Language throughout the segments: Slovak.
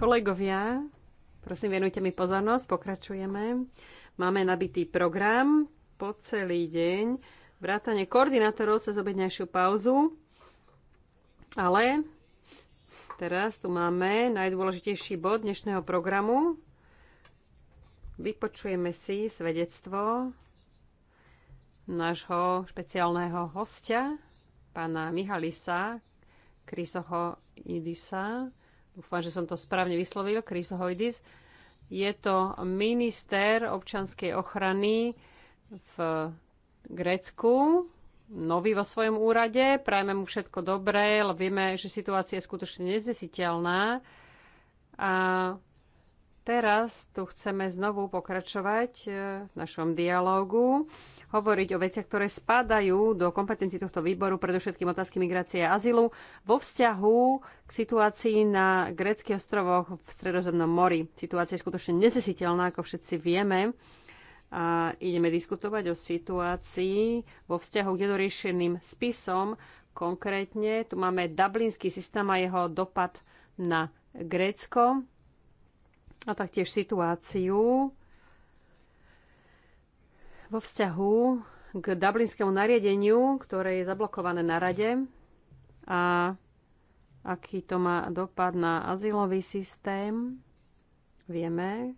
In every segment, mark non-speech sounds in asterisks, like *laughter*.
Kolegovia, prosím, venujte mi pozornosť, pokračujeme. Máme nabitý program po celý deň, vrátane koordinátorov cez obednejšiu pauzu, ale teraz tu máme najdôležitejší bod dnešného programu. Vypočujeme si svedectvo nášho špeciálneho hostia, pána Mihalisa Krysoho Idisa, dúfam, že som to správne vyslovil, Chris Hoidis. Je to minister občanskej ochrany v Grécku, nový vo svojom úrade, prajme mu všetko dobré, ale vieme, že situácia je skutočne neznesiteľná a Teraz tu chceme znovu pokračovať e, v našom dialógu, hovoriť o veciach, ktoré spadajú do kompetencií tohto výboru, predovšetkým otázky migrácie a azylu, vo vzťahu k situácii na gréckych ostrovoch v Stredozemnom mori. Situácia je skutočne nezesiteľná, ako všetci vieme. A ideme diskutovať o situácii vo vzťahu k nedoriešeným spisom. Konkrétne tu máme dublinský systém a jeho dopad na Grécko a taktiež situáciu vo vzťahu k dublinskému nariadeniu, ktoré je zablokované na rade a aký to má dopad na azylový systém. Vieme,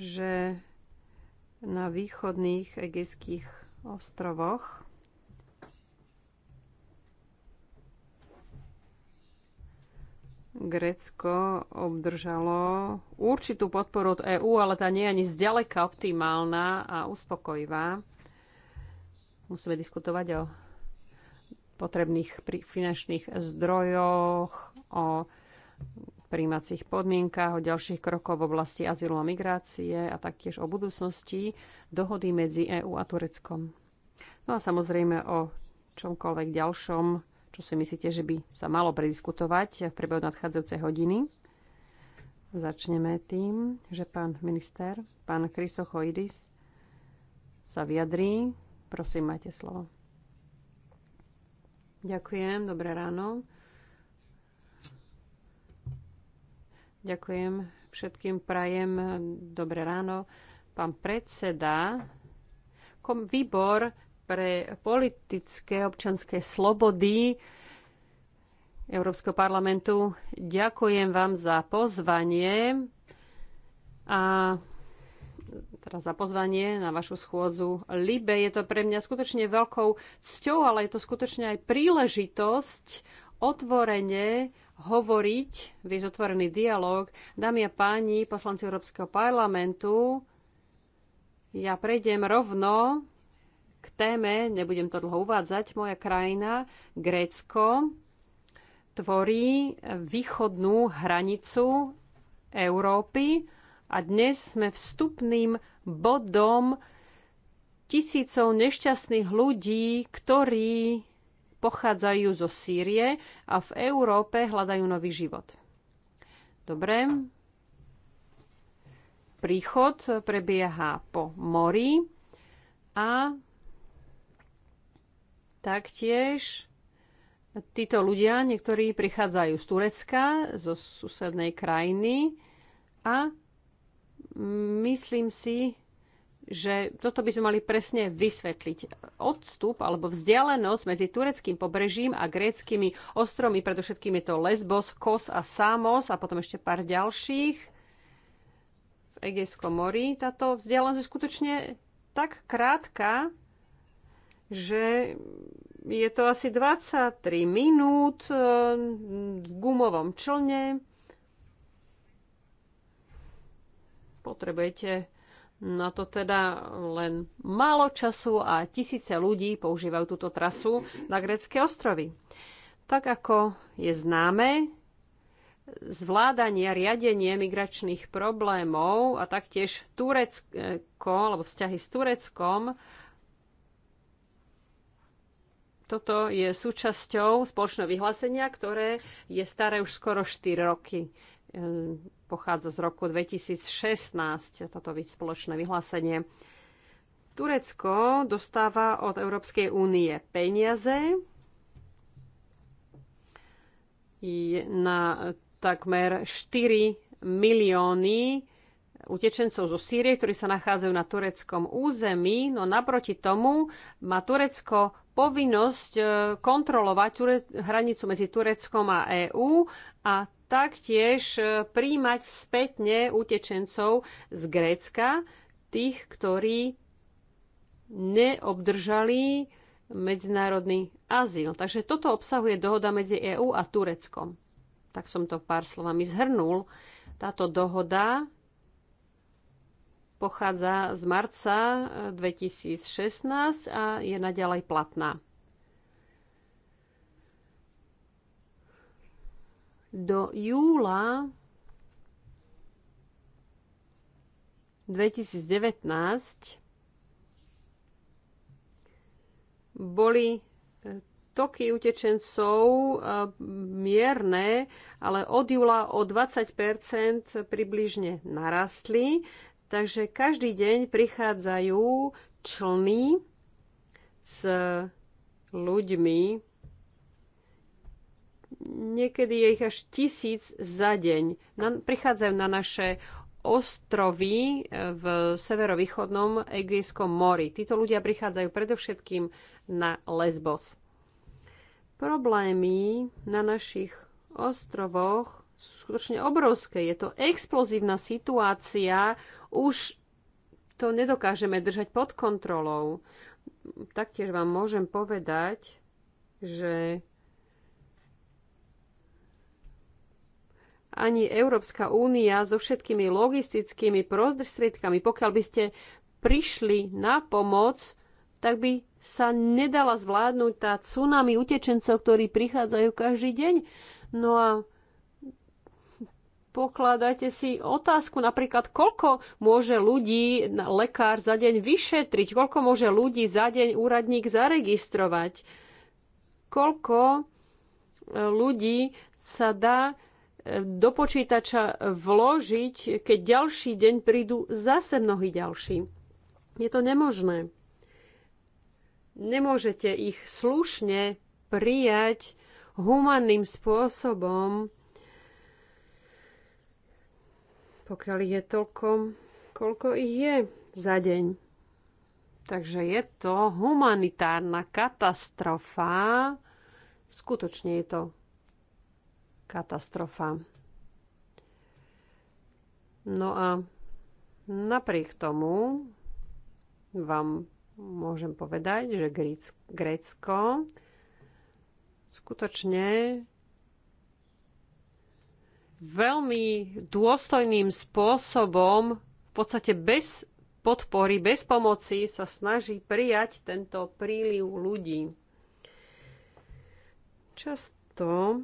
že na východných egejských ostrovoch Grécko obdržalo určitú podporu od EÚ, ale tá nie je ani zďaleka optimálna a uspokojivá. Musíme diskutovať o potrebných finančných zdrojoch, o príjmacích podmienkách, o ďalších krokov v oblasti azylu a migrácie a taktiež o budúcnosti dohody medzi EÚ a Tureckom. No a samozrejme o čomkoľvek ďalšom, čo si myslíte, že by sa malo prediskutovať v priebehu nadchádzajúcej hodiny. Začneme tým, že pán minister, pán Christochoidis sa vyjadrí. Prosím, máte slovo. Ďakujem, dobré ráno. Ďakujem všetkým prajem. Dobré ráno. Pán predseda, výbor pre politické občanské slobody Európskeho parlamentu. Ďakujem vám za pozvanie a teraz za pozvanie na vašu schôdzu Libe. Je to pre mňa skutočne veľkou cťou, ale je to skutočne aj príležitosť otvorene hovoriť, viesť otvorený dialog. Dámy a páni, poslanci Európskeho parlamentu, ja prejdem rovno k téme, nebudem to dlho uvádzať, moja krajina, Grécko, tvorí východnú hranicu Európy a dnes sme vstupným bodom tisícov nešťastných ľudí, ktorí pochádzajú zo Sýrie a v Európe hľadajú nový život. Dobre. Príchod prebieha po mori a Taktiež títo ľudia, niektorí prichádzajú z Turecka, zo susednej krajiny a myslím si, že toto by sme mali presne vysvetliť. Odstup alebo vzdialenosť medzi tureckým pobrežím a gréckými ostromi, predovšetkým je to Lesbos, Kos a Samos a potom ešte pár ďalších v Egejskom mori. Táto vzdialenosť je skutočne tak krátka, že je to asi 23 minút e, v gumovom člne. Potrebujete na to teda len málo času a tisíce ľudí používajú túto trasu na grecké ostrovy. Tak ako je známe, zvládanie a riadenie migračných problémov a taktiež Turecko, alebo vzťahy s Tureckom, toto je súčasťou spoločného vyhlásenia, ktoré je staré už skoro 4 roky. Ehm, pochádza z roku 2016 toto spoločné vyhlásenie. Turecko dostáva od Európskej únie peniaze na takmer 4 milióny utečencov zo Sýrie, ktorí sa nachádzajú na tureckom území, no naproti tomu má Turecko povinnosť e, kontrolovať hranicu medzi Tureckom a EÚ a taktiež e, príjmať spätne utečencov z Grécka, tých, ktorí neobdržali medzinárodný azyl. Takže toto obsahuje dohoda medzi EÚ a Tureckom. Tak som to pár slovami zhrnul. Táto dohoda pochádza z marca 2016 eh, a je naďalej platná. Do júla 2019 boli eh, toky utečencov eh, mierne, ale od júla o 20 približne narastli. Takže každý deň prichádzajú člny s ľuďmi. Niekedy je ich až tisíc za deň. Na, prichádzajú na naše ostrovy e, v severovýchodnom Egejskom mori. Títo ľudia prichádzajú predovšetkým na Lesbos. Problémy na našich ostrovoch skutočne obrovské. Je to explozívna situácia. Už to nedokážeme držať pod kontrolou. Taktiež vám môžem povedať, že ani Európska únia so všetkými logistickými prostriedkami, pokiaľ by ste prišli na pomoc, tak by sa nedala zvládnuť tá tsunami utečencov, ktorí prichádzajú každý deň. No a pokladajte si otázku, napríklad, koľko môže ľudí lekár za deň vyšetriť, koľko môže ľudí za deň úradník zaregistrovať, koľko e, ľudí sa dá e, do počítača vložiť, keď ďalší deň prídu zase mnohí ďalší. Je to nemožné. Nemôžete ich slušne prijať humanným spôsobom, pokiaľ ich je toľko, koľko ich je za deň. Takže je to humanitárna katastrofa. Skutočne je to katastrofa. No a napriek tomu vám môžem povedať, že Grécko skutočne veľmi dôstojným spôsobom, v podstate bez podpory, bez pomoci sa snaží prijať tento príliv ľudí. Často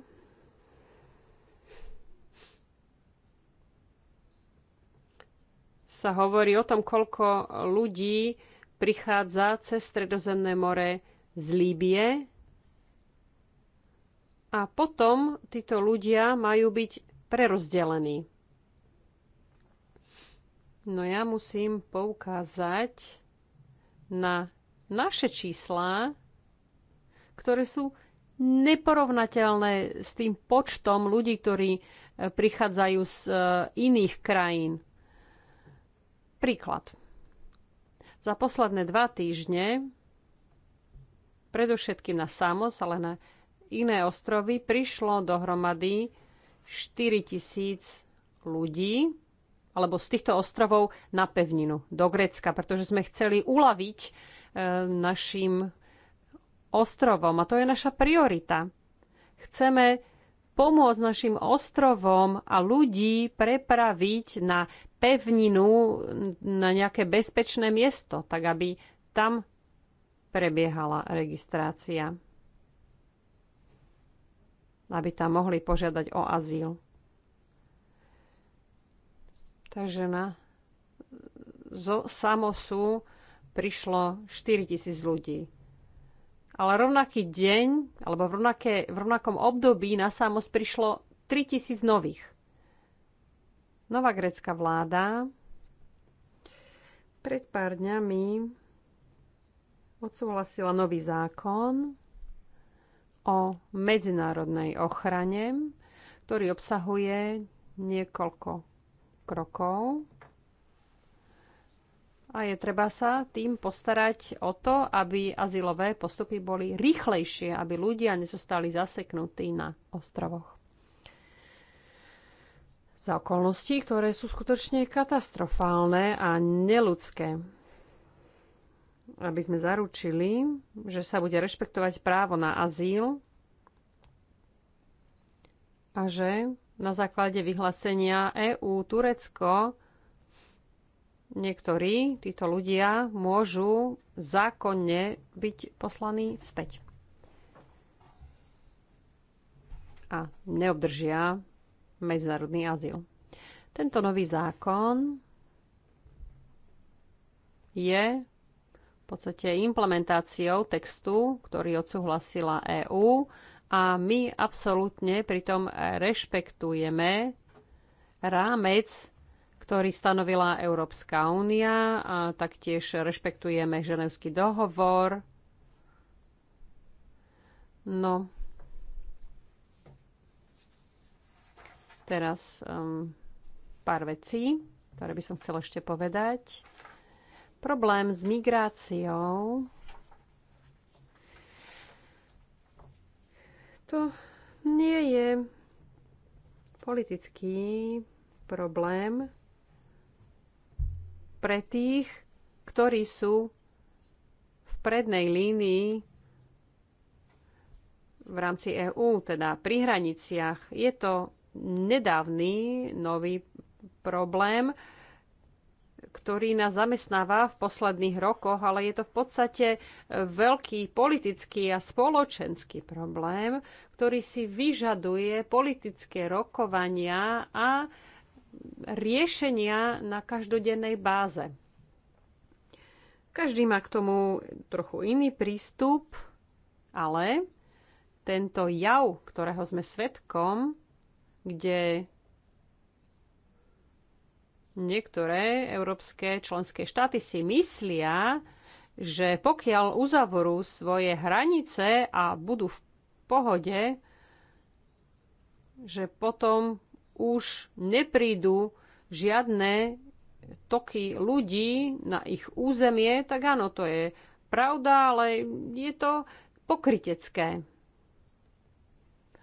sa hovorí o tom, koľko ľudí prichádza cez Stredozemné more z Líbie a potom títo ľudia majú byť prerozdelený. No ja musím poukázať na naše čísla, ktoré sú neporovnateľné s tým počtom ľudí, ktorí e, prichádzajú z e, iných krajín. Príklad. Za posledné dva týždne, predovšetkým na Samos, ale na iné ostrovy, prišlo dohromady 4000 ľudí alebo z týchto ostrovov na pevninu do Grécka, pretože sme chceli uľaviť e, našim ostrovom a to je naša priorita. Chceme pomôcť našim ostrovom a ľudí prepraviť na pevninu, na nejaké bezpečné miesto, tak aby tam prebiehala registrácia aby tam mohli požiadať o azyl. Takže na zo Samosu prišlo 4000 ľudí. Ale rovnaký deň, alebo v, rovnaké, v rovnakom období na Samos prišlo 3000 nových. Nová grecká vláda pred pár dňami odsúhlasila nový zákon, o medzinárodnej ochrane, ktorý obsahuje niekoľko krokov. A je treba sa tým postarať o to, aby azylové postupy boli rýchlejšie, aby ľudia nezostali zaseknutí na ostrovoch. Za okolnosti, ktoré sú skutočne katastrofálne a neludské aby sme zaručili, že sa bude rešpektovať právo na azyl a že na základe vyhlásenia EÚ Turecko niektorí títo ľudia môžu zákonne byť poslaní späť. A neobdržia medzinárodný azyl. Tento nový zákon je v podstate implementáciou textu, ktorý odsúhlasila EÚ a my absolútne pritom rešpektujeme rámec, ktorý stanovila Európska únia a taktiež rešpektujeme Ženevský dohovor. No. Teraz um, pár vecí, ktoré by som chcela ešte povedať. Problém s migráciou to nie je politický problém pre tých, ktorí sú v prednej línii v rámci EÚ, teda pri hraniciach. Je to nedávny nový problém, ktorý nás zamestnáva v posledných rokoch, ale je to v podstate e, veľký politický a spoločenský problém, ktorý si vyžaduje politické rokovania a riešenia na každodennej báze. Každý má k tomu trochu iný prístup, ale tento jav, ktorého sme svetkom, kde Niektoré európske členské štáty si myslia, že pokiaľ uzavorú svoje hranice a budú v pohode, že potom už neprídu žiadne toky ľudí na ich územie, tak áno, to je pravda, ale je to pokrytecké.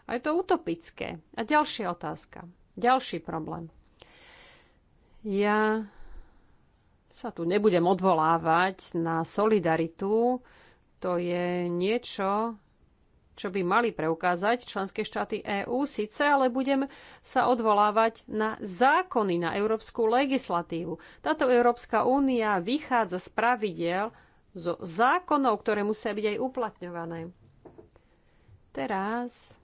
A je to utopické. A ďalšia otázka. Ďalší problém. Ja sa tu nebudem odvolávať na solidaritu. To je niečo, čo by mali preukázať členské štáty EÚ, síce, ale budem sa odvolávať na zákony, na európsku legislatívu. Táto Európska únia vychádza z pravidel, zo zákonov, ktoré musia byť aj uplatňované. Teraz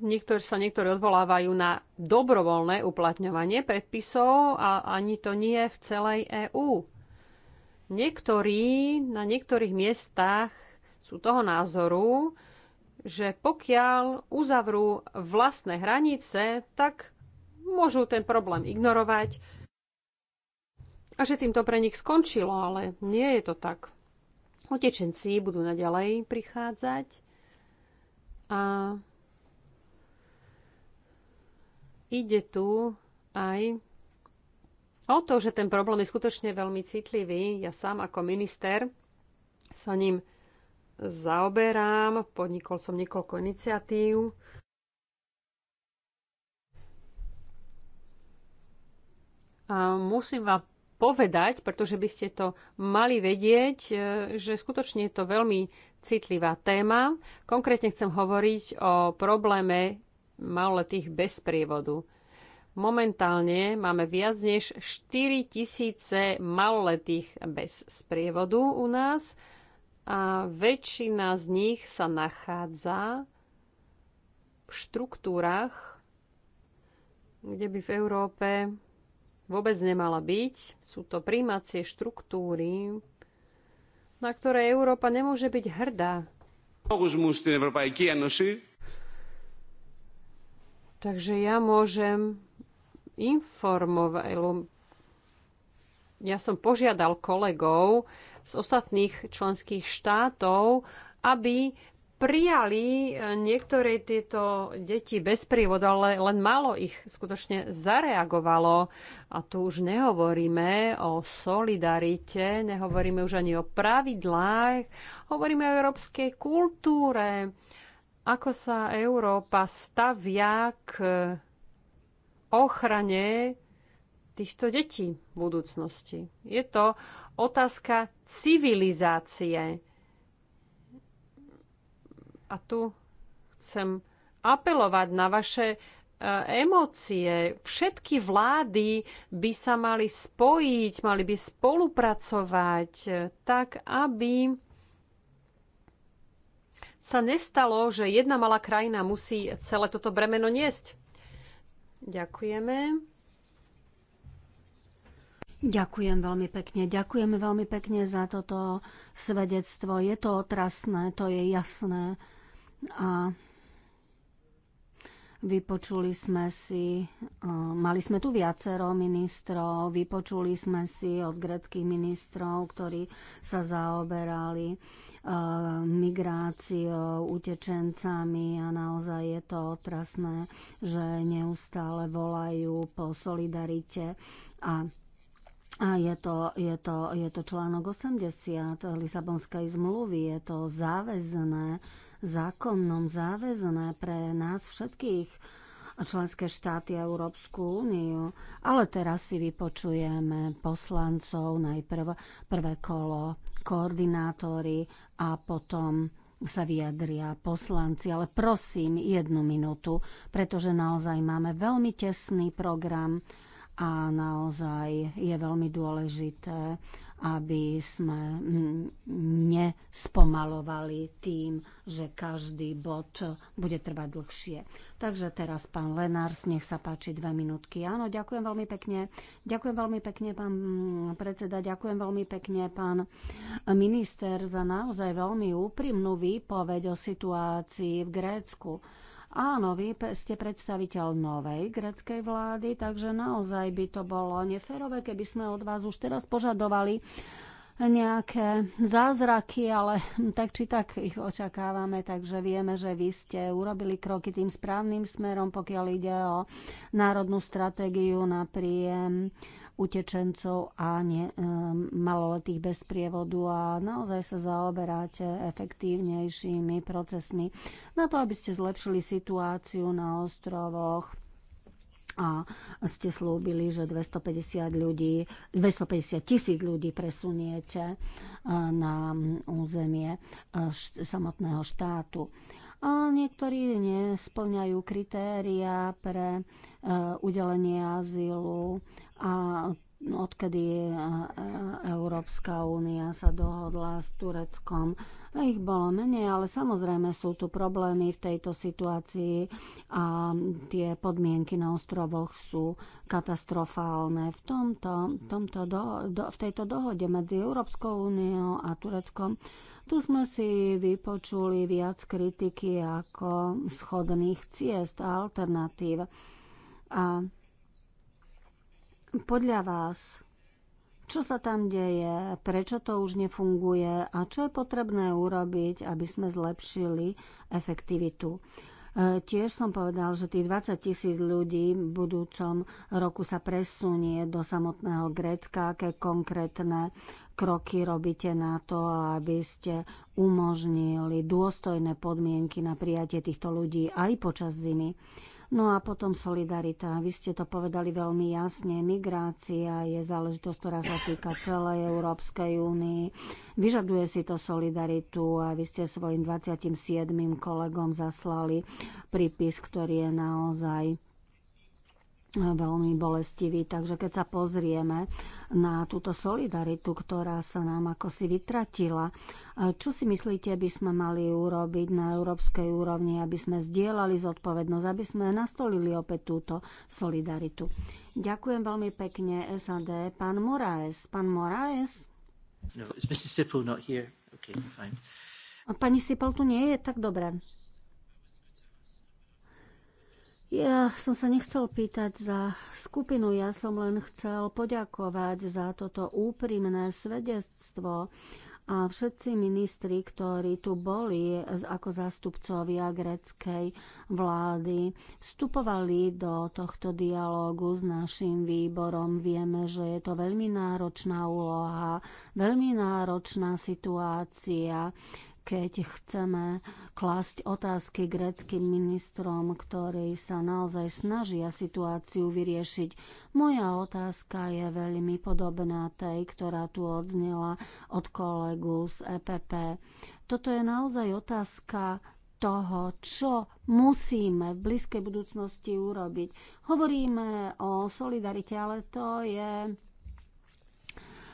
niektor, sa niektorí odvolávajú na dobrovoľné uplatňovanie predpisov a ani to nie je v celej EÚ. Niektorí na niektorých miestach sú toho názoru, že pokiaľ uzavrú vlastné hranice, tak môžu ten problém ignorovať a že týmto pre nich skončilo, ale nie je to tak. Utečenci budú naďalej prichádzať a ide tu aj o to, že ten problém je skutočne veľmi citlivý. Ja sám ako minister sa ním zaoberám, podnikol som niekoľko iniciatív. A musím vám povedať, pretože by ste to mali vedieť, e, že skutočne je to veľmi citlivá téma. Konkrétne chcem hovoriť o probléme maloletých bez prievodu. Momentálne máme viac než 4 tisíce maloletých bez sprievodu u nás a väčšina z nich sa nachádza v štruktúrach, kde by v Európe vôbec nemala byť. Sú to príjmacie štruktúry, na ktoré Európa nemôže byť hrdá. Λόγους μου στην Ευρωπαϊκή Ένωση Takže ja môžem informovať, ja som požiadal kolegov z ostatných členských štátov, aby prijali e, niektoré tieto deti bez prívod, ale len málo ich skutočne zareagovalo. A tu už nehovoríme o solidarite, nehovoríme už ani o pravidlách, hovoríme o európskej kultúre, ako sa Európa stavia k ochrane týchto detí v budúcnosti? Je to otázka civilizácie. A tu chcem apelovať na vaše e, emócie. Všetky vlády by sa mali spojiť, mali by spolupracovať e, tak, aby sa nestalo, že jedna malá krajina musí celé toto bremeno niesť. Ďakujeme. Ďakujem veľmi pekne. Ďakujeme veľmi pekne za toto svedectvo. Je to otrasné, to je jasné. A Vypočuli sme si, eh, mali sme tu viacero ministrov, vypočuli sme si od greckých ministrov, ktorí sa zaoberali eh, migráciou, utečencami a naozaj je to otrasné, že neustále volajú po solidarite a a je to, je, to, je to článok 80 Lisabonskej zmluvy, je to záväzné, zákonnom záväzné pre nás všetkých členské štáty a Európsku úniu. Ale teraz si vypočujeme poslancov, najprv prvé kolo, koordinátory a potom sa vyjadria poslanci, ale prosím jednu minútu, pretože naozaj máme veľmi tesný program a naozaj je veľmi dôležité, aby sme mm, nespomalovali tým, že každý bod bude trvať dlhšie. Takže teraz pán Lenárs, nech sa páči dve minútky. Áno, ďakujem veľmi pekne. Ďakujem veľmi pekne, pán mm, predseda, ďakujem veľmi pekne, pán minister, za naozaj veľmi úprimnú výpoveď o situácii v Grécku. Áno, vy ste predstaviteľ novej greckej vlády, takže naozaj by to bolo neférové, keby sme od vás už teraz požadovali nejaké zázraky, ale tak či tak ich očakávame, takže vieme, že vy ste urobili kroky tým správnym smerom, pokiaľ ide o národnú stratégiu na príjem utečencov a ne, e, maloletých bez prievodu a naozaj sa zaoberáte efektívnejšími procesmi na to, aby ste zlepšili situáciu na ostrovoch a ste slúbili, že 250 ľudí, 250 tisíc ľudí presuniete e, na územie e, samotného štátu. A niektorí nesplňajú kritéria pre udelenie azylu a odkedy e, e, Európska únia sa dohodla s Tureckom. Ich bolo menej, ale samozrejme sú tu problémy v tejto situácii a tie podmienky na ostrovoch sú katastrofálne. V, tomto, tomto do, do, v tejto dohode medzi Európskou úniou a Tureckom tu sme si vypočuli viac kritiky ako schodných ciest a alternatív. A podľa vás, čo sa tam deje, prečo to už nefunguje a čo je potrebné urobiť, aby sme zlepšili efektivitu. E, tiež som povedal, že tých 20 tisíc ľudí v budúcom roku sa presunie do samotného Grécka. Aké konkrétne kroky robíte na to, aby ste umožnili dôstojné podmienky na prijatie týchto ľudí aj počas zimy? No a potom solidarita. Vy ste to povedali veľmi jasne. Migrácia je záležitosť, ktorá sa týka celej Európskej únii. Vyžaduje si to solidaritu a vy ste svojim 27. kolegom zaslali prípis, ktorý je naozaj veľmi bolestivý. Takže keď sa pozrieme na túto solidaritu, ktorá sa nám ako si vytratila, e, čo si myslíte, by sme mali urobiť na európskej úrovni, aby sme zdieľali zodpovednosť, aby sme nastolili opäť túto solidaritu? Ďakujem veľmi pekne SAD. Pán Moraes. Pán Moraes? No, Mrs. not here? Okay, fine. Pani Sipol tu nie je, tak dobre. Ja som sa nechcel pýtať za skupinu, ja som len chcel poďakovať za toto úprimné svedectvo a všetci ministri, ktorí tu boli ako zástupcovia greckej vlády, vstupovali do tohto dialógu s našim výborom. Vieme, že je to veľmi náročná úloha, veľmi náročná situácia keď chceme klásť otázky greckým ministrom, ktorí sa naozaj snažia situáciu vyriešiť. Moja otázka je veľmi podobná tej, ktorá tu odznela od kolegu z EPP. Toto je naozaj otázka toho, čo musíme v blízkej budúcnosti urobiť. Hovoríme o solidarite, ale to je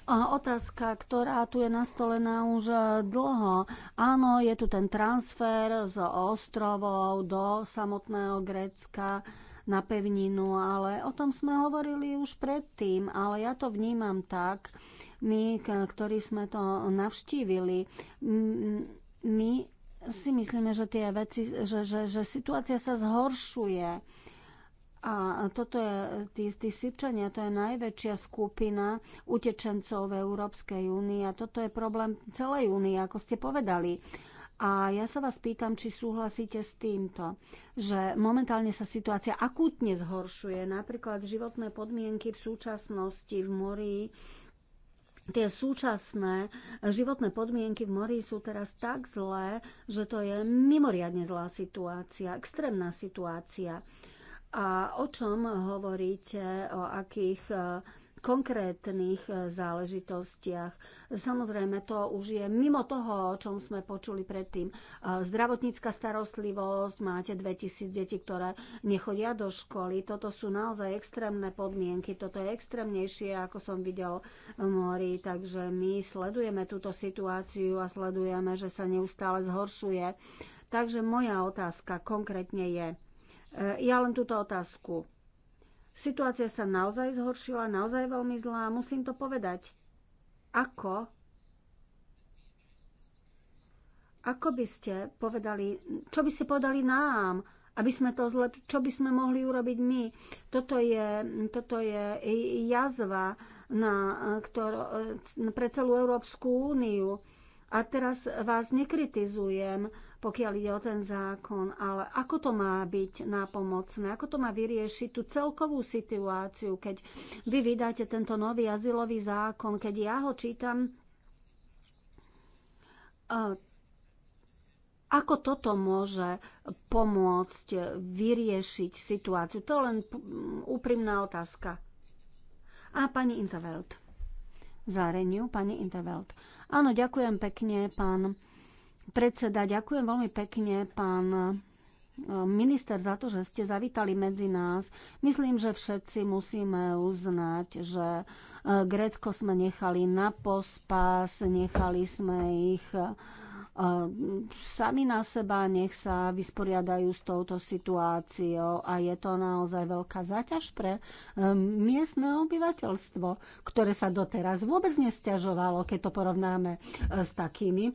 otázka, ktorá tu je nastolená už dlho. Áno, je tu ten transfer z ostrovov do samotného Grécka na pevninu, ale o tom sme hovorili už predtým, ale ja to vnímam tak, my, ktorí sme to navštívili, my si myslíme, že tie veci, že, že, že situácia sa zhoršuje a toto je, tí, tí Sýrčania, to je najväčšia skupina utečencov v Európskej únii a toto je problém celej únie, ako ste povedali. A ja sa vás pýtam, či súhlasíte s týmto, že momentálne sa situácia akútne zhoršuje. Napríklad životné podmienky v súčasnosti v mori, tie súčasné životné podmienky v mori sú teraz tak zlé, že to je mimoriadne zlá situácia, extrémna situácia. A o čom hovoríte, o akých e, konkrétnych e, záležitostiach. Samozrejme, to už je mimo toho, o čom sme počuli predtým. E, zdravotnícka starostlivosť, máte 2000 detí, ktoré nechodia do školy. Toto sú naozaj extrémne podmienky. Toto je extrémnejšie, ako som videl v mori. Takže my sledujeme túto situáciu a sledujeme, že sa neustále zhoršuje. Takže moja otázka konkrétne je, E, ja len túto otázku. Situácia sa naozaj zhoršila, naozaj veľmi zlá. Musím to povedať. Ako ako by ste povedali, čo by ste povedali nám, aby sme to zle. čo by sme mohli urobiť my. Toto je, toto je jazva na, ktor, pre celú Európsku úniu. A teraz vás nekritizujem, pokiaľ ide o ten zákon, ale ako to má byť nápomocné, ako to má vyriešiť tú celkovú situáciu, keď vy vydáte tento nový azylový zákon, keď ja ho čítam, eh, ako toto môže pomôcť vyriešiť situáciu? To je len úprimná otázka. A pani Intervelt. Zareniu, pani Intervelt. Áno, ďakujem pekne, pán Predseda, ďakujem veľmi pekne, pán e, minister, za to, že ste zavítali medzi nás. Myslím, že všetci musíme uznať, že e, Grécko sme nechali na pospas, nechali sme ich e, sami na seba, nech sa vysporiadajú s touto situáciou a je to naozaj veľká záťaž pre miestne obyvateľstvo, ktoré sa doteraz vôbec nestiažovalo, keď to porovnáme s takými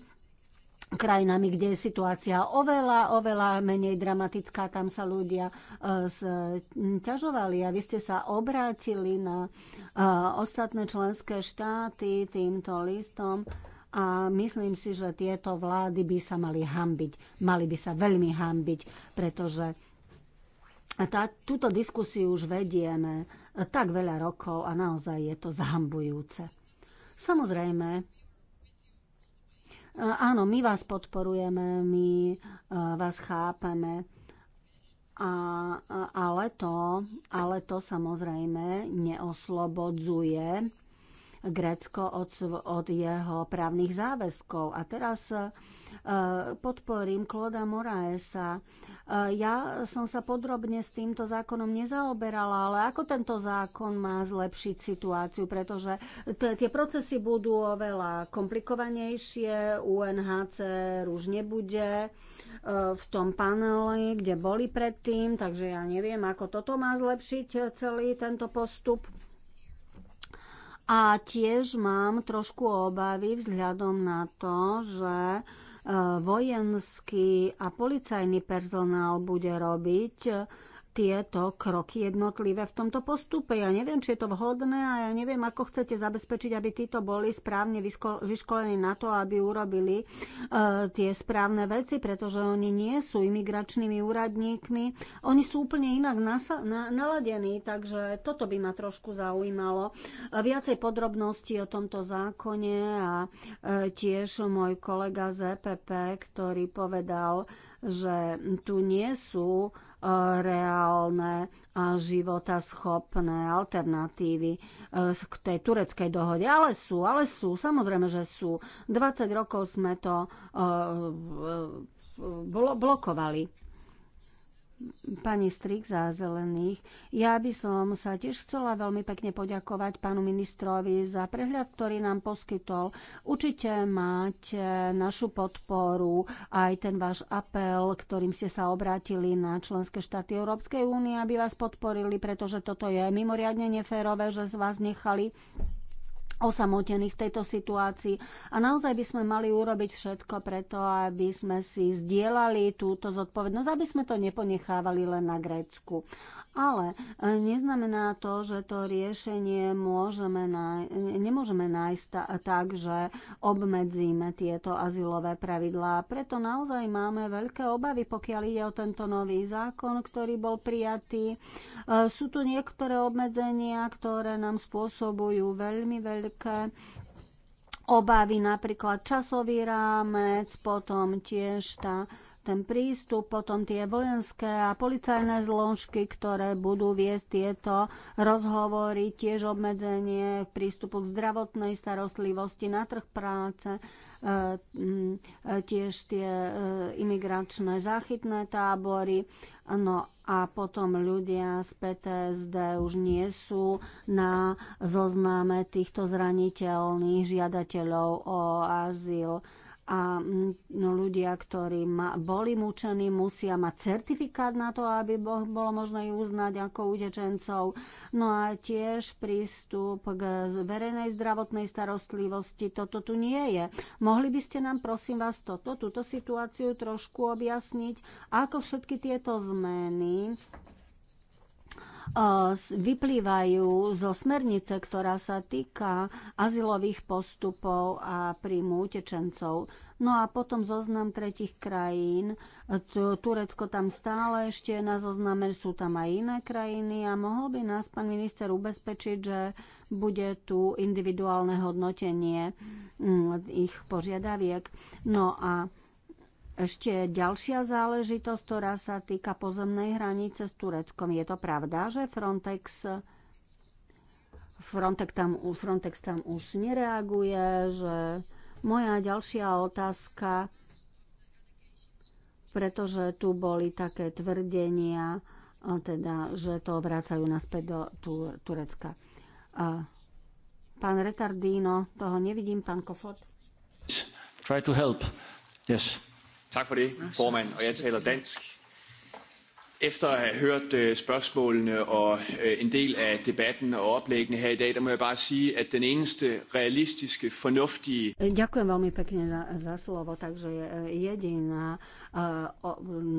krajinami, kde je situácia oveľa, oveľa menej dramatická. Tam sa ľudia e, ťažovali a vy ste sa obrátili na e, ostatné členské štáty týmto listom a myslím si, že tieto vlády by sa mali hambiť. Mali by sa veľmi hambiť, pretože tá, túto diskusiu už vedieme tak veľa rokov a naozaj je to zahambujúce. Samozrejme, Eh, áno, my vás podporujeme, my eh, vás chápeme, a, eh, ale, to, ale to samozrejme neoslobodzuje Grécko od, od jeho právnych záväzkov. A teraz Eh, podporím Kloda Moraesa. Eh, ja som sa podrobne s týmto zákonom nezaoberala, ale ako tento zákon má zlepšiť situáciu, pretože tie procesy budú oveľa komplikovanejšie, UNHCR už nebude eh, v tom paneli, kde boli predtým, takže ja neviem, ako toto má zlepšiť celý tento postup. A tiež mám trošku obavy vzhľadom na to, že vojenský a policajný personál bude robiť tieto kroky jednotlivé v tomto postupe. Ja neviem, či je to vhodné a ja neviem, ako chcete zabezpečiť, aby títo boli správne vyškolení na to, aby urobili e, tie správne veci, pretože oni nie sú imigračnými úradníkmi. Oni sú úplne inak na- naladení, takže toto by ma trošku zaujímalo. E, viacej podrobností o tomto zákone a e, tiež môj kolega z EPP, ktorý povedal, že tu nie sú reálne a schopné alternatívy e, k tej tureckej dohode. Ale sú, ale sú, samozrejme, že sú. 20 rokov sme to e, e, blokovali pani Strik za zelených. Ja by som sa tiež chcela veľmi pekne poďakovať pánu ministrovi za prehľad, ktorý nám poskytol. Určite máte našu podporu aj ten váš apel, ktorým ste sa obrátili na členské štáty Európskej únie, aby vás podporili, pretože toto je mimoriadne neférové, že z vás nechali osamotení v tejto situácii a naozaj by sme mali urobiť všetko preto, aby sme si zdieľali túto zodpovednosť, aby sme to neponechávali len na Grécku. Ale e, neznamená to, že to riešenie môžeme nájsť, nemôžeme nájsť tak, že obmedzíme tieto azylové pravidlá. Preto naozaj máme veľké obavy, pokiaľ ide o tento nový zákon, ktorý bol prijatý. E, sú tu niektoré obmedzenia, ktoré nám spôsobujú veľmi veľké veľké obavy napríklad časový rámec, potom tiež tá, ten prístup, potom tie vojenské a policajné zložky, ktoré budú viesť tieto rozhovory, tiež obmedzenie prístupu k zdravotnej starostlivosti na trh práce, e, e, tiež tie e, imigračné záchytné tábory. No a potom ľudia z PTSD už nie sú na zozname týchto zraniteľných žiadateľov o azyl a no, ľudia, ktorí ma, boli mučení, musia mať certifikát na to, aby bolo možné ju uznať ako utečencov. No a tiež prístup k verejnej zdravotnej starostlivosti, toto tu nie je. Mohli by ste nám, prosím vás, toto, túto situáciu trošku objasniť, ako všetky tieto zmeny E, vyplývajú zo smernice, ktorá sa týka azylových postupov a príjmu utečencov. No a potom zoznam tretich krajín. E, Turecko tam stále ešte na zozname, sú tam aj iné krajiny a mohol by nás pán minister ubezpečiť, že bude tu individuálne hodnotenie mm, ich požiadaviek. No a ešte ďalšia záležitosť, ktorá sa týka pozemnej hranice s Tureckom. Je to pravda, že Frontex Frontex tam, Frontex tam už nereaguje, že moja ďalšia otázka, pretože tu boli také tvrdenia, teda, že to vracajú naspäť do Turecka. Pán Retardino, toho nevidím, pán Kofot. Try to help. Yes. Tak for det, formand, og jeg taler dansk. Efter at have hørt øh, spørgsmålene og øh, en del af debatten og oplæggene her i dag, der må jeg bare sige, at den eneste realistiske, fornuftige... Ďakujem veľmi pekne za, za slovo, takže e, jediná e,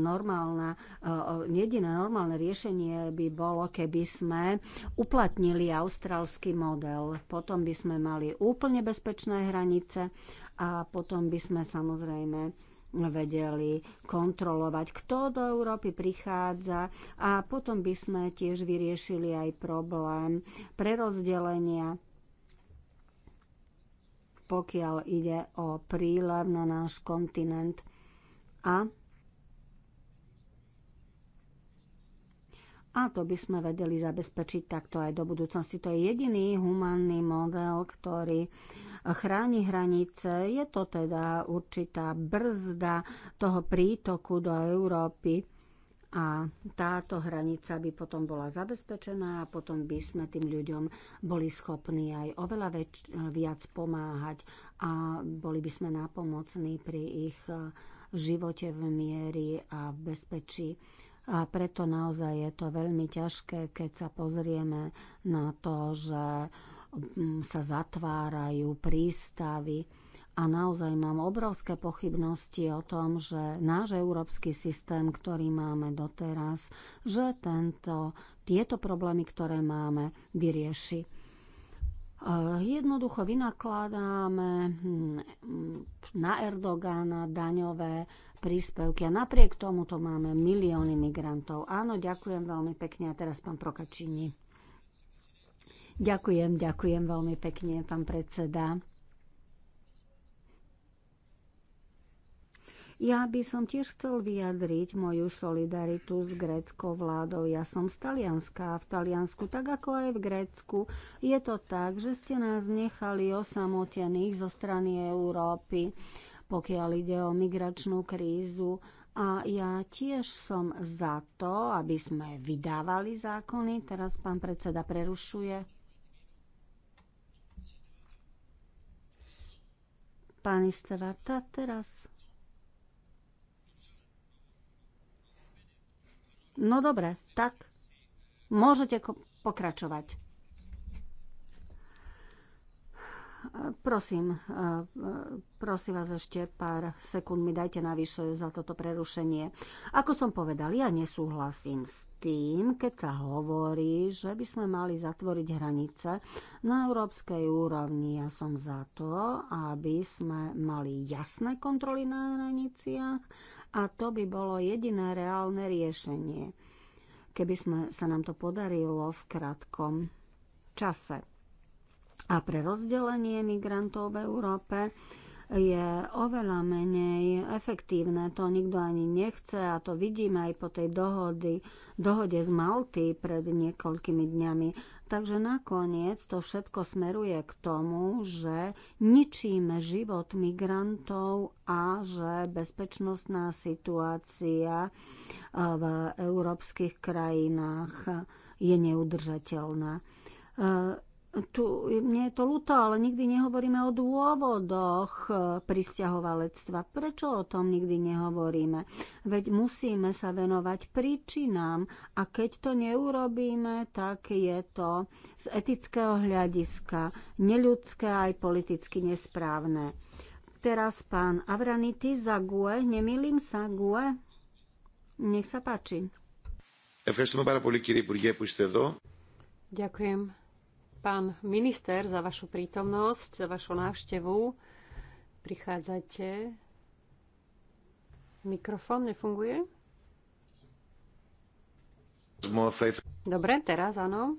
normálna, e, jediné normálne riešenie by bolo, keby sme uplatnili austrálsky model. Potom by sme mali úplne bezpečné hranice a potom by sme samozrejme vedeli kontrolovať, kto do Európy prichádza a potom by sme tiež vyriešili aj problém prerozdelenia pokiaľ ide o prílev na náš kontinent a A to by sme vedeli zabezpečiť takto aj do budúcnosti. To je jediný humánny model, ktorý chráni hranice. Je to teda určitá brzda toho prítoku do Európy a táto hranica by potom bola zabezpečená a potom by sme tým ľuďom boli schopní aj oveľa väč- viac pomáhať a boli by sme nápomocní pri ich živote v miery a v bezpečí. A preto naozaj je to veľmi ťažké, keď sa pozrieme na to, že mm, sa zatvárajú prístavy. A naozaj mám obrovské pochybnosti o tom, že náš európsky systém, ktorý máme doteraz, že tento, tieto problémy, ktoré máme, vyrieši. Eh, jednoducho vynakladáme hm, na Erdogana daňové príspevky a napriek tomu to máme milióny migrantov. Áno, ďakujem veľmi pekne a teraz pán Prokačini. Ďakujem, ďakujem veľmi pekne, pán predseda. Ja by som tiež chcel vyjadriť moju solidaritu s gréckou vládou. Ja som z Talianska a v Taliansku, tak ako aj v Grécku, je to tak, že ste nás nechali osamotených zo strany Európy, pokiaľ ide o migračnú krízu. A ja tiež som za to, aby sme vydávali zákony. Teraz pán predseda prerušuje. Pán Istevata, teraz No dobre, tak môžete pokračovať. Prosím, eh, eh, prosím vás ešte pár sekúnd mi dajte navyše za toto prerušenie. Ako som povedal, ja nesúhlasím s tým, keď sa hovorí, že by sme mali zatvoriť hranice na európskej úrovni. Ja som za to, aby sme mali jasné kontroly na hraniciach, a to by bolo jediné reálne riešenie, keby sme, sa nám to podarilo v krátkom čase. A pre rozdelenie migrantov v Európe je oveľa menej efektívne. To nikto ani nechce a to vidíme aj po tej dohody, dohode z Malty pred niekoľkými dňami. Takže nakoniec to všetko smeruje k tomu, že ničíme život migrantov a že bezpečnostná situácia eh, v európskych krajinách je neudržateľná eh, tu, mne je to ľúto, ale nikdy nehovoríme o dôvodoch e, pristahovalectva. Prečo o tom nikdy nehovoríme? Veď musíme sa venovať príčinám a keď to neurobíme, tak je to z etického hľadiska neľudské aj politicky nesprávne. Teraz pán Avranity za GUE, nemýlim sa GUE? Nech sa páči. Ďakujem pán minister, za vašu prítomnosť, za vašu návštevu. Prichádzate. Mikrofón nefunguje? Dobre, teraz áno.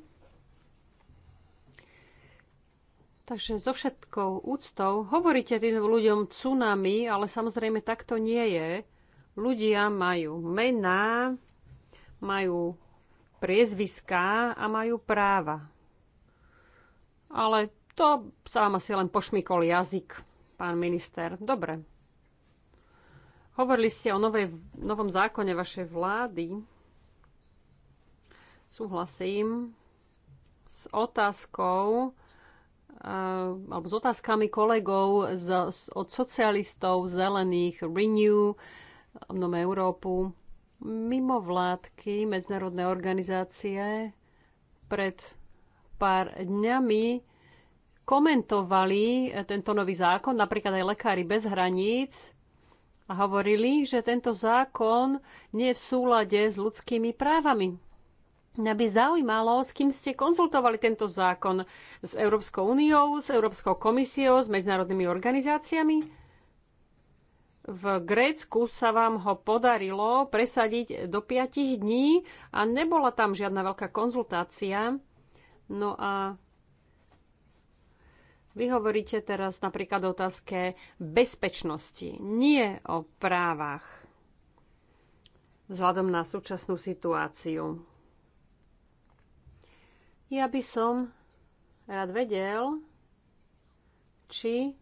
Takže so všetkou úctou hovoríte tým ľuďom tsunami, ale samozrejme takto nie je. Ľudia majú mená, majú priezviská a majú práva. Ale to vám asi len pošmykol jazyk, pán minister. Dobre. Hovorili ste o novej, novom zákone vašej vlády. Súhlasím s otázkou, eh, alebo s otázkami kolegov z, od socialistov, zelených, Renew, Mnom Európu, mimo vládky, medzinárodné organizácie pred pár dňami komentovali tento nový zákon, napríklad aj Lekári bez hraníc, a hovorili, že tento zákon nie je v súlade s ľudskými právami. Mňa by zaujímalo, s kým ste konzultovali tento zákon. S Európskou úniou, s Európskou komisiou, s medzinárodnými organizáciami? V Grécku sa vám ho podarilo presadiť do 5 dní a nebola tam žiadna veľká konzultácia. No a vy hovoríte teraz napríklad o otázke bezpečnosti, nie o právach vzhľadom na súčasnú situáciu. Ja by som rád vedel, či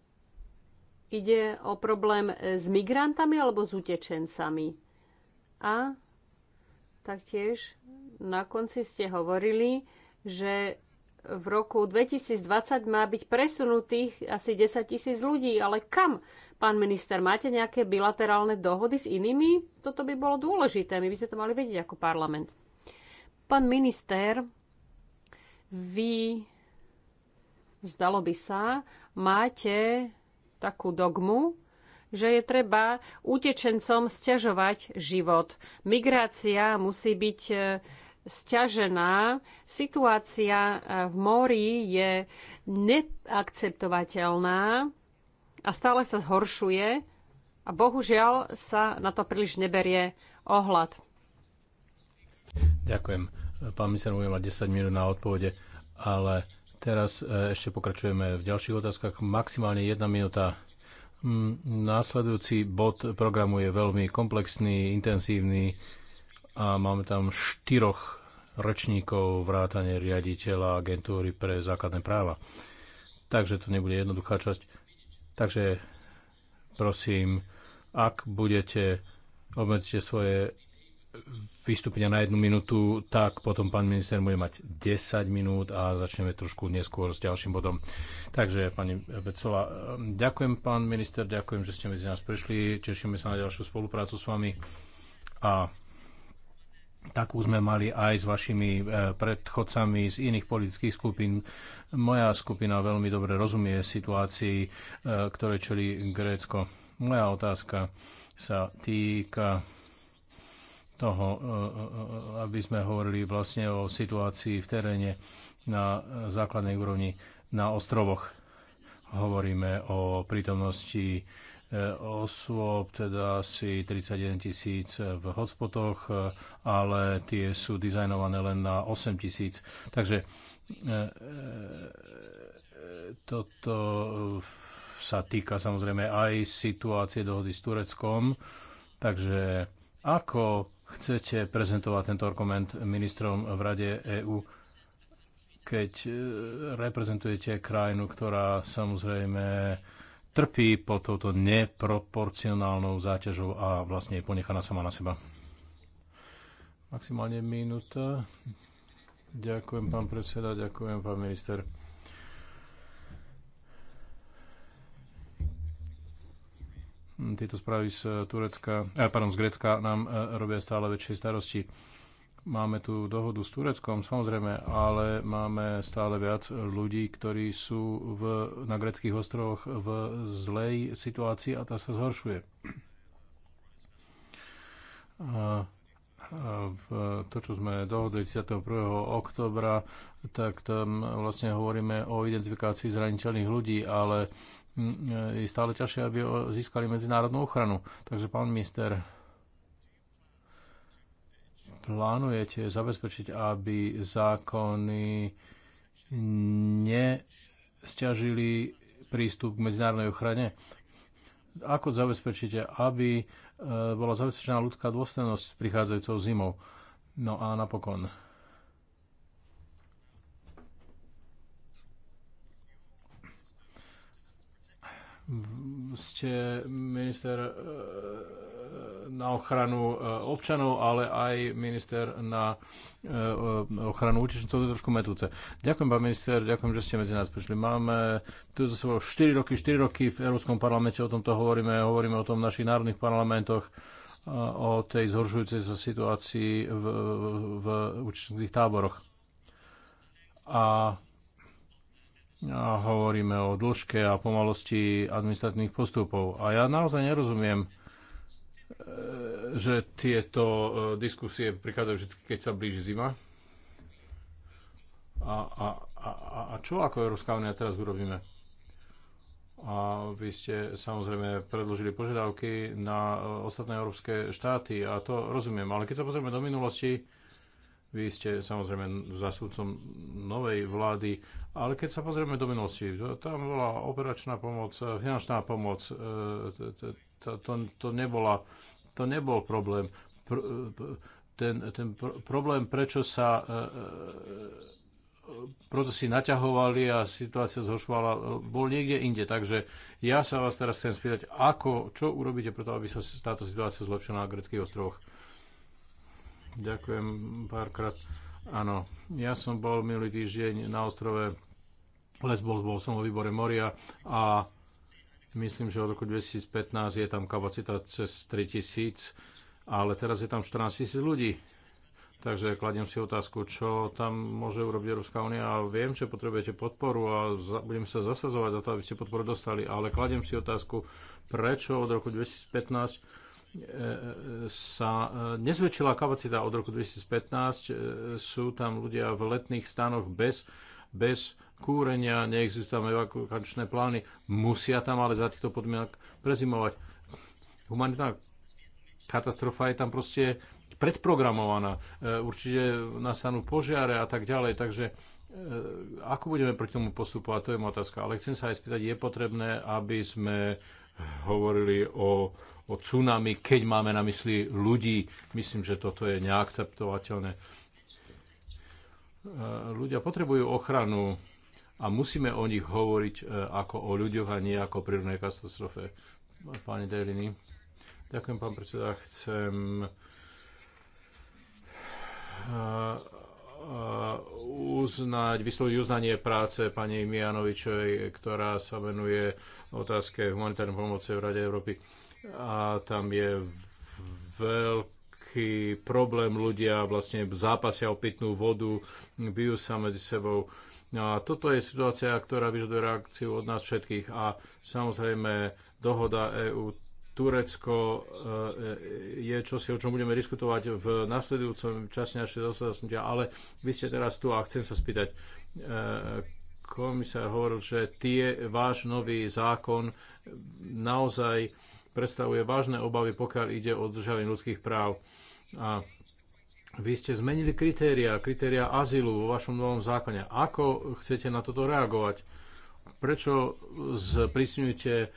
ide o problém s migrantami alebo s utečencami. A taktiež na konci ste hovorili, že v roku 2020 má byť presunutých asi 10 tisíc ľudí. Ale kam, pán minister, máte nejaké bilaterálne dohody s inými? Toto by bolo dôležité, my by sme to mali vedieť ako parlament. Pán minister, vy, zdalo by sa, máte takú dogmu, že je treba utečencom stiažovať život. Migrácia musí byť sťažená. Situácia eh, v mori je neakceptovateľná a stále sa zhoršuje a bohužiaľ sa na to príliš neberie ohľad. Ďakujem. Pán minister, budem mať 10 minút na odpovede, ale teraz eh, ešte pokračujeme v ďalších otázkach. Maximálne jedna minúta. Mm, následujúci bod programu je veľmi komplexný, intenzívny a máme tam štyroch rečníkov vrátane riaditeľa agentúry pre základné práva. Takže to nebude jednoduchá časť. Takže prosím, ak budete, obmedzite svoje vystúpenia na jednu minútu, tak potom pán minister bude mať 10 minút a začneme trošku neskôr s ďalším bodom. Takže, pani Becola, ďakujem, pán minister, ďakujem, že ste medzi nás prišli, tešíme sa na ďalšiu spoluprácu s vami a Takú sme mali aj s vašimi e, predchodcami z iných politických skupín. Moja skupina veľmi dobre rozumie situácii, e, ktoré čeli Grécko. Moja otázka sa týka toho, e, aby sme hovorili vlastne o situácii v teréne na základnej úrovni na ostrovoch. Hovoríme o prítomnosti osôb, teda asi 31 tisíc v hotspotoch, ale tie sú dizajnované len na 8 tisíc. Takže e, e, toto sa týka samozrejme aj situácie dohody s Tureckom. Takže ako chcete prezentovať tento argument ministrom v Rade EÚ, keď e, reprezentujete krajinu, ktorá samozrejme trpí pod touto neproporcionálnou záťažou a vlastne je ponechaná sama na seba. Maximálne minúta. Ďakujem, pán predseda, ďakujem, pán minister. Tieto správy z Turecka, eh, pardon, z Grecka nám eh, robia stále väčšie starosti. Máme tu dohodu s Tureckom, samozrejme, ale máme stále viac ľudí, ktorí sú v, na greckých ostrovoch v zlej situácii a tá sa zhoršuje. A v to, čo sme dohodli 31. oktobra, tak tam vlastne hovoríme o identifikácii zraniteľných ľudí, ale mm, je stále ťažšie, aby získali medzinárodnú ochranu. Takže pán minister, plánujete zabezpečiť, aby zákony nestiažili prístup k medzinárodnej ochrane? Ako zabezpečíte, aby e, bola zabezpečená ľudská dôstojnosť s prichádzajúcou zimou? No a napokon. Ste minister e, na ochranu e, občanov, ale aj minister na e, ochranu útečencov, to je trošku metúce. Ďakujem, pán minister, ďakujem, že ste medzi nás prišli. Máme tu za sebou 4 roky, 4 roky v Európskom parlamente o tomto hovoríme, hovoríme o tom v našich národných parlamentoch, e, o tej zhoršujúcej sa situácii v, v útečenských táboroch. A a hovoríme o dĺžke a pomalosti administratívnych postupov. A ja naozaj nerozumiem že tieto e, diskusie prichádzajú vždy, keď sa blíži zima. A, a, a, a čo ako Európska únia teraz urobíme? A vy ste samozrejme predložili požiadavky na e, ostatné európske štáty a to rozumiem, ale keď sa pozrieme do minulosti, vy ste samozrejme zastupcom novej vlády, ale keď sa pozrieme do minulosti, tam bola operačná pomoc, e, finančná pomoc, to, to, to nebola to nebol problém. Pr- ten, ten pr- problém, prečo sa e, e, procesy naťahovali a situácia zhoršovala, bol niekde inde. Takže ja sa vás teraz chcem spýtať, ako, čo urobíte preto, aby sa táto situácia zlepšila na greckých ostrovoch? Ďakujem párkrát. Áno, ja som bol minulý týždeň na ostrove Lesbos, bol som vo výbore Moria a Myslím, že od roku 2015 je tam kapacita cez 3000, ale teraz je tam 14 000 ľudí. Takže kladiem si otázku, čo tam môže urobiť Európska únia a viem, že potrebujete podporu a za, budem sa zasazovať za to, aby ste podporu dostali, ale kladiem si otázku, prečo od roku 2015 e, e, sa e, nezväčšila kapacita od roku 2015, sú tam ľudia v letných stanoch bez, bez kúrenia, neexistujú tam evakuačné plány, musia tam ale za týchto podmienok prezimovať. Humanitárna katastrofa je tam proste predprogramovaná. E, určite nastanú požiare a tak ďalej, takže e, ako budeme pri tomu postupovať, to je moja otázka. Ale chcem sa aj spýtať, je potrebné, aby sme hovorili o, o tsunami, keď máme na mysli ľudí. Myslím, že toto je neakceptovateľné e, ľudia potrebujú ochranu a musíme o nich hovoriť e, ako o ľuďoch a nie ako o prírodnej katastrofe. Pani Deliny. Ďakujem, pán predseda. Chcem e, e, uznať, vysloviť uznanie práce pani Mijanovičovej, ktorá sa venuje otázke humanitárnej pomoci v Rade Európy. A tam je veľký problém ľudia, vlastne zápasia o pitnú vodu, bijú sa medzi sebou No a toto je situácia, ktorá vyžaduje reakciu od nás všetkých. A samozrejme, dohoda EÚ Turecko e, je čosi, o čom budeme diskutovať v nasledujúcom časti našej zasadnutia, ale vy ste teraz tu a chcem sa spýtať. E, komisár hovoril, že tie, váš nový zákon naozaj predstavuje vážne obavy, pokiaľ ide o držanie ľudských práv. A vy ste zmenili kritéria, kritéria azylu vo vašom novom zákone. Ako chcete na toto reagovať? Prečo sprísňujete e,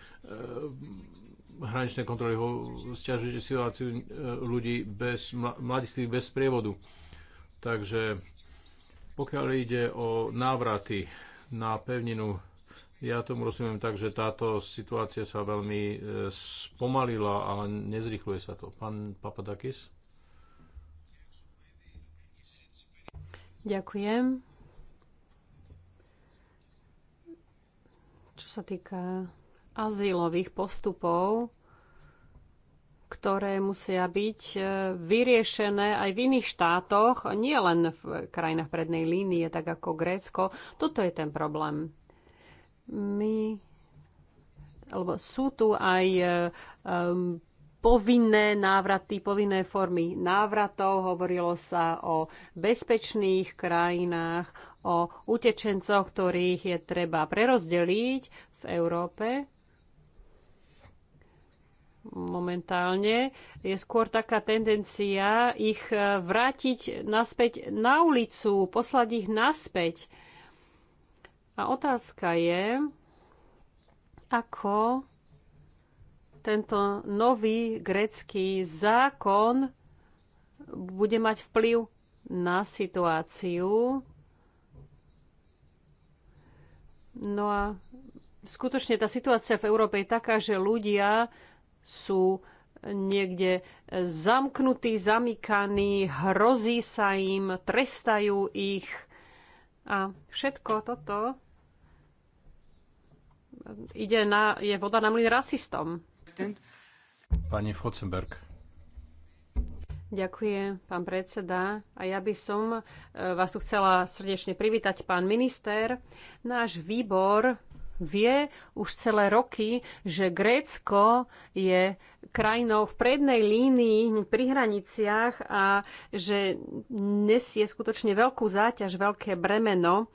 hraničné kontroly, stiažujete situáciu e, ľudí bez, mladistvých bez prievodu? Takže pokiaľ ide o návraty na pevninu, ja tomu rozumiem tak, že táto situácia sa veľmi e, spomalila a nezrychluje sa to. Pán Papadakis? Ďakujem. Čo sa týka azylových postupov, ktoré musia byť e, vyriešené aj v iných štátoch, nie len v krajinách prednej línie, tak ako Grécko. Toto je ten problém. My, alebo sú tu aj um, povinné návraty, povinné formy návratov. Hovorilo sa o bezpečných krajinách, o utečencoch, ktorých je treba prerozdeliť v Európe. Momentálne je skôr taká tendencia ich e, vrátiť naspäť na ulicu, poslať ich naspäť. A otázka je, ako tento nový grecký zákon bude mať vplyv na situáciu. No a skutočne tá situácia v Európe je taká, že ľudia sú niekde zamknutí, zamykaní, hrozí sa im, trestajú ich. A všetko toto ide na, je voda na mlyn rasistom. Pani Ďakujem, pán predseda. A ja by som e, vás tu chcela srdečne privítať, pán minister. Náš výbor vie už celé roky, že Grécko je krajinou v prednej línii pri hraniciach a že nesie skutočne veľkú záťaž, veľké bremeno.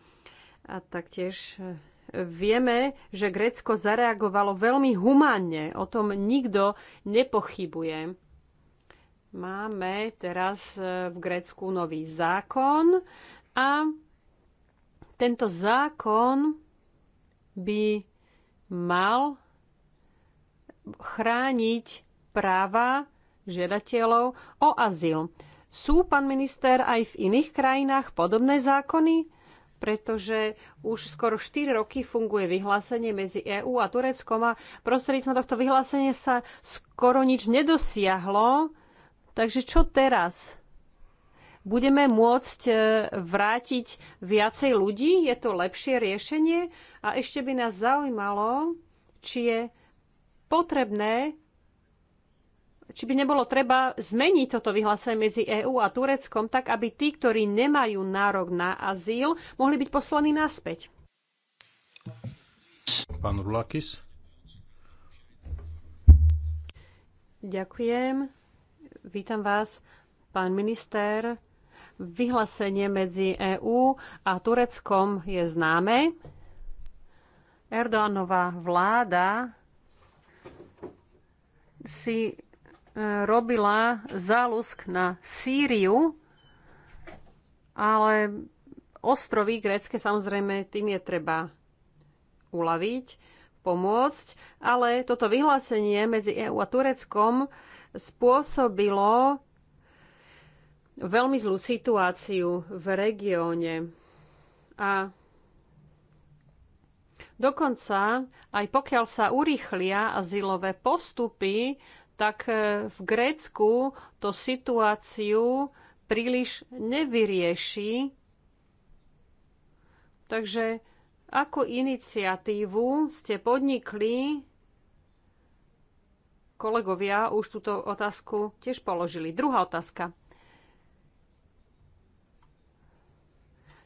A taktiež e, vieme, že Grécko zareagovalo veľmi humánne. O tom nikto nepochybuje. Máme teraz e, v Grécku nový zákon a tento zákon by mal chrániť práva žiadateľov o azyl. Sú, pán minister, aj v iných krajinách podobné zákony? pretože už skoro 4 roky funguje vyhlásenie medzi EÚ a Tureckom a prostredníctvom tohto vyhlásenia sa skoro nič nedosiahlo. Takže čo teraz? budeme môcť e, vrátiť viacej ľudí? Je to lepšie riešenie? A ešte by nás zaujímalo, či je potrebné či by nebolo treba zmeniť toto vyhlásenie medzi EÚ a Tureckom tak, aby tí, ktorí nemajú nárok na azyl, mohli byť poslaní naspäť. Pán Rulakis. Ďakujem. Vítam vás, pán minister. Vyhlásenie medzi EÚ a Tureckom je známe. Erdoánová vláda si robila záľusk na Sýriu, ale ostrovy grécke samozrejme tým je treba uľaviť, pomôcť, ale toto vyhlásenie medzi EÚ a Tureckom spôsobilo veľmi zlú situáciu v regióne. A dokonca, aj pokiaľ sa urýchlia azylové postupy, tak e, v Grécku to situáciu príliš nevyrieši. Takže ako iniciatívu ste podnikli? Kolegovia už túto otázku tiež položili. Druhá otázka.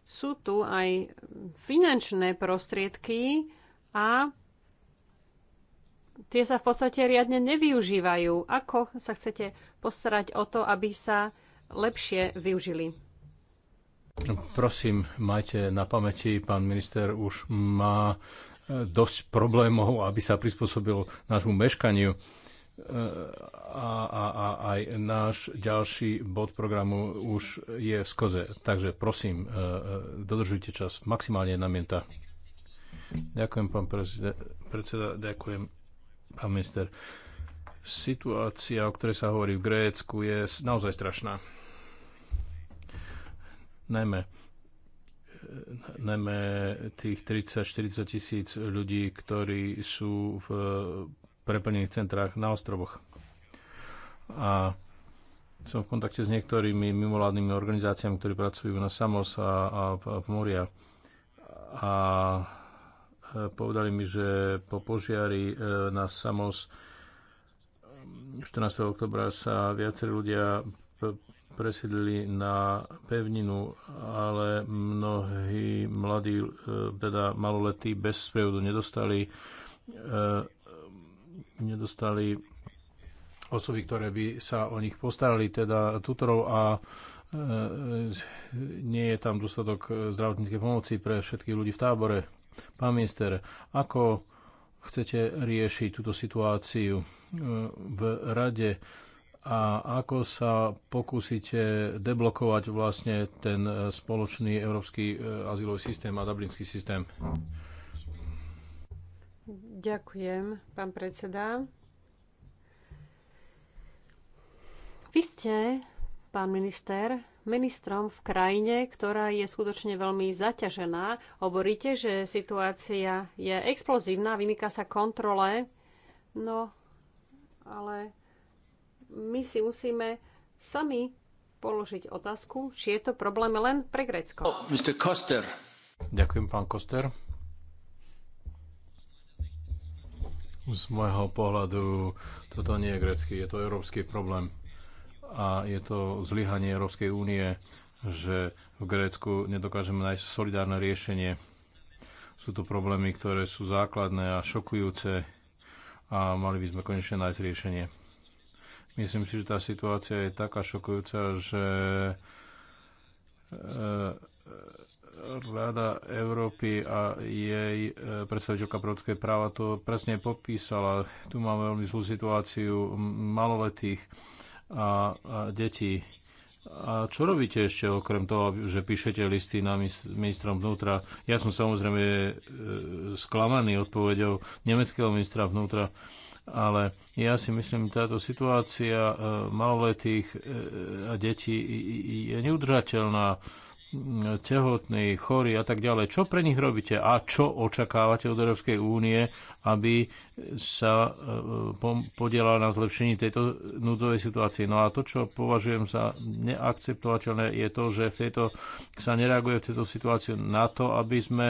Sú tu aj finančné prostriedky a tie sa v podstate riadne nevyužívajú. Ako sa chcete postarať o to, aby sa lepšie využili? Prosím, majte na pamäti, pán minister už má e, dosť problémov, aby sa prispôsobil nášmu meškaniu. E, a, a, a aj náš ďalší bod programu už je v skoze. Takže prosím, e, dodržujte čas maximálne jedna minúta. Ďakujem, pán predseda, ďakujem Pán minister, situácia, o ktorej sa hovorí v Grécku, je naozaj strašná. Najmä, e, najmä tých 30-40 tisíc ľudí, ktorí sú v preplnených centrách na ostrovoch. A som v kontakte s niektorými mimovládnymi organizáciami, ktorí pracujú na Samos a, a, a v Moria. A povedali mi, že po požiari e, na Samos 14. Ehm, oktobra sa viacerí ľudia presiedlili na pevninu, ale mnohí mladí, e, teda maloletí bez sprievodu nedostali, e, nedostali osoby, ktoré by sa o nich postarali, teda tutorov a nie je tam dostatok zdravotníckej pomoci pre všetkých ľudí v tábore. Pán minister, ako chcete riešiť túto situáciu e, v rade a ako sa pokúsite deblokovať vlastne ten e, spoločný európsky e, azylový systém a dublinský systém? Ďakujem, pán predseda. Vy ste, pán minister, ministrom v krajine, ktorá je skutočne veľmi zaťažená. Hovoríte, že situácia je explozívna, vymýka sa kontrole, no ale my si musíme sami položiť otázku, či je to problém len pre Grécko. Oh, Mr. Koster. Ďakujem, pán Koster. Z môjho pohľadu toto nie je grecký, je to európsky problém a je to zlyhanie Európskej únie, že v Grécku nedokážeme nájsť solidárne riešenie. Sú to problémy, ktoré sú základné a šokujúce a mali by sme konečne nájsť riešenie. Myslím si, že tá situácia je taká šokujúca, že e, Rada Európy a jej e, predstaviteľka pre práva to presne popísala. Tu máme veľmi zlú situáciu maloletých, a, a deti. A čo robíte ešte okrem toho, že píšete listy na ministrom vnútra? Ja som samozrejme e, sklamaný odpovedou nemeckého ministra vnútra, ale ja si myslím, táto situácia e, maloletých e, a detí je neudržateľná tehotní, chorí a tak ďalej. Čo pre nich robíte a čo očakávate od Európskej únie, aby sa e, podielala na zlepšení tejto núdzovej situácie? No a to, čo považujem za neakceptovateľné, je to, že v tejto, sa nereaguje v tejto situácii na to, aby sme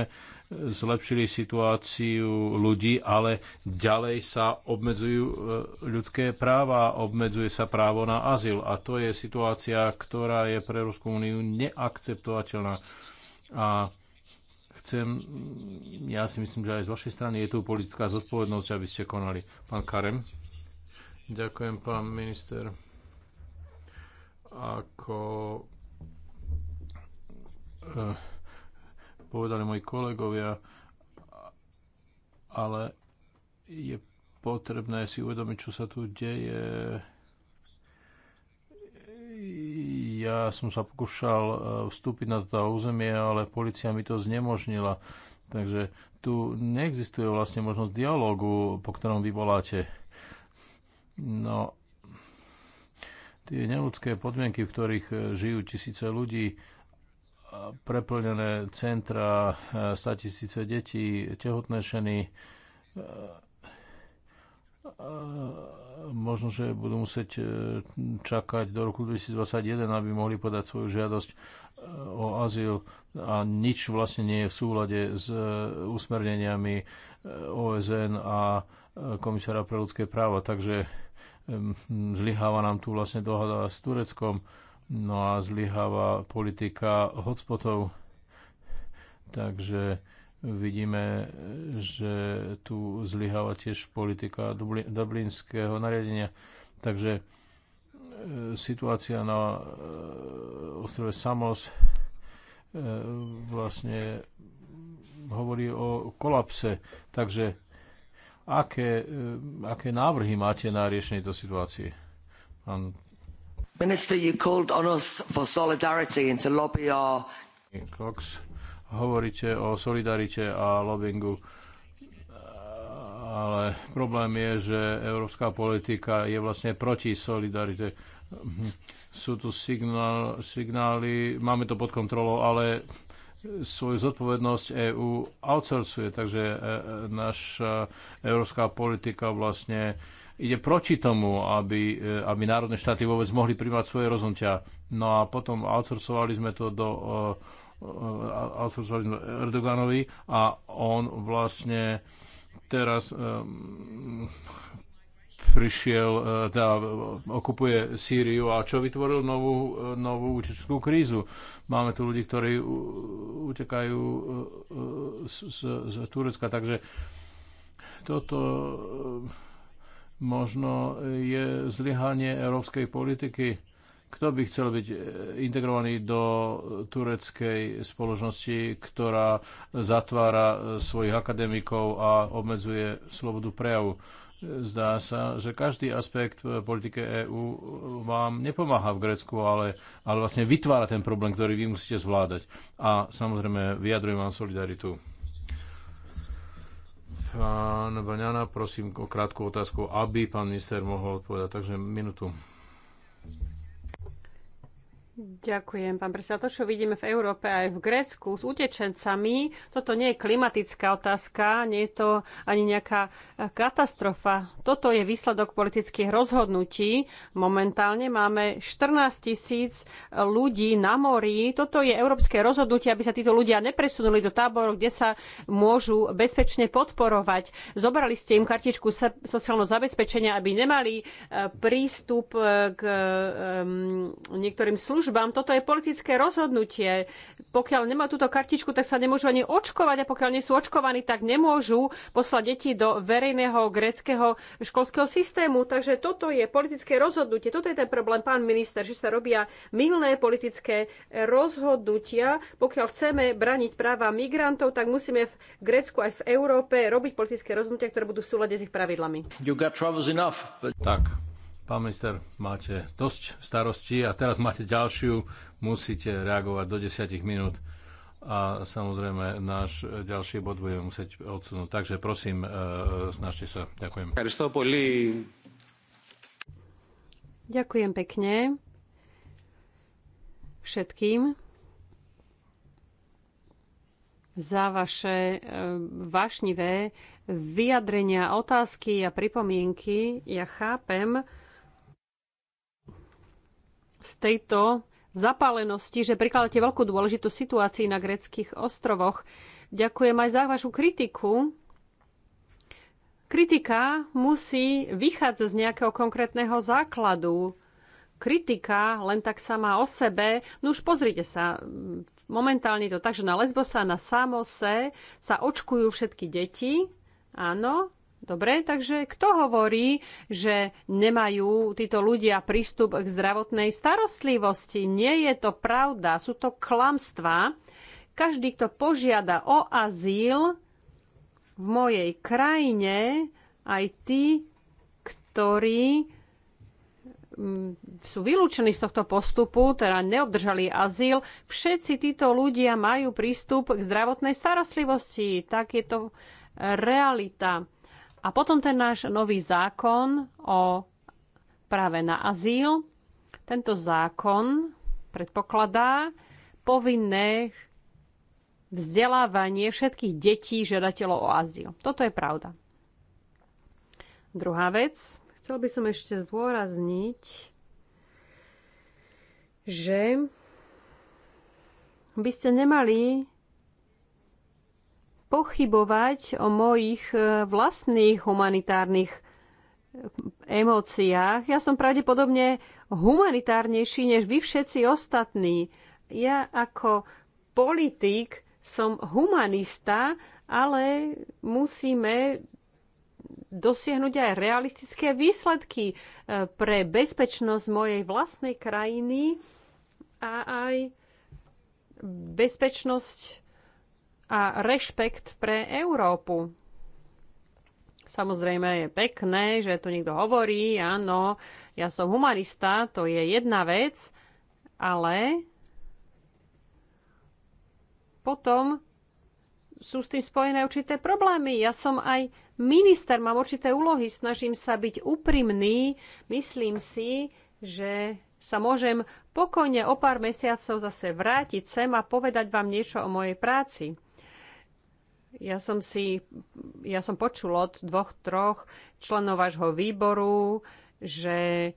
zlepšili situáciu ľudí, ale ďalej sa obmedzujú e, ľudské práva, obmedzuje sa právo na azyl. A to je situácia, ktorá je pre Európsku úniu neakceptovateľná. A chcem, ja si myslím, že aj z vašej strany je tu politická zodpovednosť, aby ste konali. Pán Karem. Ďakujem, pán minister. Ako... Uh povedali moji kolegovia, ale je potrebné si uvedomiť, čo sa tu deje. Ja som sa pokúšal e, vstúpiť na toto územie, ale policia mi to znemožnila. Takže tu neexistuje vlastne možnosť dialogu, po ktorom vy voláte. No, tie neludské podmienky, v ktorých e, žijú tisíce ľudí, preplnené centra, statisíce detí, tehotné ženy. Možno, že budú musieť e, čakať do roku 2021, aby mohli podať svoju žiadosť e, o azyl a nič vlastne nie je v súlade s e, usmerneniami OSN a komisára pre ľudské práva. Takže zlyháva nám tu vlastne dohoda s Tureckom No a zlyháva politika hotspotov. Takže vidíme, že tu zlyháva tiež politika dublinského nariadenia. Takže e, situácia na e, ostrove Samos e, vlastne hovorí o kolapse. Takže aké, aké návrhy máte na riešenie tejto situácie? Pán Minister, you called on us for solidarity and to lobby our... Cox, hovoríte o solidarite a lobbingu. ale problém je, že európska politika je vlastne proti solidarite. Sú tu signál, signály, máme to pod kontrolou, ale svoju zodpovednosť EÚ outsourcuje, takže e, e, naša európska politika vlastne ide proti tomu, aby, e, aby národné štáty vôbec mohli príjmať svoje rozhodnutia. No a potom outsourcovali sme to do e, e, outsourcovali sme Erdoganovi a on vlastne teraz prišiel, teda okupuje Sýriu a čo vytvoril novú, novú utečenskú krízu. Máme tu ľudí, ktorí utekajú z, z, z Turecka, takže toto možno je zlyhanie európskej politiky. Kto by chcel byť e, integrovaný do tureckej spoločnosti, ktorá zatvára e, svojich akademikov a obmedzuje slobodu prejavu? E, zdá sa, že každý aspekt v politike EÚ vám nepomáha v Grécku, ale, ale vlastne vytvára ten problém, ktorý vy musíte zvládať. A samozrejme, vyjadrujem vám solidaritu. Pán Baňana, prosím o krátku otázku, aby pán minister mohol odpovedať. Takže minútu. Ďakujem, pán predseda. To, čo vidíme v Európe aj v Grécku s utečencami, toto nie je klimatická otázka, nie je to ani nejaká katastrofa. Toto je výsledok politických rozhodnutí. Momentálne máme 14 tisíc ľudí na mori. Toto je európske rozhodnutie, aby sa títo ľudia nepresunuli do táborov, kde sa môžu bezpečne podporovať. Zobrali ste im kartičku sociálneho zabezpečenia, aby nemali eh, prístup eh, k eh, niektorým službám službám. Toto je politické rozhodnutie. Pokiaľ nemá túto kartičku, tak sa nemôžu ani očkovať a pokiaľ nie sú očkovaní, tak nemôžu poslať deti do verejného greckého školského systému. Takže toto je politické rozhodnutie. Toto je ten problém, pán minister, že sa robia milné politické rozhodnutia. Pokiaľ chceme braniť práva migrantov, tak musíme v Grécku aj v Európe robiť politické rozhodnutia, ktoré budú v s ich pravidlami. You got enough, but... Tak, Pán minister, máte dosť starostí a teraz máte ďalšiu, musíte reagovať do 10 minút a samozrejme náš ďalší bod bude musieť odsunúť. Takže prosím, e, e, snažte sa. Ďakujem. Ďakujem pekne všetkým za vaše e, vášnivé vyjadrenia, otázky a pripomienky. Ja chápem, z tejto zapálenosti, že prikladáte veľkú dôležitú situácii na greckých ostrovoch. Ďakujem aj za vašu kritiku. Kritika musí vychádzať z nejakého konkrétneho základu. Kritika len tak sama o sebe. No už pozrite sa, momentálne je to tak, že na Lesbosa, na samose sa očkujú všetky deti. Áno, Dobre, takže kto hovorí, že nemajú títo ľudia prístup k zdravotnej starostlivosti? Nie je to pravda, sú to klamstvá. Každý, kto požiada o azyl v mojej krajine, aj tí, ktorí mm, sú vylúčení z tohto postupu, teda neobdržali azyl, všetci títo ľudia majú prístup k zdravotnej starostlivosti. Tak je to realita. A potom ten náš nový zákon o práve na azyl. Tento zákon predpokladá povinné vzdelávanie všetkých detí žiadateľov o azyl. Toto je pravda. Druhá vec, chcel by som ešte zdôrazniť, že by ste nemali pochybovať o mojich e, vlastných humanitárnych e, emóciách. Ja som pravdepodobne humanitárnejší než vy všetci ostatní. Ja ako politik som humanista, ale musíme dosiahnuť aj realistické výsledky e, pre bezpečnosť mojej vlastnej krajiny a aj bezpečnosť a rešpekt pre Európu. Samozrejme je pekné, že tu niekto hovorí, áno, ja som humanista, to je jedna vec, ale potom sú s tým spojené určité problémy. Ja som aj minister, mám určité úlohy, snažím sa byť úprimný, myslím si, že sa môžem pokojne o pár mesiacov zase vrátiť sem a povedať vám niečo o mojej práci. Ja som si, ja som počul od dvoch, troch členov vášho výboru, že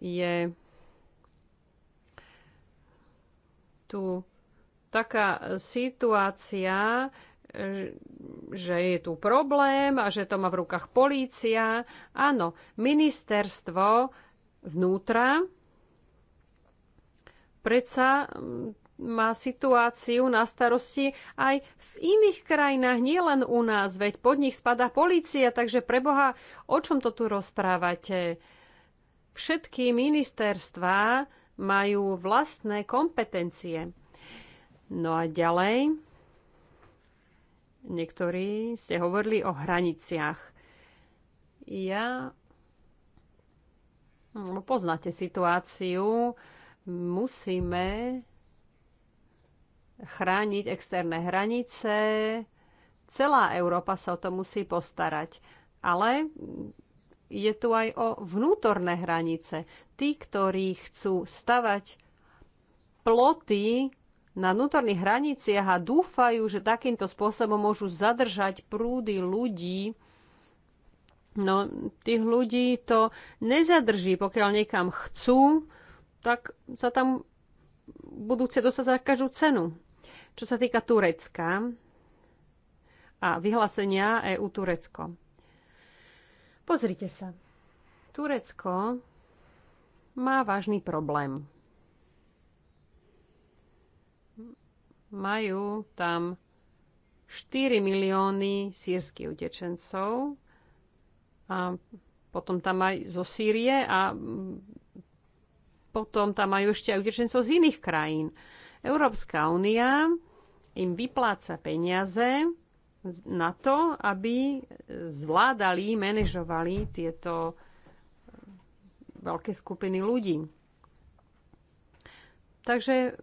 je tu taká situácia, že je tu problém a že to má v rukách polícia. Áno, ministerstvo vnútra predsa má situáciu na starosti aj v iných krajinách, nielen u nás, veď pod nich spadá policia, takže pre Boha, o čom to tu rozprávate? Všetky ministerstva majú vlastné kompetencie. No a ďalej, niektorí ste hovorili o hraniciach. Ja... No, poznáte situáciu, musíme chrániť externé hranice. Celá Európa sa o to musí postarať. Ale je tu aj o vnútorné hranice. Tí, ktorí chcú stavať ploty na vnútorných hraniciach a dúfajú, že takýmto spôsobom môžu zadržať prúdy ľudí, no tých ľudí to nezadrží, pokiaľ niekam chcú, tak sa tam budú chcieť dostať za každú cenu. Čo sa týka Turecka a vyhlásenia EU Turecko. Pozrite sa. Turecko má vážny problém. Majú tam 4 milióny sírskych utečencov a potom tam aj zo Sýrie a potom tam majú ešte aj utečencov z iných krajín. Európska únia im vypláca peniaze na to, aby zvládali, manažovali tieto eh, veľké skupiny ľudí. Takže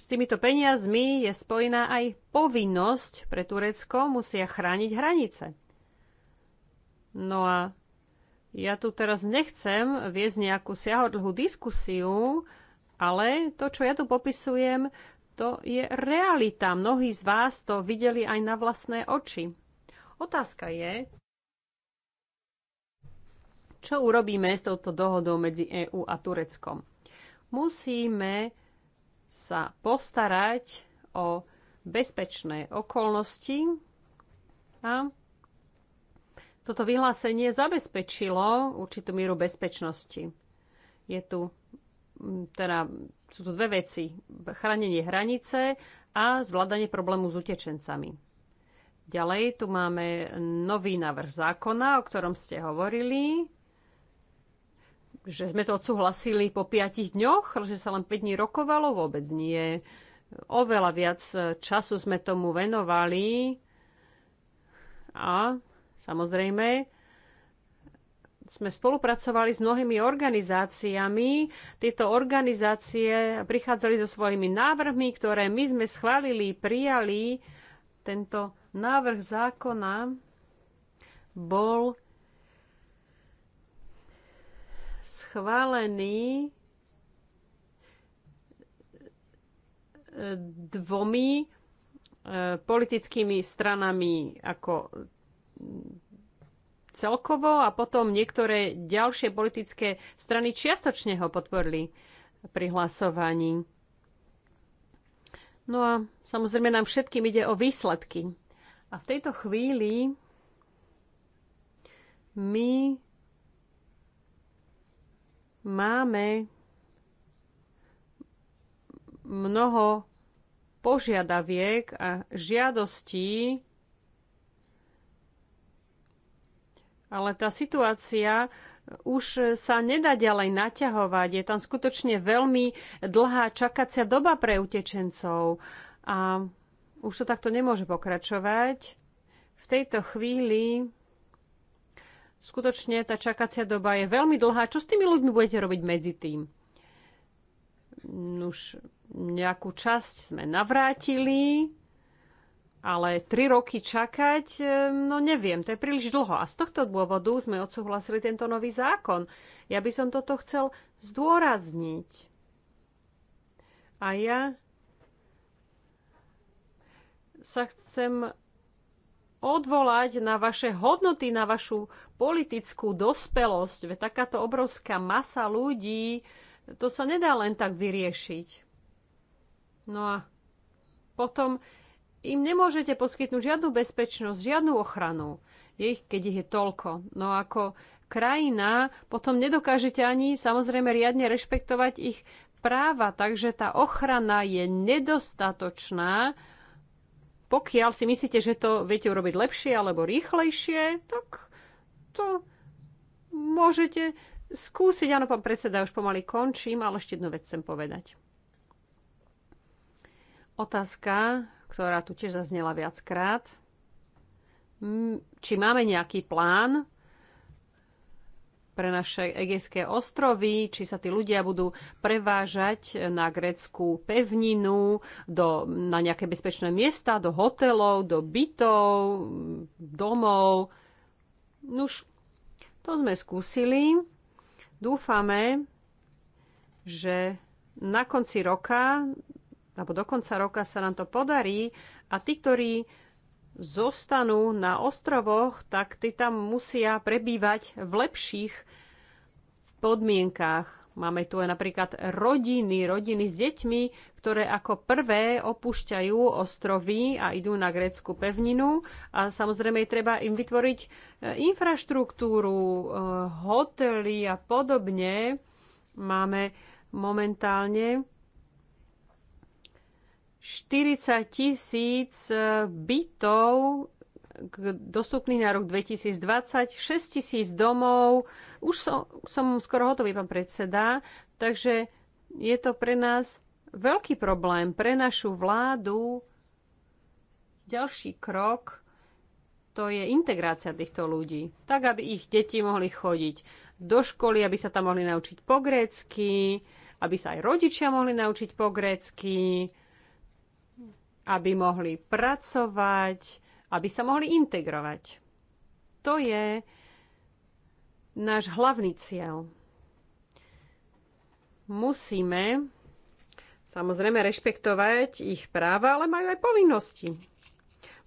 s týmito peniazmi je spojená aj povinnosť pre Turecko, musia chrániť hranice. No a ja tu teraz nechcem viesť nejakú siahodlhú diskusiu, ale to, čo ja tu popisujem, to je realita. Mnohí z vás to videli aj na vlastné oči. Otázka je, čo urobíme s touto dohodou medzi EÚ a Tureckom. Musíme sa postarať o bezpečné okolnosti a toto vyhlásenie zabezpečilo určitú mieru bezpečnosti. Je tu teda sú tu dve veci. Chránenie hranice a zvládanie problému s utečencami. Ďalej tu máme nový návrh zákona, o ktorom ste hovorili, že sme to odsúhlasili po 5 dňoch, že sa len 5 dní rokovalo, vôbec nie. Oveľa viac času sme tomu venovali a Samozrejme, sme spolupracovali s mnohými organizáciami. Tieto organizácie prichádzali so svojimi návrhmi, ktoré my sme schválili, prijali. Tento návrh zákona bol schválený dvomi eh, politickými stranami ako celkovo a potom niektoré ďalšie politické strany čiastočne ho podporili pri hlasovaní. No a samozrejme nám všetkým ide o výsledky. A v tejto chvíli my máme mnoho požiadaviek a žiadostí Ale tá situácia už sa nedá ďalej naťahovať. Je tam skutočne veľmi dlhá čakacia doba pre utečencov. A už to takto nemôže pokračovať. V tejto chvíli skutočne tá čakacia doba je veľmi dlhá. Čo s tými ľuďmi budete robiť medzi tým? Už nejakú časť sme navrátili, ale tri roky čakať, e, no neviem, to je príliš dlho. A z tohto dôvodu sme odsúhlasili tento nový zákon. Ja by som toto chcel zdôrazniť. A ja sa chcem odvolať na vaše hodnoty, na vašu politickú dospelosť. Veď takáto obrovská masa ľudí, to sa nedá len tak vyriešiť. No a potom im nemôžete poskytnúť žiadnu bezpečnosť, žiadnu ochranu, keď ich je toľko. No ako krajina, potom nedokážete ani samozrejme riadne rešpektovať ich práva, takže tá ochrana je nedostatočná. Pokiaľ si myslíte, že to viete urobiť lepšie alebo rýchlejšie, tak to môžete skúsiť. Áno, pán predseda, už pomaly končím, ale ešte jednu vec chcem povedať. Otázka ktorá tu tiež zaznela viackrát. Či máme nejaký plán pre naše egejské ostrovy, či sa tí ľudia budú prevážať na grécku pevninu, do, na nejaké bezpečné miesta, do hotelov, do bytov, domov. Nuž, to sme skúsili. Dúfame, že na konci roka alebo do konca roka sa nám to podarí a tí, ktorí zostanú na ostrovoch, tak tí tam musia prebývať v lepších podmienkách. Máme tu aj napríklad rodiny, rodiny s deťmi, ktoré ako prvé opúšťajú ostrovy a idú na grécku pevninu. A samozrejme treba im vytvoriť eh, infraštruktúru, eh, hotely a podobne. Máme momentálne 40 tisíc e, bytov dostupných na rok 2020, 6 tisíc domov. Už som, som skoro hotový, pán predseda, takže je to pre nás veľký problém, pre našu vládu. Ďalší krok to je integrácia týchto ľudí, tak aby ich deti mohli chodiť do školy, aby sa tam mohli naučiť po grécky, aby sa aj rodičia mohli naučiť po grécky, aby mohli pracovať, aby sa mohli integrovať. To je náš hlavný cieľ. Musíme samozrejme rešpektovať ich práva, ale majú aj povinnosti.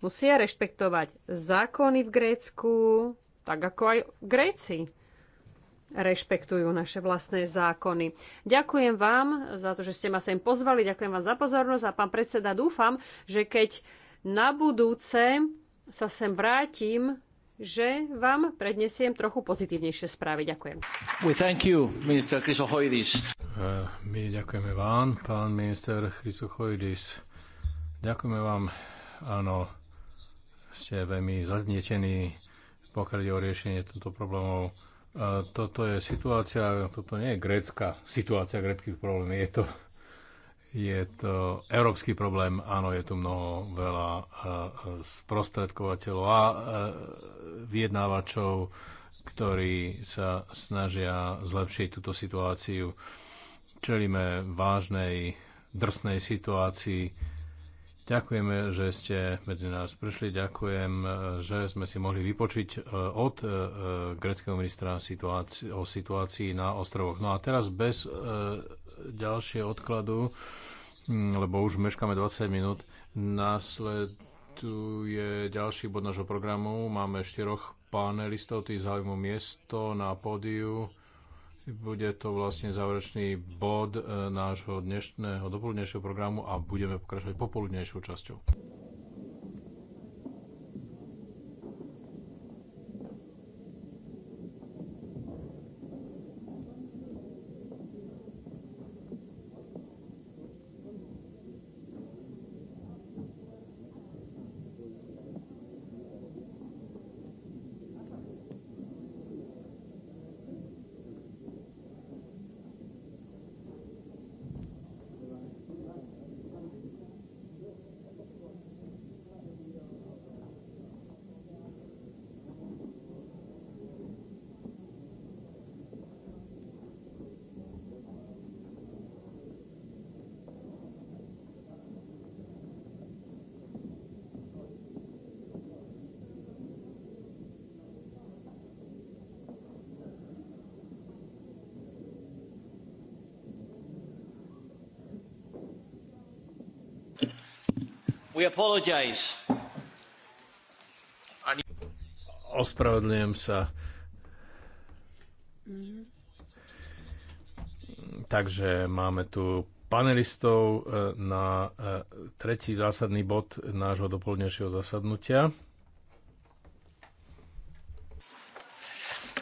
Musia rešpektovať zákony v Grécku, tak ako aj Gréci rešpektujú naše vlastné zákony. Ďakujem vám za to, že ste ma sem pozvali, ďakujem vám za pozornosť a pán predseda, dúfam, že keď na budúce sa sem vrátim, že vám prednesiem trochu pozitívnejšie správy. Ďakujem. We thank you, minister e, My ďakujeme vám, pán minister Chrysochoidis. Ďakujeme vám, áno, ste veľmi zadnietení, pokiaľ o riešenie tohto problémov toto je situácia, toto nie je grécka situácia, grécky problém, je to, je to európsky problém, áno, je tu mnoho veľa e, sprostredkovateľov a e, vyjednávačov, ktorí sa snažia zlepšiť túto situáciu. Čelíme vážnej, drsnej situácii, Ďakujeme, že ste medzi nás prišli. Ďakujem, že sme si mohli vypočiť e, od e, greckého ministra o situácii na ostrovoch. No a teraz bez e, ďalšieho odkladu, mm, lebo už meškáme 20 minút, nasleduje ďalší bod nášho programu. Máme štyroch panelistov, tí zaujímajú miesto na pódiu. Bude to vlastne záverečný bod e, nášho dnešného dopoludnejšieho programu a budeme pokračovať popoludnejšou časťou. We apologize. Ospravedlňujem sa. Takže máme tu panelistov eh, na eh, tretí zásadný bod nášho dopolnejšieho zasadnutia.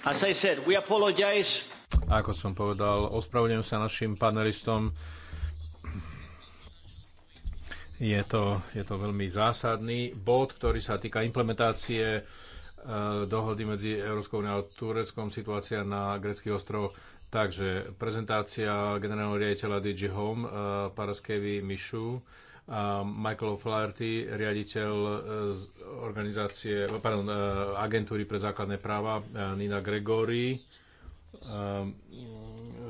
As I said, we apologize. Ako som povedal, ospravedlňujem sa našim panelistom je to, je to veľmi zásadný bod, ktorý sa týka implementácie e, dohody medzi Európskou úniou a Tureckom, situácia na greckých ostrovoch. Takže prezentácia generálneho riaditeľa DG Home, e, Paraskevi Mišu, a Michael O'Flaherty, riaditeľ e, z organizácie, pardon, agentúry pre základné práva, Nina Gregory,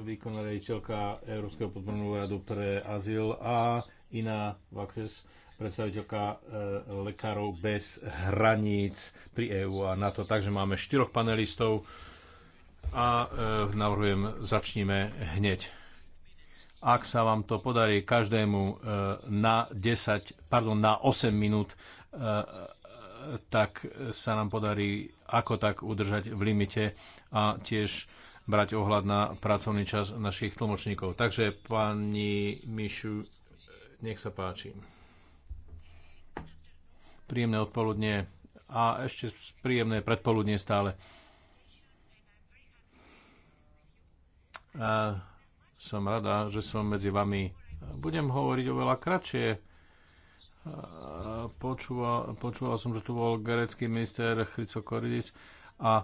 výkonná riaditeľka Európskeho podporného radu pre azyl a Iná Vakfes, predstaviteľka e, Lekárov bez hraníc pri EÚ a NATO. Takže máme štyroch panelistov a e, navrhujem, začníme hneď. Ak sa vám to podarí každému e, na 10, pardon, na 8 minút, tak sa nám podarí ako tak udržať v limite a tiež brať ohľad na pracovný čas našich tlmočníkov. Takže pani Mišu nech sa páči. Príjemné odpoludne a ešte príjemné predpoludne stále. A som rada, že som medzi vami. Budem hovoriť oveľa kratšie. Počúval, počúval som, že tu bol grecký minister Chrysokoridis a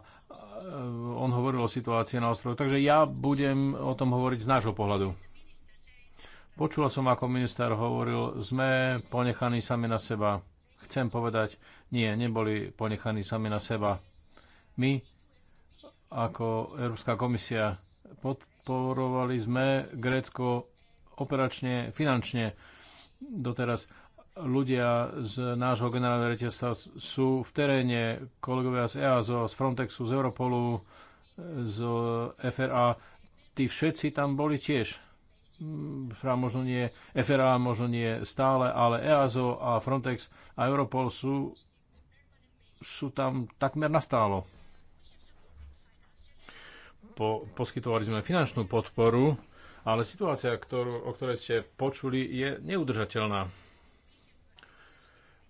on hovoril o situácii na ostrove. Takže ja budem o tom hovoriť z nášho pohľadu. Počula som, ako minister hovoril, sme ponechaní sami na seba. Chcem povedať, nie, neboli ponechaní sami na seba. My, ako Európska komisia, podporovali sme Grécko operačne, finančne doteraz ľudia z nášho generálneho reťazstva sú v teréne, kolegovia z EASO, z Frontexu, z Europolu, z FRA, tí všetci tam boli tiež. Mm, FRA možno nie, FRA možno nie stále, ale EASO a Frontex a Europol sú, sú tam takmer nastálo. Po, poskytovali sme finančnú podporu, ale situácia, ktorú, o ktorej ste počuli, je neudržateľná.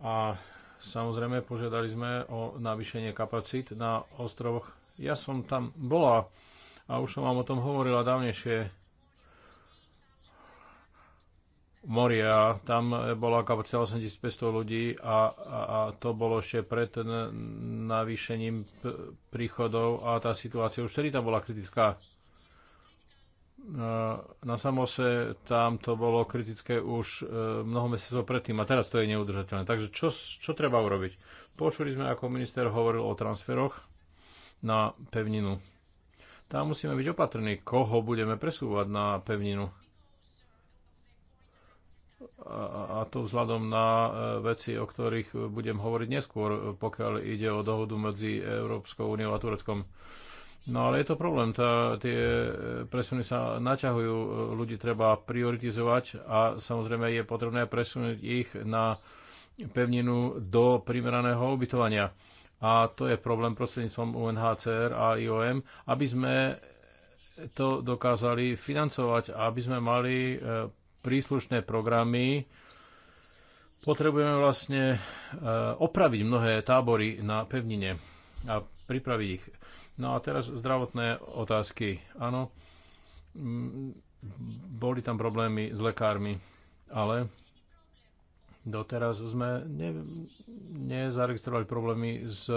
A samozrejme požiadali sme o navýšenie kapacít na ostrovoch. Ja som tam bola a už som vám o tom hovorila dávnejšie moria. Tam bola kapacita 8500 ľudí a, a, a to bolo ešte pred navýšením príchodov a tá situácia už vtedy tam bola kritická. E, na Samose tam to bolo kritické už e, mnoho mesiacov predtým a teraz to je neudržateľné. Takže čo, čo treba urobiť? Počuli sme, ako minister hovoril o transferoch na pevninu. Tam musíme byť opatrní, koho budeme presúvať na pevninu a to vzhľadom na e, veci, o ktorých budem hovoriť neskôr, pokiaľ ide o dohodu medzi Európskou úniou a Tureckom. No ale je to problém, tá, tie e, presuny sa naťahujú, e, ľudí treba prioritizovať a samozrejme je potrebné presunúť ich na pevninu do primeraného ubytovania. A to je problém prostredníctvom UNHCR a IOM, aby sme to dokázali financovať, aby sme mali príslušné programy potrebujeme vlastne e, opraviť mnohé tábory na pevnine a pripraviť ich. No a teraz zdravotné otázky. Áno, mm, boli tam problémy s lekármi, ale doteraz sme ne, nezaregistrovali problémy s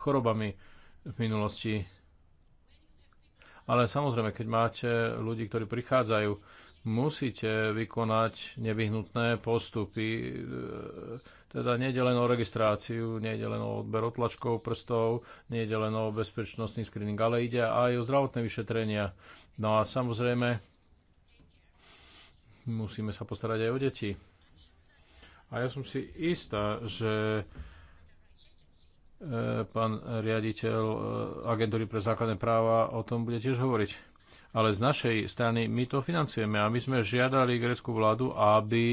chorobami v minulosti. Ale samozrejme, keď máte ľudí, ktorí prichádzajú musíte vykonať nevyhnutné postupy. Teda nejde len o registráciu, nejde len o odber otlačkov prstov, nejde len o bezpečnostný screening, ale ide aj o zdravotné vyšetrenia. No a samozrejme, musíme sa postarať aj o deti. A ja som si istá, že e, pán riaditeľ e, agentúry pre základné práva o tom bude tiež hovoriť ale z našej strany my to financujeme a my sme žiadali greckú vládu, aby,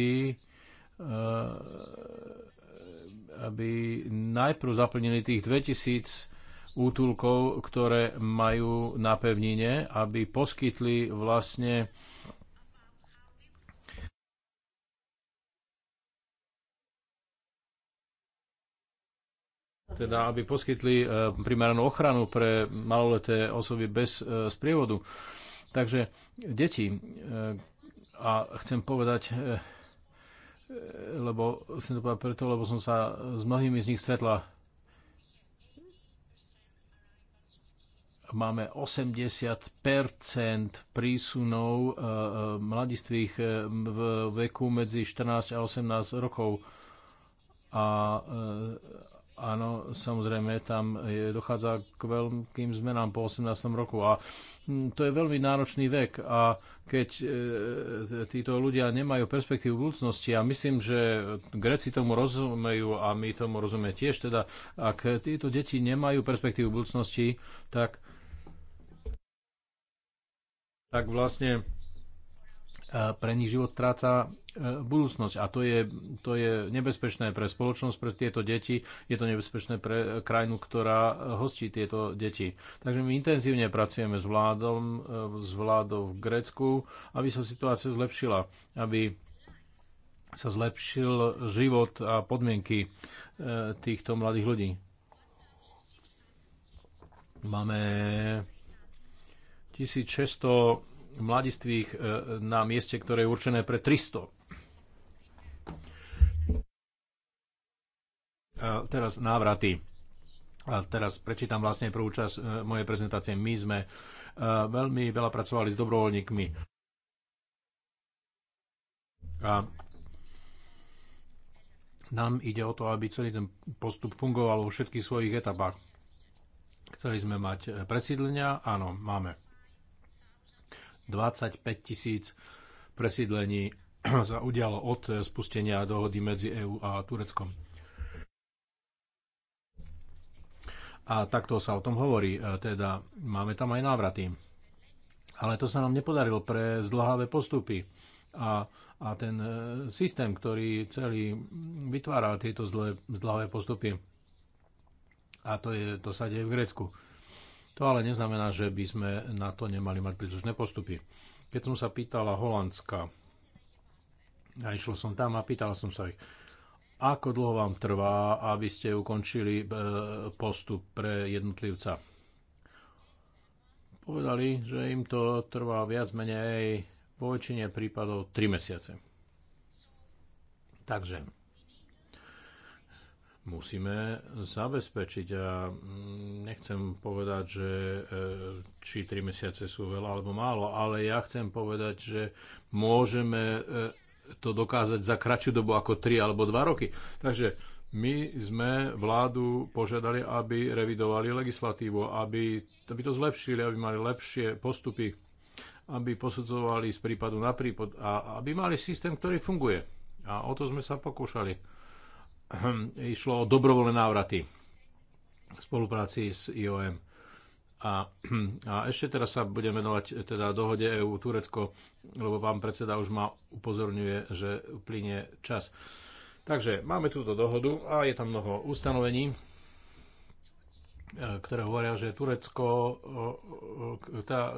eh, aby najprv zaplnili tých 2000 útulkov, ktoré majú na pevnine, aby poskytli vlastne teda aby poskytli e, primeranú ochranu pre maloleté osoby bez e, sprievodu. Takže deti, e, a chcem povedať, lebo chcem to povedať preto, lebo som sa s mnohými z nich stretla. Máme 80 prísunov mladistvých v veku medzi 14 a 18 rokov a Áno, samozrejme, tam je, dochádza k veľkým zmenám po 18. roku a hm, to je veľmi náročný vek a keď e, títo ľudia nemajú perspektívu budúcnosti a myslím, že Greci tomu rozumejú a my tomu rozumieme tiež, teda ak títo deti nemajú perspektívu budúcnosti, tak, tak vlastne pre nich život stráca e, budúcnosť a to je, to je nebezpečné pre spoločnosť, pre tieto deti, je to nebezpečné pre krajinu, ktorá hostí tieto deti. Takže my intenzívne pracujeme s vládom, e, s vládou v Grécku, aby sa situácia zlepšila, aby sa zlepšil život a podmienky e, týchto mladých ľudí. Máme 1600 mladistvých e, na mieste, ktoré je určené pre 300. A teraz návraty. A teraz prečítam vlastne prvú časť e, mojej prezentácie. My sme e, veľmi veľa pracovali s dobrovoľníkmi. A nám ide o to, aby celý ten postup fungoval vo všetkých svojich etapách. Chceli sme mať presídlenia? Áno, máme. 25 tisíc presídlení *clears throat* sa udialo od eh, spustenia dohody medzi EÚ a Tureckom. A takto sa o tom hovorí, eh, teda máme tam aj návraty. Ale to sa nám nepodarilo pre zdlhavé postupy. A, a ten eh, systém, ktorý celý vytvára tieto zle zdlhavé postupy, a to, je, to sa deje v Grécku. To ale neznamená, že by sme na to nemali mať príslušné postupy. Keď som sa pýtala Holandska, a išiel som tam a pýtal som sa ich, ako dlho vám trvá, aby ste ukončili e, postup pre jednotlivca? Povedali, že im to trvá viac menej vo väčšine prípadov 3 mesiace. Takže musíme zabezpečiť. A mm, nechcem povedať, že e, či 3 mesiace sú veľa alebo málo, ale ja chcem povedať, že môžeme e, to dokázať za kratšiu dobu ako 3 alebo 2 roky. Takže my sme vládu požiadali, aby revidovali legislatívu, aby, aby to zlepšili, aby mali lepšie postupy, aby posudzovali z prípadu na prípad a aby mali systém, ktorý funguje. A o to sme sa pokúšali išlo o dobrovoľné návraty v spolupráci s IOM. A, a ešte teraz sa budeme venovať teda dohode EU Turecko, lebo pán predseda už ma upozorňuje, že uplynie čas. Takže máme túto dohodu a je tam mnoho ustanovení, e, ktoré hovoria, že Turecko, e, e, tá,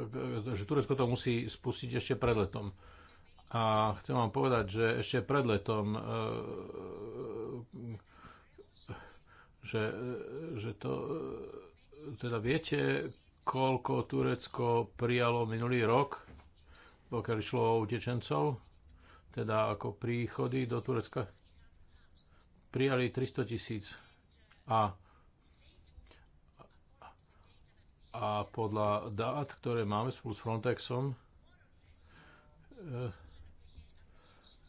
že Turecko to musí spustiť ešte pred letom. A chcem vám povedať, že ešte pred letom e, že, že to e, teda viete, koľko Turecko prijalo minulý rok, pokiaľ išlo o utečencov, teda ako príchody do Turecka, prijali 300 tisíc a, a podľa dát, ktoré máme spolu s Frontexom, e,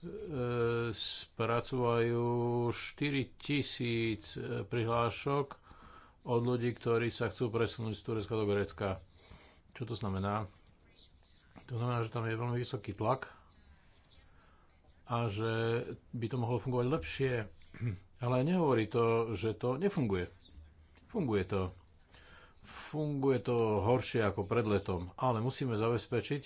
E, spracovajú 4 tisíc e, prihlášok od ľudí, ktorí sa chcú presunúť z Turecka do Grécka. Čo to znamená? To znamená, že tam je veľmi vysoký tlak a že by to mohlo fungovať lepšie. *clears throat* Ale nehovorí to, že to nefunguje. Funguje to. Funguje to horšie ako pred letom, ale musíme zabezpečiť,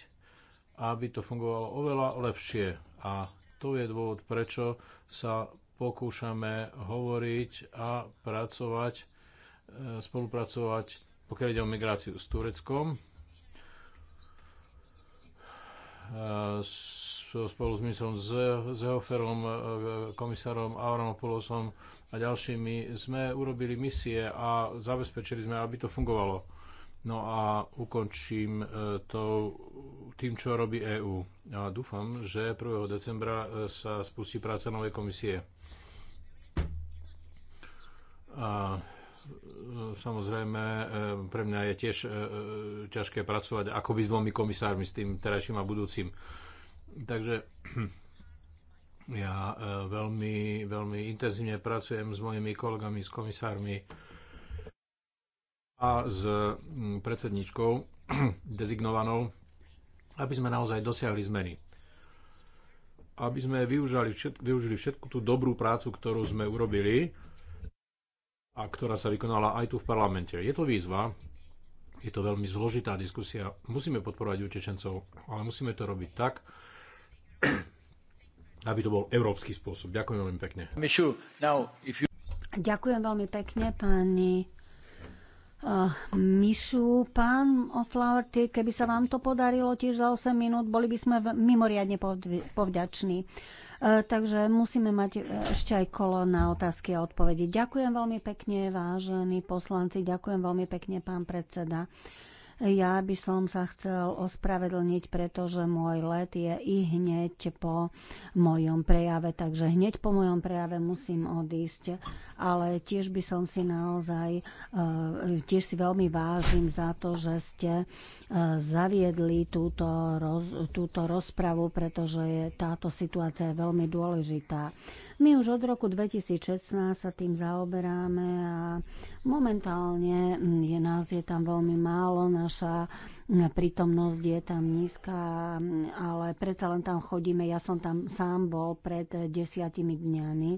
aby to fungovalo oveľa lepšie a to je dôvod, prečo sa pokúšame hovoriť a pracovať, e, spolupracovať, pokiaľ ide o migráciu s Tureckom, e, spolu s ministrom Zehoferom, e, komisárom Avramopulosom a ďalšími sme urobili misie a zabezpečili sme, aby to fungovalo No a ukončím e, to tým, čo robí EÚ. A dúfam, že 1. decembra e, sa spustí práca novej komisie. A e, samozrejme, pre mňa je tiež ťažké pracovať ako by s dvomi komisármi, s tým terajším a budúcim. Takže *clears throat* ja veľmi, veľmi intenzívne pracujem s mojimi kolegami, s komisármi, a s mm, predsedničkou *clears throat* dezignovanou, aby sme naozaj dosiahli zmeny. Aby sme využili, využili všetku tú dobrú prácu, ktorú sme urobili a ktorá sa vykonala aj tu v parlamente. Je to výzva, je to veľmi zložitá diskusia. Musíme podporovať utečencov, ale musíme to robiť tak, *clears throat* aby to bol európsky spôsob. Ďakujem veľmi pekne. Ďakujem veľmi pekne, pani Eh, Mišu, pán O'Flaherty, keby sa vám to podarilo tiež za 8 minút, boli by sme mimoriadne povďační. Eh, takže musíme mať eh, ešte aj kolo na otázky a odpovede. Ďakujem veľmi pekne, vážení poslanci, ďakujem veľmi pekne, pán predseda. Ja by som sa chcel ospravedlniť, pretože môj let je i hneď po mojom prejave, takže hneď po mojom prejave musím odísť, ale tiež by som si naozaj, eh, tiež si veľmi vážim za to, že ste eh, zaviedli túto, roz, túto rozpravu, pretože je, táto situácia je veľmi dôležitá. My už od roku 2016 sa tým zaoberáme a momentálne mm, je nás je tam veľmi málo, naša mm, prítomnosť je tam nízka, mm, ale predsa len tam chodíme. Ja som tam sám bol pred desiatimi dňami.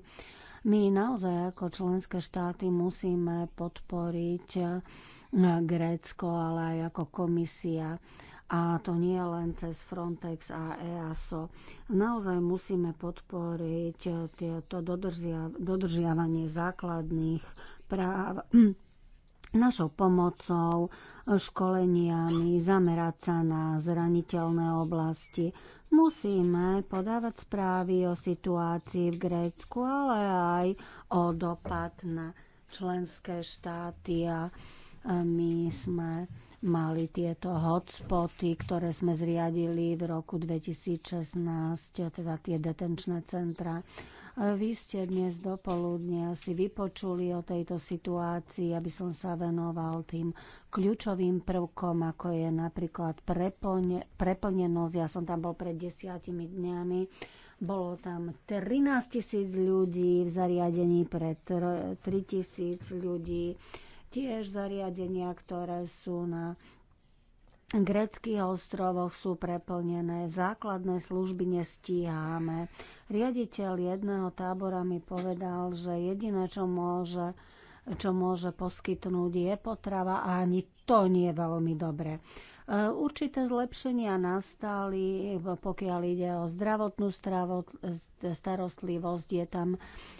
My naozaj ako členské štáty musíme podporiť Grécko, ale aj ako komisia a to nie len cez Frontex a EASO. Naozaj musíme podporiť eh, to dodržiavanie základných práv *clears throat* našou pomocou, eh, školeniami, zamerať sa na zraniteľné oblasti. Musíme podávať správy o situácii v Grécku, ale aj o dopad na členské štáty a eh, my sme mali tieto hotspoty, ktoré sme zriadili v roku 2016, teda tie detenčné centra. Vy ste dnes dopoludne si vypočuli o tejto situácii, aby som sa venoval tým kľúčovým prvkom, ako je napríklad preplne, preplnenosť. Ja som tam bol pred desiatimi dňami. Bolo tam 13 tisíc ľudí v zariadení pre 3 tisíc ľudí Tiež zariadenia, ktoré sú na greckých ostrovoch sú preplnené, základné služby nestíhame. Riaditeľ jedného tábora mi povedal, že jediné, čo môže, čo môže poskytnúť, je potrava a ani to nie je veľmi dobre. Eh, určité zlepšenia nastali, eh, pokiaľ ide o zdravotnú starostlivosť, je tam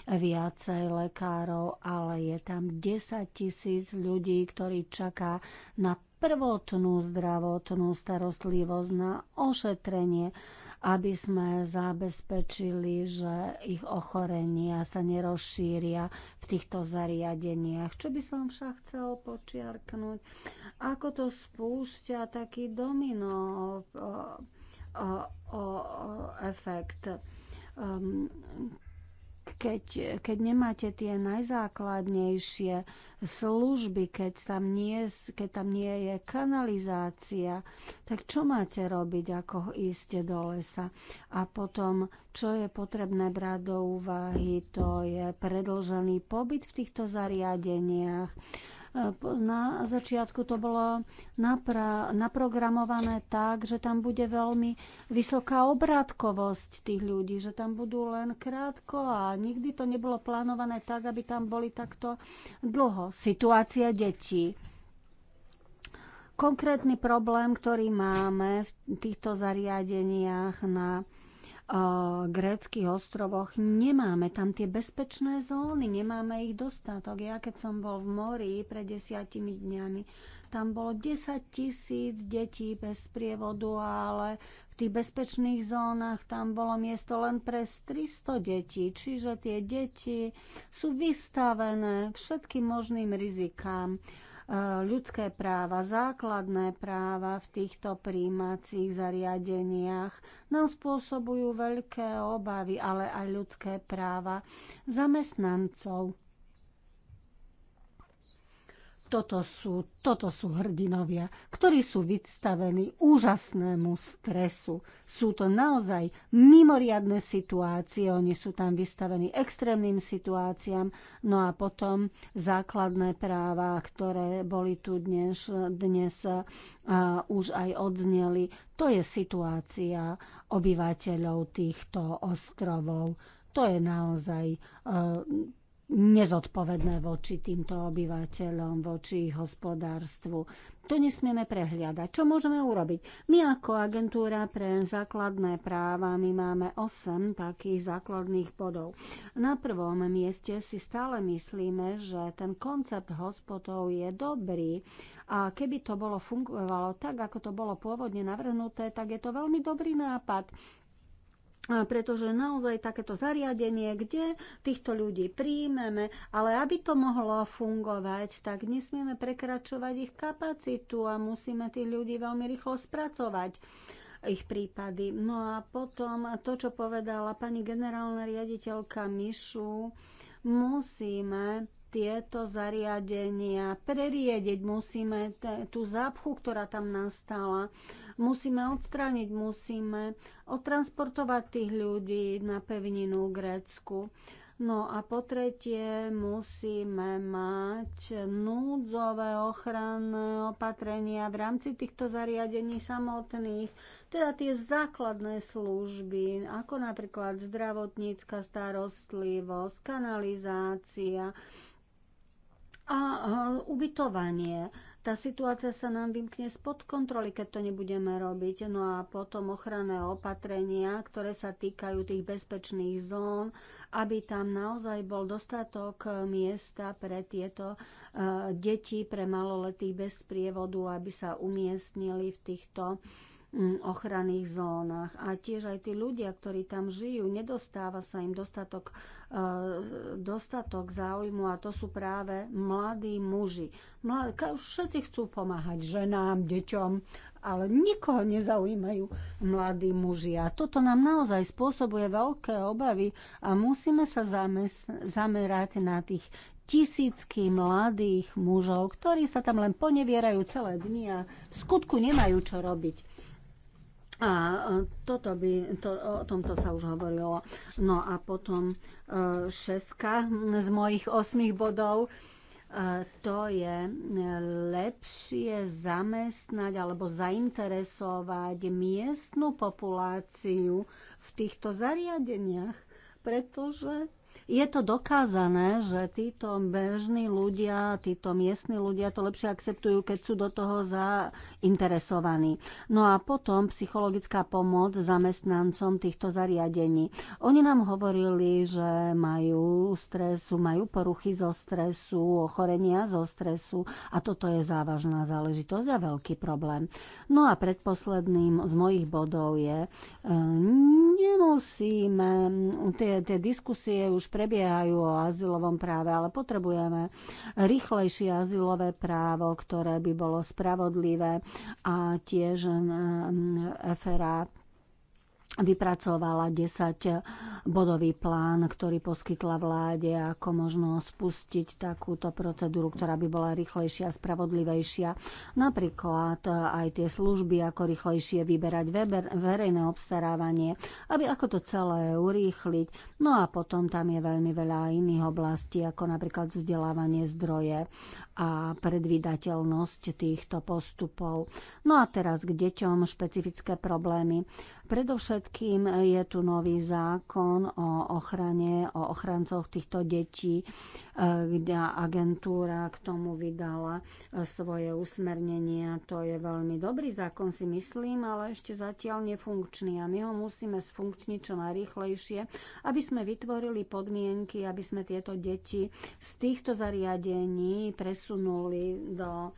viacej lekárov, ale je tam 10 tisíc ľudí, ktorí čaká na prvotnú zdravotnú starostlivosť, na ošetrenie, aby sme zabezpečili, že ich ochorenia sa nerozšíria v týchto zariadeniach. Čo by som však chcel počiarknúť, ako to spúšťa taký domino efekt. Ehm, keď, keď nemáte tie najzákladnejšie služby, keď tam, nie, keď tam nie je kanalizácia, tak čo máte robiť, ako ísť do lesa? A potom, čo je potrebné brať do úvahy, to je predlžený pobyt v týchto zariadeniach na začiatku to bolo napra- naprogramované tak, že tam bude veľmi vysoká obrátkovosť tých ľudí, že tam budú len krátko a nikdy to nebolo plánované tak, aby tam boli takto dlho. Situácia detí. Konkrétny problém, ktorý máme v týchto zariadeniach na gréckých ostrovoch nemáme tam tie bezpečné zóny, nemáme ich dostatok. Ja keď som bol v mori pred desiatimi dňami, tam bolo 10 tisíc detí bez prievodu, ale v tých bezpečných zónach tam bolo miesto len pre 300 detí. Čiže tie deti sú vystavené všetkým možným rizikám ľudské práva, základné práva v týchto príjmacích zariadeniach nám spôsobujú veľké obavy, ale aj ľudské práva zamestnancov. Toto sú, toto sú hrdinovia, ktorí sú vystavení úžasnému stresu. Sú to naozaj mimoriadne situácie, oni sú tam vystavení extrémnym situáciám, no a potom základné práva, ktoré boli tu dnes, dnes a už aj odzneli. To je situácia obyvateľov týchto ostrovov. To je naozaj nezodpovedné voči týmto obyvateľom, voči ich hospodárstvu. To nesmieme prehliadať. Čo môžeme urobiť? My ako agentúra pre základné práva, my máme 8 takých základných bodov. Na prvom mieste si stále myslíme, že ten koncept hospodov je dobrý a keby to bolo fungovalo tak, ako to bolo pôvodne navrhnuté, tak je to veľmi dobrý nápad pretože naozaj takéto zariadenie, kde týchto ľudí príjmeme, ale aby to mohlo fungovať, tak nesmieme prekračovať ich kapacitu a musíme tých ľudí veľmi rýchlo spracovať ich prípady. No a potom to, čo povedala pani generálna riaditeľka Mišu, musíme tieto zariadenia preriediť, musíme tú zápchu, ktorá tam nastala, musíme odstrániť, musíme otransportovať tých ľudí na pevninu Grécku. No a po tretie musíme mať núdzové ochranné opatrenia v rámci týchto zariadení samotných, teda tie základné služby, ako napríklad zdravotnícka starostlivosť, kanalizácia, a ubytovanie. Tá situácia sa nám vymkne spod kontroly, keď to nebudeme robiť. No a potom ochranné opatrenia, ktoré sa týkajú tých bezpečných zón, aby tam naozaj bol dostatok e, miesta pre tieto e, deti, pre maloletých bez prievodu, aby sa umiestnili v týchto Mm, ochranných zónach. A tiež aj tí ľudia, ktorí tam žijú, nedostáva sa im dostatok, eh, dostatok záujmu a to sú práve mladí muži. Mladí, všetci chcú pomáhať ženám, deťom, ale nikoho nezaujímajú mladí muži. A toto nám naozaj spôsobuje veľké obavy a musíme sa zamerať na tých tisícky mladých mužov, ktorí sa tam len ponevierajú celé dni a v skutku nemajú čo robiť. A e, toto by, to, o tomto sa už hovorilo. No a potom e, šeska z mojich osmých bodov e, to je lepšie zamestnať alebo zainteresovať miestnu populáciu v týchto zariadeniach, pretože je to dokázané, že títo bežní ľudia, títo miestni ľudia to lepšie akceptujú, keď sú do toho zainteresovaní. No a potom psychologická pomoc zamestnancom týchto zariadení. Oni nám hovorili, že majú stresu, majú poruchy zo stresu, ochorenia zo stresu a toto je závažná záležitosť a veľký problém. No a predposledným z mojich bodov je, e, nemusíme tie, tie diskusie už už prebiehajú o azylovom práve, ale potrebujeme rýchlejšie azylové právo, ktoré by bolo spravodlivé a tiež FRA vypracovala 10-bodový plán, ktorý poskytla vláde, ako možno spustiť takúto procedúru, ktorá by bola rýchlejšia a spravodlivejšia. Napríklad aj tie služby, ako rýchlejšie vyberať weber, verejné obstarávanie, aby ako to celé urýchliť. No a potom tam je veľmi veľa iných oblastí, ako napríklad vzdelávanie zdroje a predvydateľnosť týchto postupov. No a teraz k deťom špecifické problémy. Predovšetkým je tu nový zákon o ochrane, o ochrancoch týchto detí, e, kde agentúra k tomu vydala e, svoje usmernenia. To je veľmi dobrý zákon, si myslím, ale ešte zatiaľ nefunkčný a my ho musíme sfunkčniť čo najrychlejšie, aby sme vytvorili podmienky, aby sme tieto deti z týchto zariadení presunuli do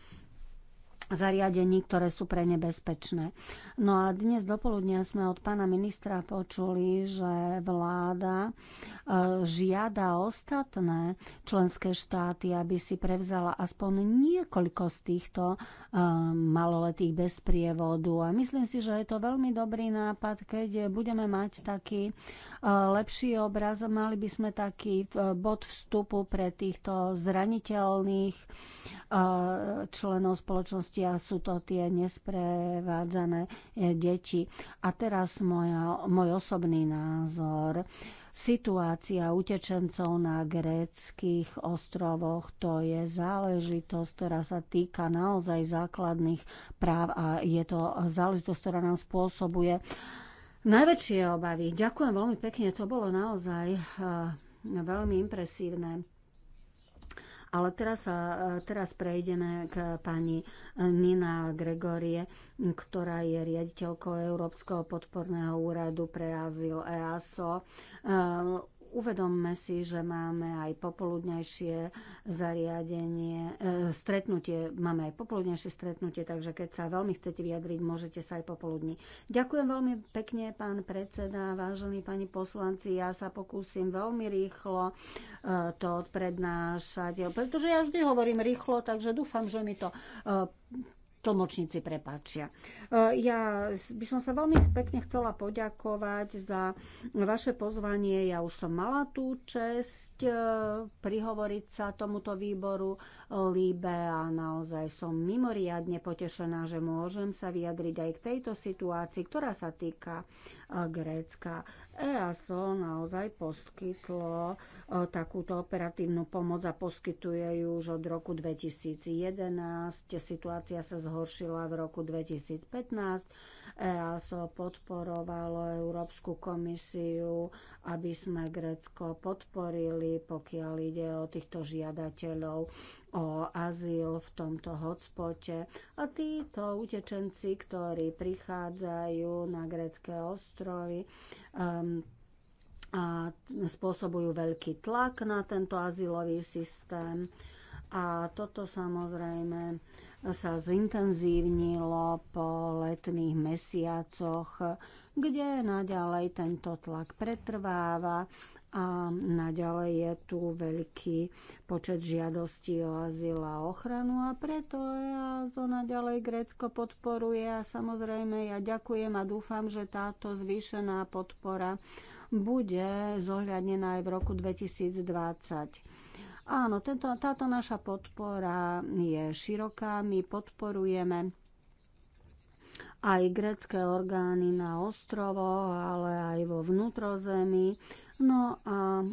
zariadení, ktoré sú pre nebezpečné. No a dnes dopoludnia sme od pána ministra počuli, že vláda e, žiada ostatné členské štáty, aby si prevzala aspoň niekoľko z týchto e, maloletých bez prievodu. A myslím si, že je to veľmi dobrý nápad, keď budeme mať taký e, lepší obraz, mali by sme taký bod vstupu pre týchto zraniteľných členov spoločnosti oblasti a sú to tie nesprevádzané e, deti. A teraz moja, môj osobný názor. Situácia utečencov na gréckých ostrovoch to je záležitosť, ktorá sa týka naozaj základných práv a je to záležitosť, ktorá nám spôsobuje najväčšie obavy. Ďakujem veľmi pekne, to bolo naozaj e, veľmi impresívne. Ale teraz, teraz prejdeme k pani Nina Gregorie, ktorá je riaditeľkou Európskeho podporného úradu pre azyl EASO e, uvedomme si, že máme aj popoludnejšie zariadenie, e, stretnutie, máme aj popoludnejšie stretnutie, takže keď sa veľmi chcete vyjadriť, môžete sa aj popoludní. Ďakujem veľmi pekne, pán predseda, vážení pani poslanci, ja sa pokúsim veľmi rýchlo e, to prednášať, pretože ja vždy hovorím rýchlo, takže dúfam, že mi to e, tlmočníci prepáčia. E, ja by som sa veľmi pekne chcela poďakovať za vaše pozvanie. Ja už som mala tú čest e, prihovoriť sa tomuto výboru Líbe a naozaj som mimoriadne potešená, že môžem sa vyjadriť aj k tejto situácii, ktorá sa týka Grécka. EASO naozaj poskytlo e, takúto operatívnu pomoc a poskytuje ju už od roku 2011. Situácia sa zhoršila v roku 2015 EASO podporovalo Európsku komisiu, aby sme Grécko podporili, pokiaľ ide o týchto žiadateľov o azyl v tomto hotspote. A títo utečenci, ktorí prichádzajú na grécké ostrovy, um, a spôsobujú veľký tlak na tento azylový systém. A toto samozrejme sa zintenzívnilo po letných mesiacoch, kde naďalej tento tlak pretrváva a naďalej je tu veľký počet žiadostí o azyl a ochranu a preto ja to naďalej Grécko podporuje a samozrejme ja ďakujem a dúfam, že táto zvýšená podpora bude zohľadnená aj v roku 2020. Áno, tento, táto naša podpora je široká. My podporujeme aj grecké orgány na ostrovo, ale aj vo vnútrozemí. No a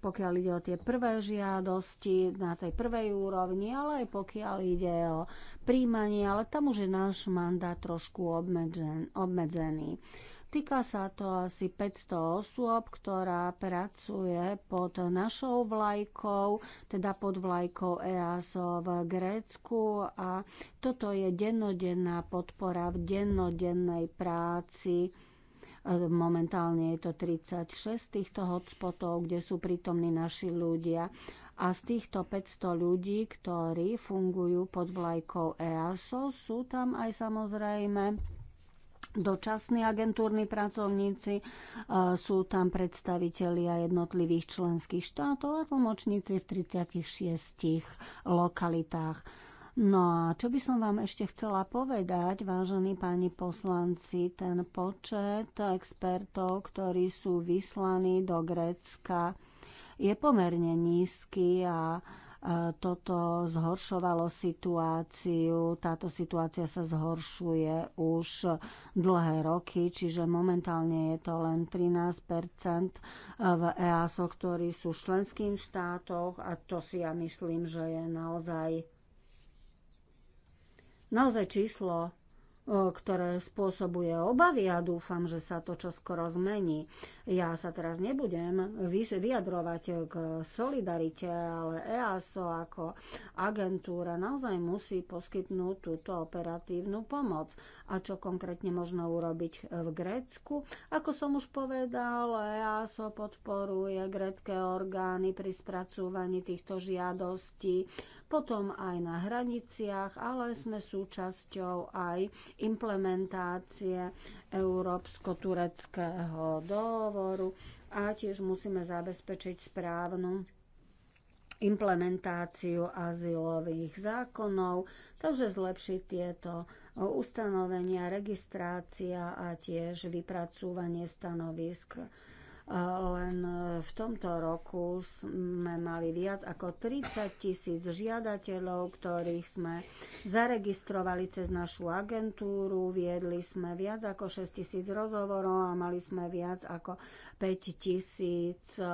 pokiaľ ide o tie prvé žiadosti na tej prvej úrovni, ale aj pokiaľ ide o príjmanie, ale tam už je náš mandát trošku obmedzený. Týka sa to asi 500 osôb, ktorá pracuje pod našou vlajkou, teda pod vlajkou EASO v Grécku a toto je dennodenná podpora v dennodennej práci. Momentálne je to 36 týchto hotspotov, kde sú prítomní naši ľudia. A z týchto 500 ľudí, ktorí fungujú pod vlajkou EASO, sú tam aj samozrejme dočasní agentúrni pracovníci, e, sú tam predstavitelia jednotlivých členských štátov a tlmočníci v 36 lokalitách. No a čo by som vám ešte chcela povedať, vážení páni poslanci, ten počet expertov, ktorí sú vyslaní do Grécka, je pomerne nízky a E, toto zhoršovalo situáciu, táto situácia sa zhoršuje už dlhé roky, čiže momentálne je to len 13 e, v EASO, ktorí sú v členských štátoch a to si ja myslím, že je naozaj naozaj číslo, e, ktoré spôsobuje obavy a dúfam, že sa to čoskoro zmení. Ja sa teraz nebudem vyjadrovať k solidarite, ale EASO ako agentúra naozaj musí poskytnúť túto operatívnu pomoc. A čo konkrétne možno urobiť v Grécku? Ako som už povedal, EASO podporuje grécké orgány pri spracúvaní týchto žiadostí, potom aj na hraniciach, ale sme súčasťou aj implementácie európsko-tureckého dohovoru a tiež musíme zabezpečiť správnu implementáciu azylových zákonov, takže zlepšiť tieto ustanovenia, registrácia a tiež vypracúvanie stanovisk len e, v tomto roku sme mali viac ako 30 tisíc žiadateľov, ktorých sme zaregistrovali cez našu agentúru, viedli sme viac ako 6 tisíc rozhovorov a mali sme viac ako 5 tisíc e,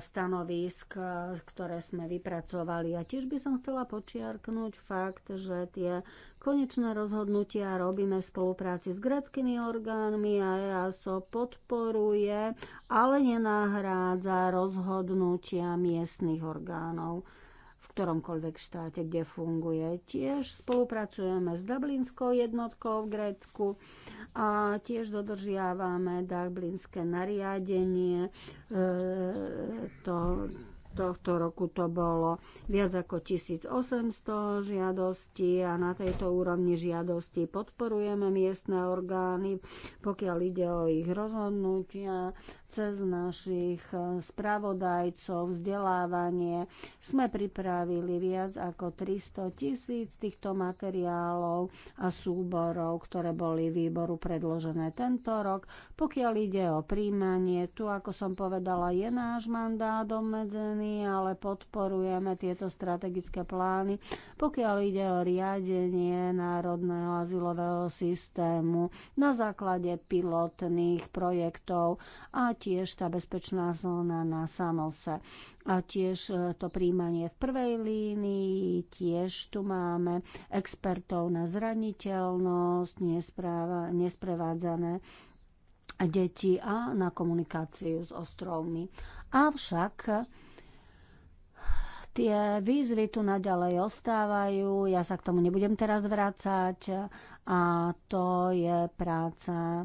stanovisk, e, ktoré sme vypracovali. A tiež by som chcela počiarknúť fakt, že tie Konečné rozhodnutia robíme v spolupráci s greckými orgánmi a EASO podporuje, ale nenahrádza rozhodnutia miestnych orgánov v ktoromkoľvek štáte, kde funguje. Tiež spolupracujeme s Dublinskou jednotkou v Grécku a tiež dodržiavame Dublinské nariadenie. E, to, tohto roku to bolo viac ako 1800 žiadostí a na tejto úrovni žiadosti podporujeme miestne orgány, pokiaľ ide o ich rozhodnutia cez našich eh, spravodajcov, vzdelávanie. Sme pripravili viac ako 300 tisíc týchto materiálov a súborov, ktoré boli výboru predložené tento rok. Pokiaľ ide o príjmanie, tu, ako som povedala, je náš mandát obmedzený plány, ale podporujeme tieto strategické plány, pokiaľ ide o riadenie národného azylového systému na základe pilotných projektov a tiež tá bezpečná zóna na Samose. A tiež e, to príjmanie v prvej línii, tiež tu máme expertov na zraniteľnosť, nespráva, nesprevádzané deti a na komunikáciu s ostrovmi. Avšak Tie výzvy tu naďalej ostávajú, ja sa k tomu nebudem teraz vrácať a to je práca e,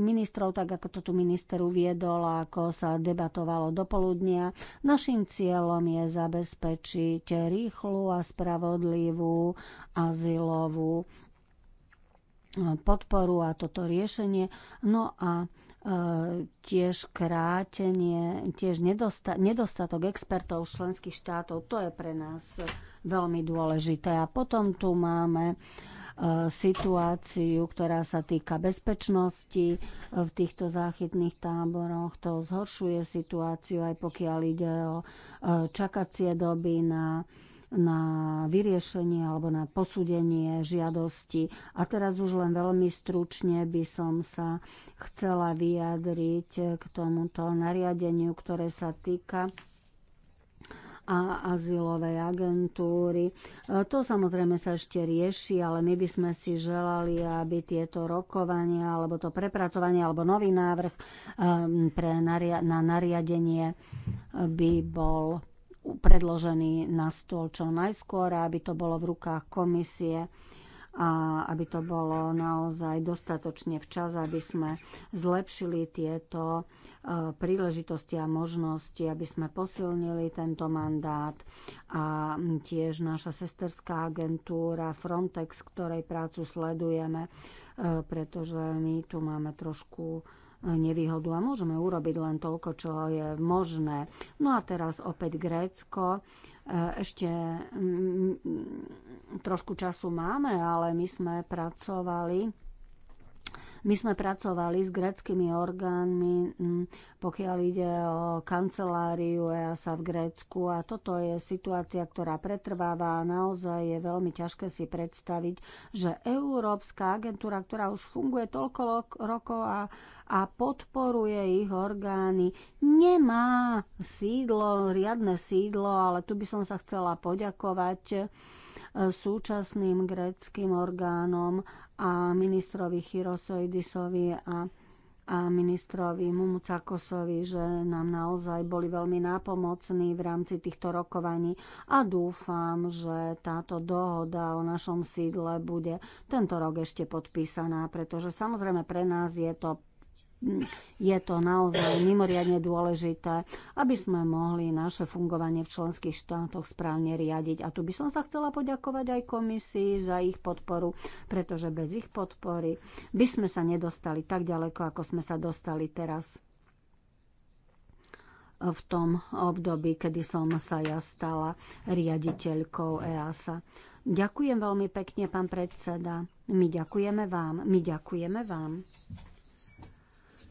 ministrov, tak ako to tu minister uviedol, ako sa debatovalo do poludnia. Našim cieľom je zabezpečiť rýchlu a spravodlivú azylovú e, podporu a toto riešenie. No a E, tiež krátenie, tiež nedosta- nedostatok expertov členských štátov, to je pre nás veľmi dôležité. A potom tu máme e, situáciu, ktorá sa týka bezpečnosti e, v týchto záchytných táboroch. To zhoršuje situáciu aj pokiaľ ide o čakacie doby na na vyriešenie alebo na posúdenie žiadosti. A teraz už len veľmi stručne by som sa chcela vyjadriť k tomuto nariadeniu, ktoré sa týka a azylovej agentúry. E, to samozrejme sa ešte rieši, ale my by sme si želali, aby tieto rokovania, alebo to prepracovanie, alebo nový návrh e, pre na nariadenie by bol predložený na stôl čo najskôr, aby to bolo v rukách komisie a aby to bolo naozaj dostatočne včas, aby sme zlepšili tieto e, príležitosti a možnosti, aby sme posilnili tento mandát a tiež naša sesterská agentúra Frontex, ktorej prácu sledujeme, e, pretože my tu máme trošku nevýhodu a môžeme urobiť len toľko, čo je možné. No a teraz opäť Grécko. E, ešte mm, mm, trošku času máme, ale my sme pracovali my sme pracovali s greckými orgánmi, mm, pokiaľ ide o kanceláriu EASA v Grécku a toto je situácia, ktorá pretrváva a naozaj je veľmi ťažké si predstaviť, že Európska agentúra, ktorá už funguje toľko rokov a, a podporuje ich orgány, nemá sídlo, riadne sídlo, ale tu by som sa chcela poďakovať e, súčasným greckým orgánom a ministrovi Chirosoidisovi a, a ministrovi Mumucakosovi, že nám naozaj boli veľmi nápomocní v rámci týchto rokovaní a dúfam, že táto dohoda o našom sídle bude tento rok ešte podpísaná, pretože samozrejme pre nás je to je to naozaj mimoriadne dôležité, aby sme mohli naše fungovanie v členských štátoch správne riadiť. A tu by som sa chcela poďakovať aj komisii za ich podporu, pretože bez ich podpory by sme sa nedostali tak ďaleko, ako sme sa dostali teraz v tom období, kedy som sa ja stala riaditeľkou EASA. Ďakujem veľmi pekne, pán predseda. My ďakujeme vám. My ďakujeme vám.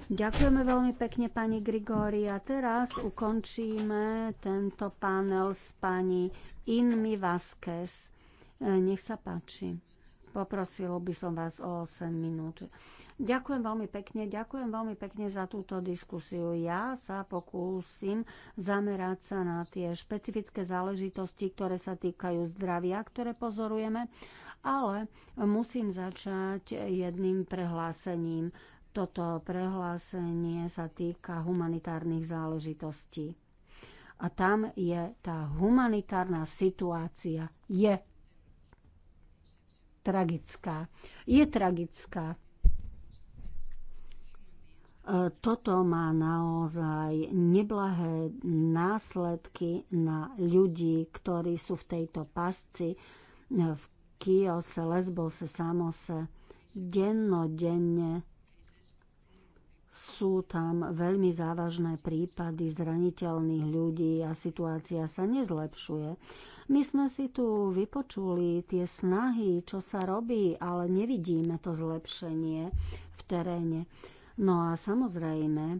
Ďakujeme veľmi pekne pani Grigori a teraz ukončíme tento panel s pani Inmi Vázquez. E, nech sa páči. Poprosil by som vás o 8 minút. Ďakujem veľmi pekne, ďakujem veľmi pekne za túto diskusiu. Ja sa pokúsim zamerať sa na tie špecifické záležitosti, ktoré sa týkajú zdravia, ktoré pozorujeme, ale musím začať jedným prehlásením. Toto prehlásenie sa týka humanitárnych záležitostí. A tam je tá humanitárna situácia je tragická. Je tragická. E, toto má naozaj neblahé následky na ľudí, ktorí sú v tejto pasci, e, v Kiose, Lesbose, Samose. Dennodenne sú tam veľmi závažné prípady zraniteľných ľudí a situácia sa nezlepšuje. My sme si tu vypočuli tie snahy, čo sa robí, ale nevidíme to zlepšenie v teréne. No a samozrejme, e,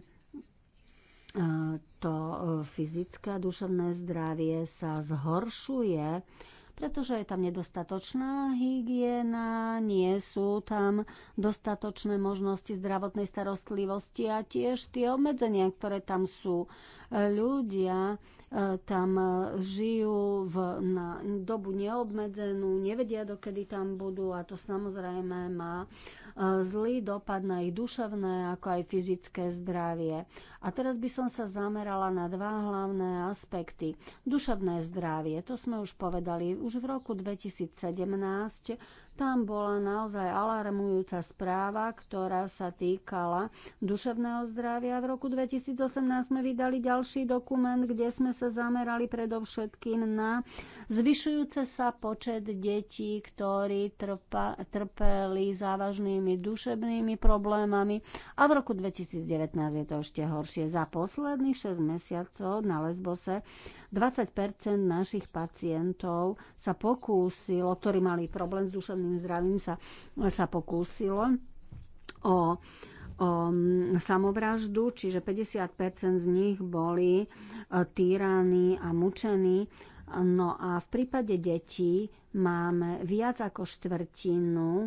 to e, fyzické a duševné zdravie sa zhoršuje pretože je tam nedostatočná hygiena, nie sú tam dostatočné možnosti zdravotnej starostlivosti a tiež tie obmedzenia, ktoré tam sú. Ľudia e, tam e, žijú v, na dobu neobmedzenú, nevedia, dokedy tam budú a to samozrejme má zlý dopad na ich duševné ako aj fyzické zdravie. A teraz by som sa zamerala na dva hlavné aspekty. Duševné zdravie, to sme už povedali, už v roku 2017 tam bola naozaj alarmujúca správa, ktorá sa týkala duševného zdravia. V roku 2018 sme vydali ďalší dokument, kde sme sa zamerali predovšetkým na zvyšujúce sa počet detí, ktorí trpa, trpeli závažnými duševnými problémami. A v roku 2019 je to ešte horšie. Za posledných 6 mesiacov na Lesbose 20 našich pacientov sa pokúsilo, ktorí mali problém s duševným zdravím, sa, sa pokúsilo o o mm, samovraždu, čiže 50% z nich boli e, týraní a mučení. No a v prípade detí máme viac ako štvrtinu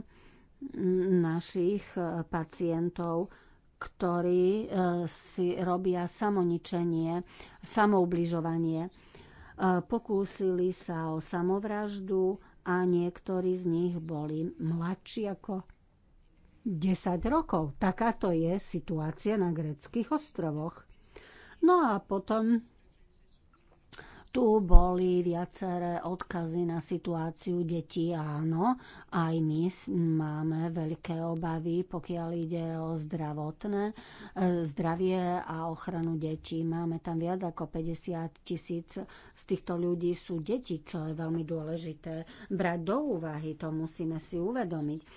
našich e, pacientov, ktorí e, si robia samoničenie, samoubližovanie. E, pokúsili sa o samovraždu a niektorí z nich boli mladší ako 10 rokov. Takáto je situácia na greckých ostrovoch. No a potom tu boli viaceré odkazy na situáciu detí, áno, aj my máme veľké obavy, pokiaľ ide o zdravotné, e, zdravie a ochranu detí. Máme tam viac ako 50 tisíc z týchto ľudí sú deti, čo je veľmi dôležité brať do úvahy, to musíme si uvedomiť. E,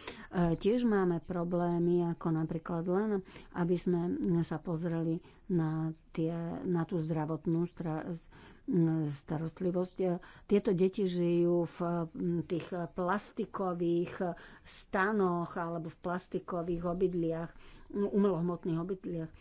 tiež máme problémy, ako napríklad len, aby sme sa pozreli na, tie, na tú zdravotnú stra- starostlivosť. E, tieto deti žijú v tých plastikových stanoch alebo v plastikových obydliach, umelohmotných obydliach.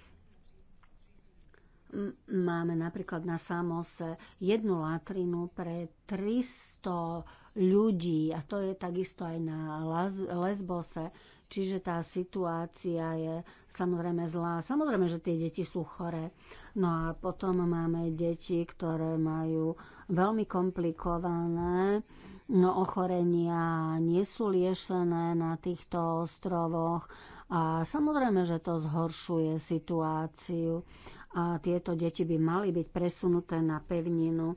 Máme napríklad na Samose jednu latrinu pre 300 ľudí a to je takisto aj na Lesbose. Čiže tá situácia je samozrejme zlá. Samozrejme, že tie deti sú chore. No a potom máme deti, ktoré majú veľmi komplikované No, ochorenia nie sú liešené na týchto ostrovoch a samozrejme, že to zhoršuje situáciu a tieto deti by mali byť presunuté na pevninu,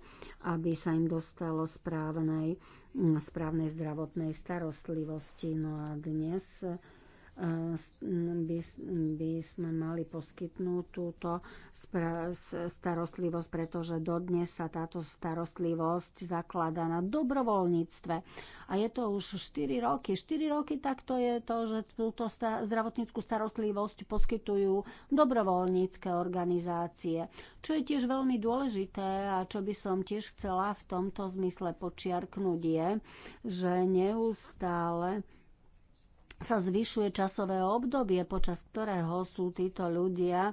aby sa im dostalo správnej, mm, správnej zdravotnej starostlivosti. No a dnes Ehm, by, by sme mali poskytnúť túto starostlivosť, pretože dodnes sa táto starostlivosť zakladá na dobrovoľníctve. A je to už 4 roky. 4 roky takto je to, že túto zdravotníckú starostlivosť poskytujú dobrovoľnícke organizácie, čo je tiež veľmi dôležité a čo by som tiež chcela v tomto zmysle počiarknúť je, že neustále sa zvyšuje časové obdobie, počas ktorého sú títo ľudia e,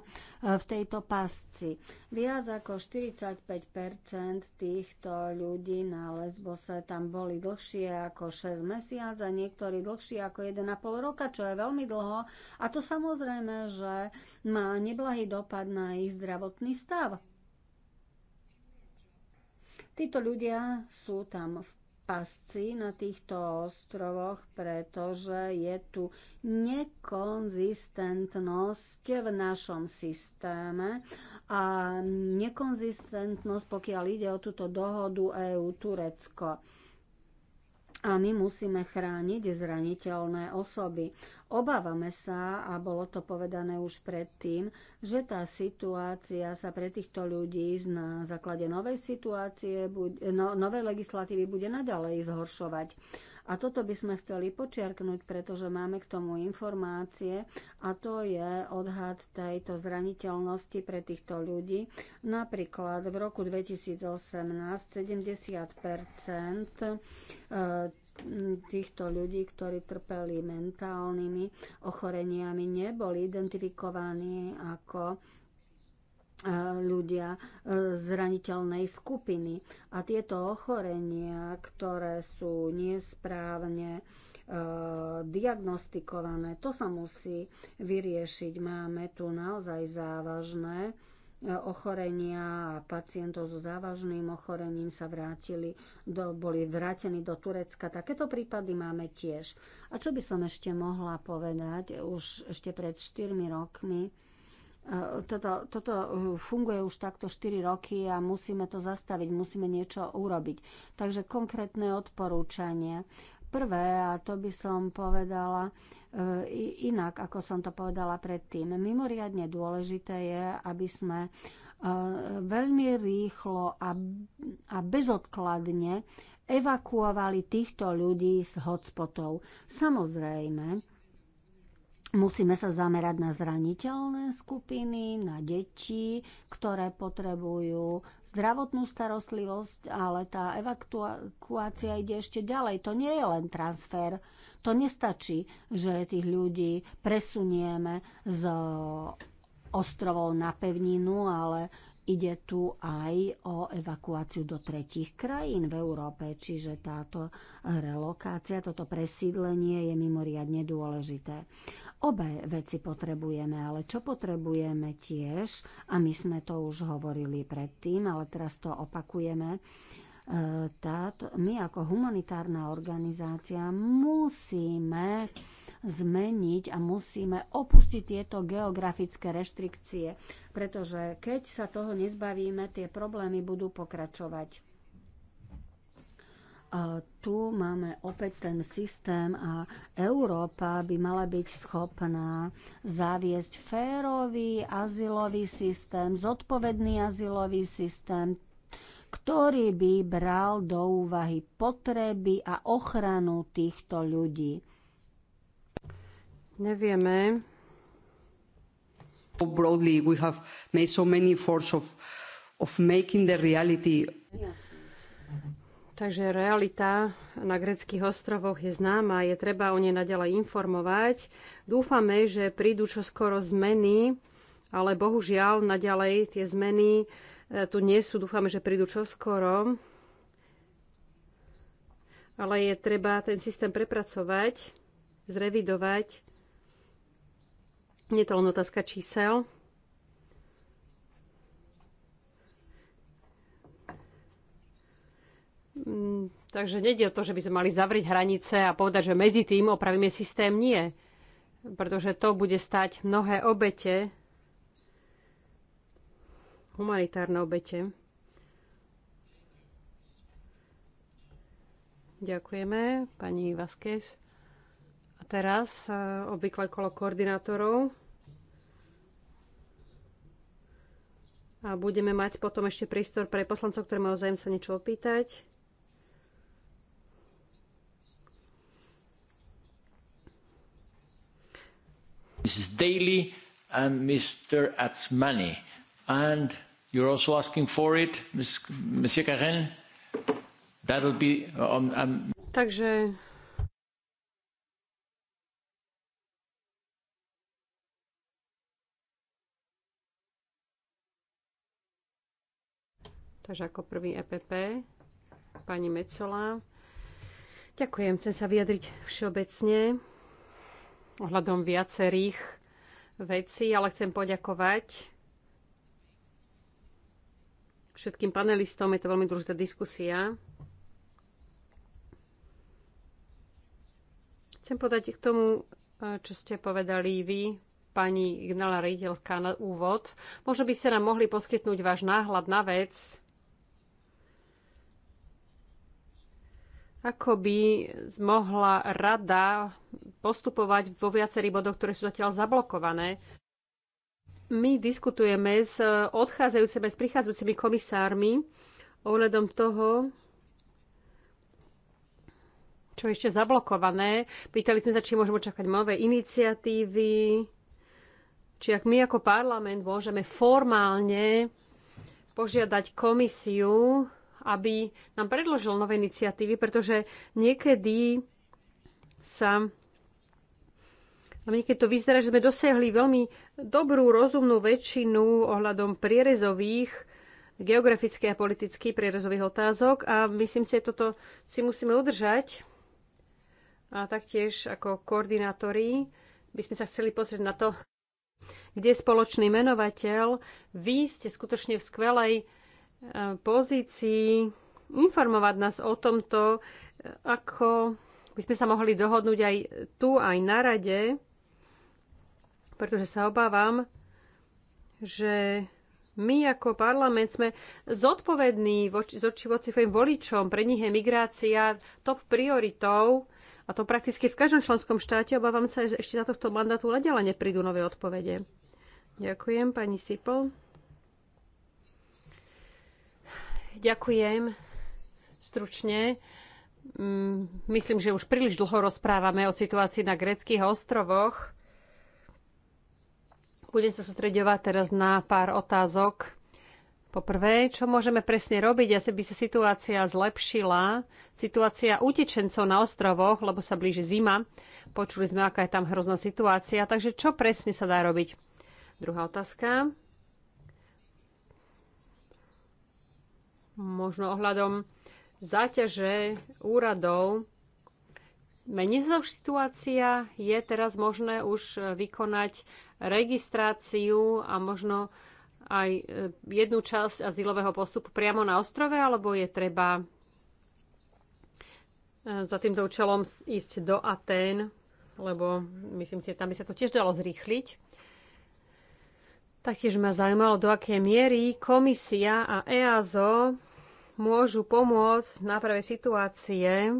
v tejto pasci. Viac ako 45 týchto ľudí na lesbose tam boli dlhšie ako 6 mesiac a niektorí dlhšie ako 1,5 roka, čo je veľmi dlho. A to samozrejme, že má neblahý dopad na ich zdravotný stav. Títo ľudia sú tam v pasci na týchto ostrovoch, pretože je tu nekonzistentnosť v našom systéme a nekonzistentnosť, pokiaľ ide o túto dohodu EU-Turecko. A my musíme chrániť zraniteľné osoby. Obávame sa, a bolo to povedané už predtým, že tá situácia sa pre týchto ľudí na základe novej situácie, no, novej legislatívy bude nadalej zhoršovať. A toto by sme chceli počiarknúť, pretože máme k tomu informácie a to je odhad tejto zraniteľnosti pre týchto ľudí. Napríklad v roku 2018 70 týchto ľudí, ktorí trpeli mentálnymi ochoreniami, neboli identifikovaní ako e, ľudia e, zraniteľnej skupiny. A tieto ochorenia, ktoré sú nesprávne e, diagnostikované, to sa musí vyriešiť. Máme tu naozaj závažné ochorenia a pacientov so závažným ochorením sa vrátili, do, boli vrátení do Turecka. Takéto prípady máme tiež. A čo by som ešte mohla povedať, už ešte pred 4 rokmi, e, toto, toto e, funguje už takto 4 roky a musíme to zastaviť, musíme niečo urobiť. Takže konkrétne odporúčanie. Prvé, a to by som povedala, inak, ako som to povedala predtým. Mimoriadne dôležité je, aby sme e, veľmi rýchlo a, bezodkladne evakuovali týchto ľudí z hotspotov. Samozrejme, Musíme sa zamerať na zraniteľné skupiny, na deti, ktoré potrebujú zdravotnú starostlivosť, ale tá evakuácia ide ešte ďalej. To nie je len transfer. To nestačí, že tých ľudí presunieme z ostrovov na pevninu, ale Ide tu aj o evakuáciu do tretích krajín v Európe, čiže táto relokácia, toto presídlenie je mimoriadne dôležité. Obe veci potrebujeme, ale čo potrebujeme tiež, a my sme to už hovorili predtým, ale teraz to opakujeme, e, táto, my ako humanitárna organizácia musíme zmeniť a musíme opustiť tieto geografické reštrikcie, pretože keď sa toho nezbavíme, tie problémy budú pokračovať. A tu máme opäť ten systém a Európa by mala byť schopná zaviesť férový azylový systém, zodpovedný azylový systém, ktorý by bral do úvahy potreby a ochranu týchto ľudí. Nevieme. Broadly, we have made so many efforts of, of making the reality. Takže realita na greckých ostrovoch je známa, je treba o nej naďalej informovať. Dúfame, že prídu čoskoro zmeny, ale bohužiaľ naďalej tie zmeny e, tu nie sú. Dúfame, že prídu čoskoro. Ale je treba ten systém prepracovať, zrevidovať nie je to len otázka čísel. Mm, takže nejde o to, že by sme mali zavrieť hranice a povedať, že medzi tým opravíme systém. Nie. Pretože to bude stať mnohé obete, humanitárne obete. Ďakujeme, pani Vaskes teraz e, obvykle kolo koordinátorov. A budeme mať potom ešte prístor pre poslancov, ktoré majú zájem sa niečo opýtať. Mrs. Daly and Mr. Atzmani. And you're also asking for it, Ms. Monsieur Karen? That'll be... Um, um... Takže Takže ako prvý EPP, pani Mecola. Ďakujem, chcem sa vyjadriť všeobecne ohľadom viacerých vecí, ale chcem poďakovať všetkým panelistom. Je to veľmi dôležitá diskusia. Chcem podať k tomu, čo ste povedali vy, pani Ignala Ridelka, na úvod. Možno by ste nám mohli poskytnúť váš náhľad na vec, Ako by mohla rada postupovať vo viacerých bodoch, ktoré sú zatiaľ zablokované? My diskutujeme s odchádzajúcimi, s prichádzajúcimi komisármi ohľadom toho, čo je ešte zablokované. Pýtali sme sa, či môžeme očakať nové iniciatívy, či ak my ako parlament môžeme formálne požiadať komisiu aby nám predložil nové iniciatívy, pretože niekedy sa Niekedy to vyzerá, že sme dosiahli veľmi dobrú, rozumnú väčšinu ohľadom prierezových, geografických a politických prierezových otázok a myslím si, že toto si musíme udržať. A taktiež ako koordinátori by sme sa chceli pozrieť na to, kde je spoločný menovateľ. Vy ste skutočne v skvelej pozícii informovať nás o tomto, ako by sme sa mohli dohodnúť aj tu, aj na rade, pretože sa obávam, že my ako parlament sme zodpovední voči, voči, voči svojim voličom. Pre nich je migrácia top prioritou a to prakticky v každom členskom štáte. Obávam sa, že ešte na tohto mandátu ledela neprídu nové odpovede. Ďakujem, pani Sipol. Ďakujem. Stručne. Mm, myslím, že už príliš dlho rozprávame o situácii na greckých ostrovoch. Budem sa sústredovať teraz na pár otázok. Poprvé, čo môžeme presne robiť, asi by sa situácia zlepšila. Situácia utečencov na ostrovoch, lebo sa blíži zima. Počuli sme, aká je tam hrozná situácia. Takže čo presne sa dá robiť? Druhá otázka. možno ohľadom záťaže úradov. Meniť situácia je teraz možné už e, vykonať registráciu a možno aj e, jednu časť azylového postupu priamo na ostrove, alebo je treba e, za týmto účelom ísť do Atén, lebo myslím si, že tam by sa to tiež dalo zrýchliť. Taktiež ma zaujímalo, do akej miery komisia a EASO môžu pomôcť náprave situácie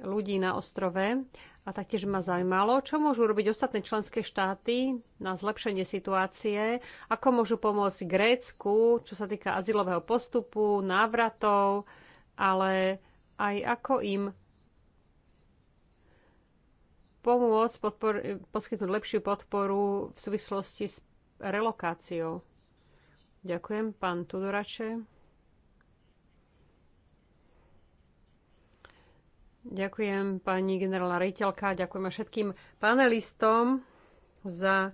ľudí na ostrove. A taktiež ma zaujímalo, čo môžu robiť ostatné členské štáty na zlepšenie situácie, ako môžu pomôcť Grécku, čo sa týka azylového postupu, návratov, ale aj ako im pomôcť podpor, poskytnúť lepšiu podporu v súvislosti s relokáciou. Ďakujem, pán Tudorače. Ďakujem pani generálna rejiteľka, ďakujem všetkým panelistom za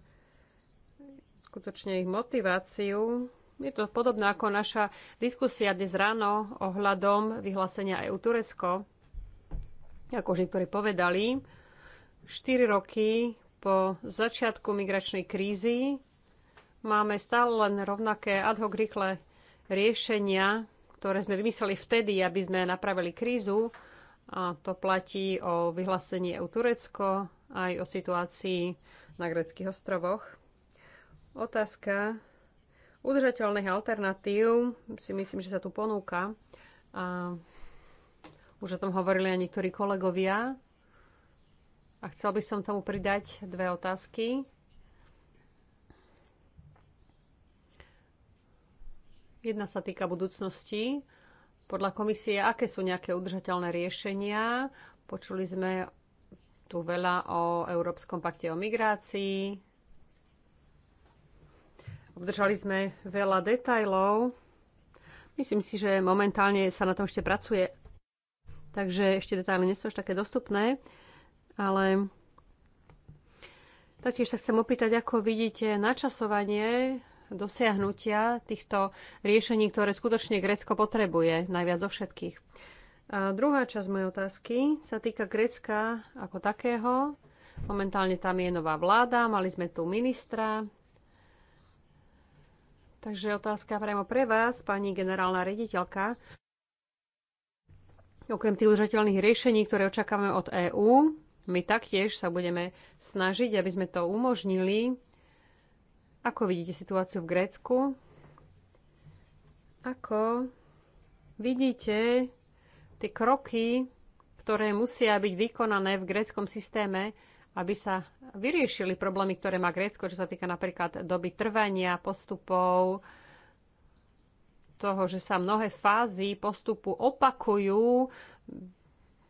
skutočne ich motiváciu. Je to podobné ako naša diskusia dnes ráno ohľadom vyhlásenia EU Turecko. Ako už niektorí povedali, 4 roky po začiatku migračnej krízy máme stále len rovnaké ad hoc rýchle riešenia, ktoré sme vymysleli vtedy, aby sme napravili krízu. A to platí o vyhlásení EU Turecko, aj o situácii na greckých ostrovoch. Otázka udržateľných alternatív si myslím, že sa tu ponúka. A už o tom hovorili aj niektorí kolegovia. A chcel by som tomu pridať dve otázky. Jedna sa týka budúcnosti. Podľa komisie, aké sú nejaké udržateľné riešenia? Počuli sme tu veľa o Európskom pakte o migrácii. Obdržali sme veľa detajlov. Myslím si, že momentálne sa na tom ešte pracuje, takže ešte detaily nie sú až také dostupné ale taktiež sa chcem opýtať, ako vidíte načasovanie dosiahnutia týchto riešení, ktoré skutočne Grécko potrebuje najviac zo všetkých. A druhá časť mojej otázky sa týka Grécka ako takého. Momentálne tam je nová vláda, mali sme tu ministra. Takže otázka priamo pre vás, pani generálna rediteľka. Okrem tých udržateľných riešení, ktoré očakávame od EÚ, my taktiež sa budeme snažiť, aby sme to umožnili. Ako vidíte situáciu v Grécku? Ako vidíte tie kroky, ktoré musia byť vykonané v gréckom systéme, aby sa vyriešili problémy, ktoré má Grécko, čo sa týka napríklad doby trvania, postupov, toho, že sa mnohé fázy postupu opakujú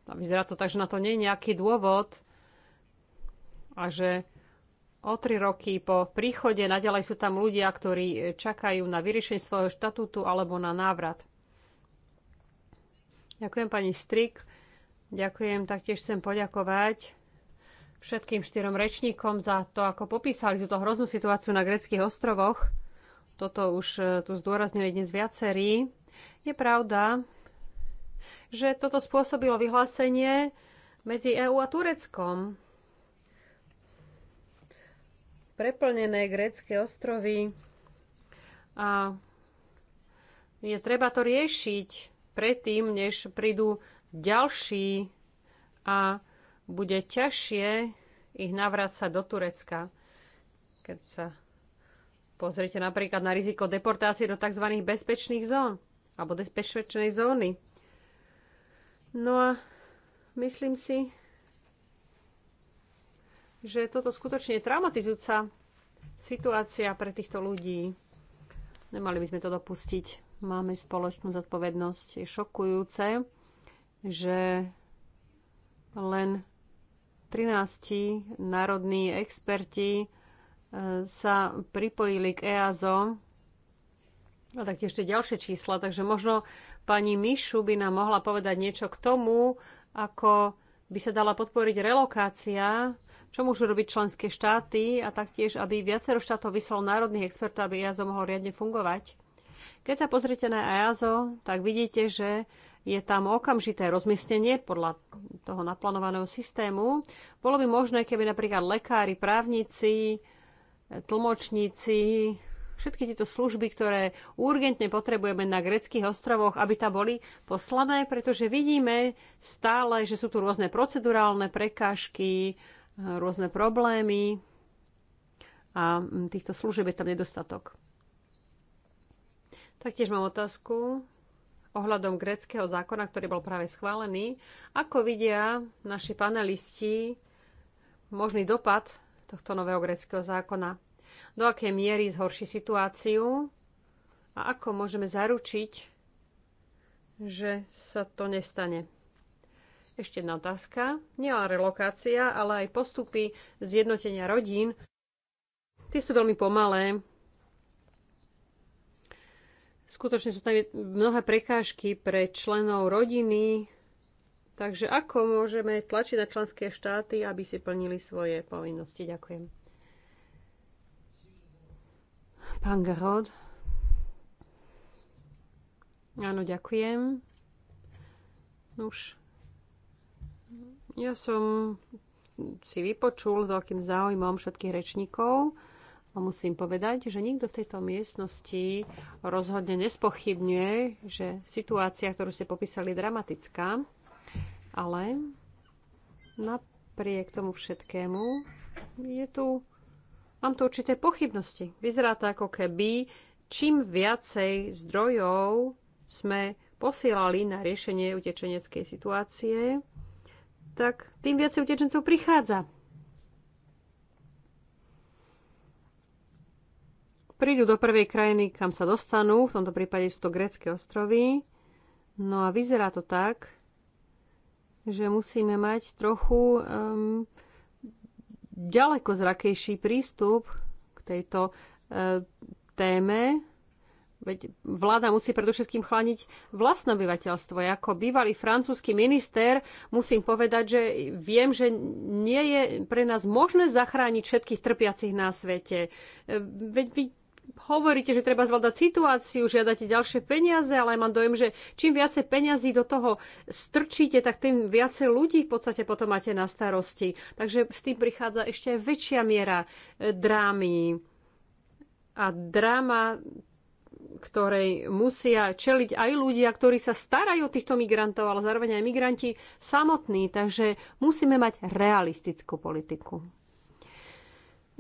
a vyzerá to tak, že na to nie je nejaký dôvod a že o tri roky po príchode naďalej sú tam ľudia, ktorí čakajú na vyriešenie svojho štatútu alebo na návrat. Ďakujem pani Strik. Ďakujem, taktiež chcem poďakovať všetkým štyrom rečníkom za to, ako popísali túto hroznú situáciu na greckých ostrovoch. Toto už eh, tu zdôraznili dnes viacerí. Je pravda, že toto spôsobilo vyhlásenie medzi EÚ a Tureckom. Preplnené grécké ostrovy a je treba to riešiť predtým, než prídu ďalší a bude ťažšie ich navrácať do Turecka. Keď sa pozrite napríklad na riziko deportácie do tzv. bezpečných zón alebo bezpečnej zóny. No a myslím si, že toto skutočne je traumatizujúca situácia pre týchto ľudí. Nemali by sme to dopustiť. Máme spoločnú zodpovednosť. Je šokujúce, že len 13 národní experti e, sa pripojili k EASO a taktiež tie ďalšie čísla, takže možno Pani Mišu by nám mohla povedať niečo k tomu, ako by sa dala podporiť relokácia, čo môžu robiť členské štáty a taktiež, aby viacero štátov vyslal národných expertov, aby EASO mohol riadne fungovať. Keď sa pozrite na EASO, tak vidíte, že je tam okamžité rozmiestnenie podľa toho naplánovaného systému. Bolo by možné, keby napríklad lekári, právnici, tlmočníci, všetky tieto služby, ktoré urgentne potrebujeme na greckých ostrovoch, aby tam boli poslané, pretože vidíme stále, že sú tu rôzne procedurálne prekážky, rôzne problémy a mm, týchto služieb je tam nedostatok. Taktiež mám otázku ohľadom greckého zákona, ktorý bol práve schválený. Ako vidia naši panelisti možný dopad tohto nového greckého zákona? do akej miery zhorší situáciu a ako môžeme zaručiť, že sa to nestane. Ešte jedna otázka. Nielen relokácia, ale aj postupy zjednotenia rodín. Tie sú veľmi pomalé. Skutočne sú tam mnohé prekážky pre členov rodiny, Takže ako môžeme tlačiť na členské štáty, aby si plnili svoje povinnosti? Ďakujem. Pán Gerod. Áno, ďakujem. Nuž, no ja som si vypočul s veľkým záujmom všetkých rečníkov a musím povedať, že nikto v tejto miestnosti rozhodne nespochybňuje, že situácia, ktorú ste popísali, je dramatická, ale napriek tomu všetkému je tu mám tu určité pochybnosti. Vyzerá to ako keby čím viacej zdrojov sme posielali na riešenie utečeneckej situácie, tak tým viacej utečencov prichádza. Prídu do prvej krajiny, kam sa dostanú, v tomto prípade sú to grecké ostrovy. No a vyzerá to tak, že musíme mať trochu um, ďaleko zrakejší prístup k tejto e, téme. Veď vláda musí predovšetkým chlániť vlastné obyvateľstvo. Ja ako bývalý francúzsky minister musím povedať, že viem, že nie je pre nás možné zachrániť všetkých trpiacich na svete. E, veď vy hovoríte, že treba zvládať situáciu, žiadate ďalšie peniaze, ale mám dojem, že čím viacej peňazí do toho strčíte, tak tým viacej ľudí v podstate potom máte na starosti. Takže s tým prichádza ešte aj väčšia miera e, drámy. A dráma ktorej musia čeliť aj ľudia, ktorí sa starajú o týchto migrantov, ale zároveň aj migranti samotní. Takže musíme mať realistickú politiku.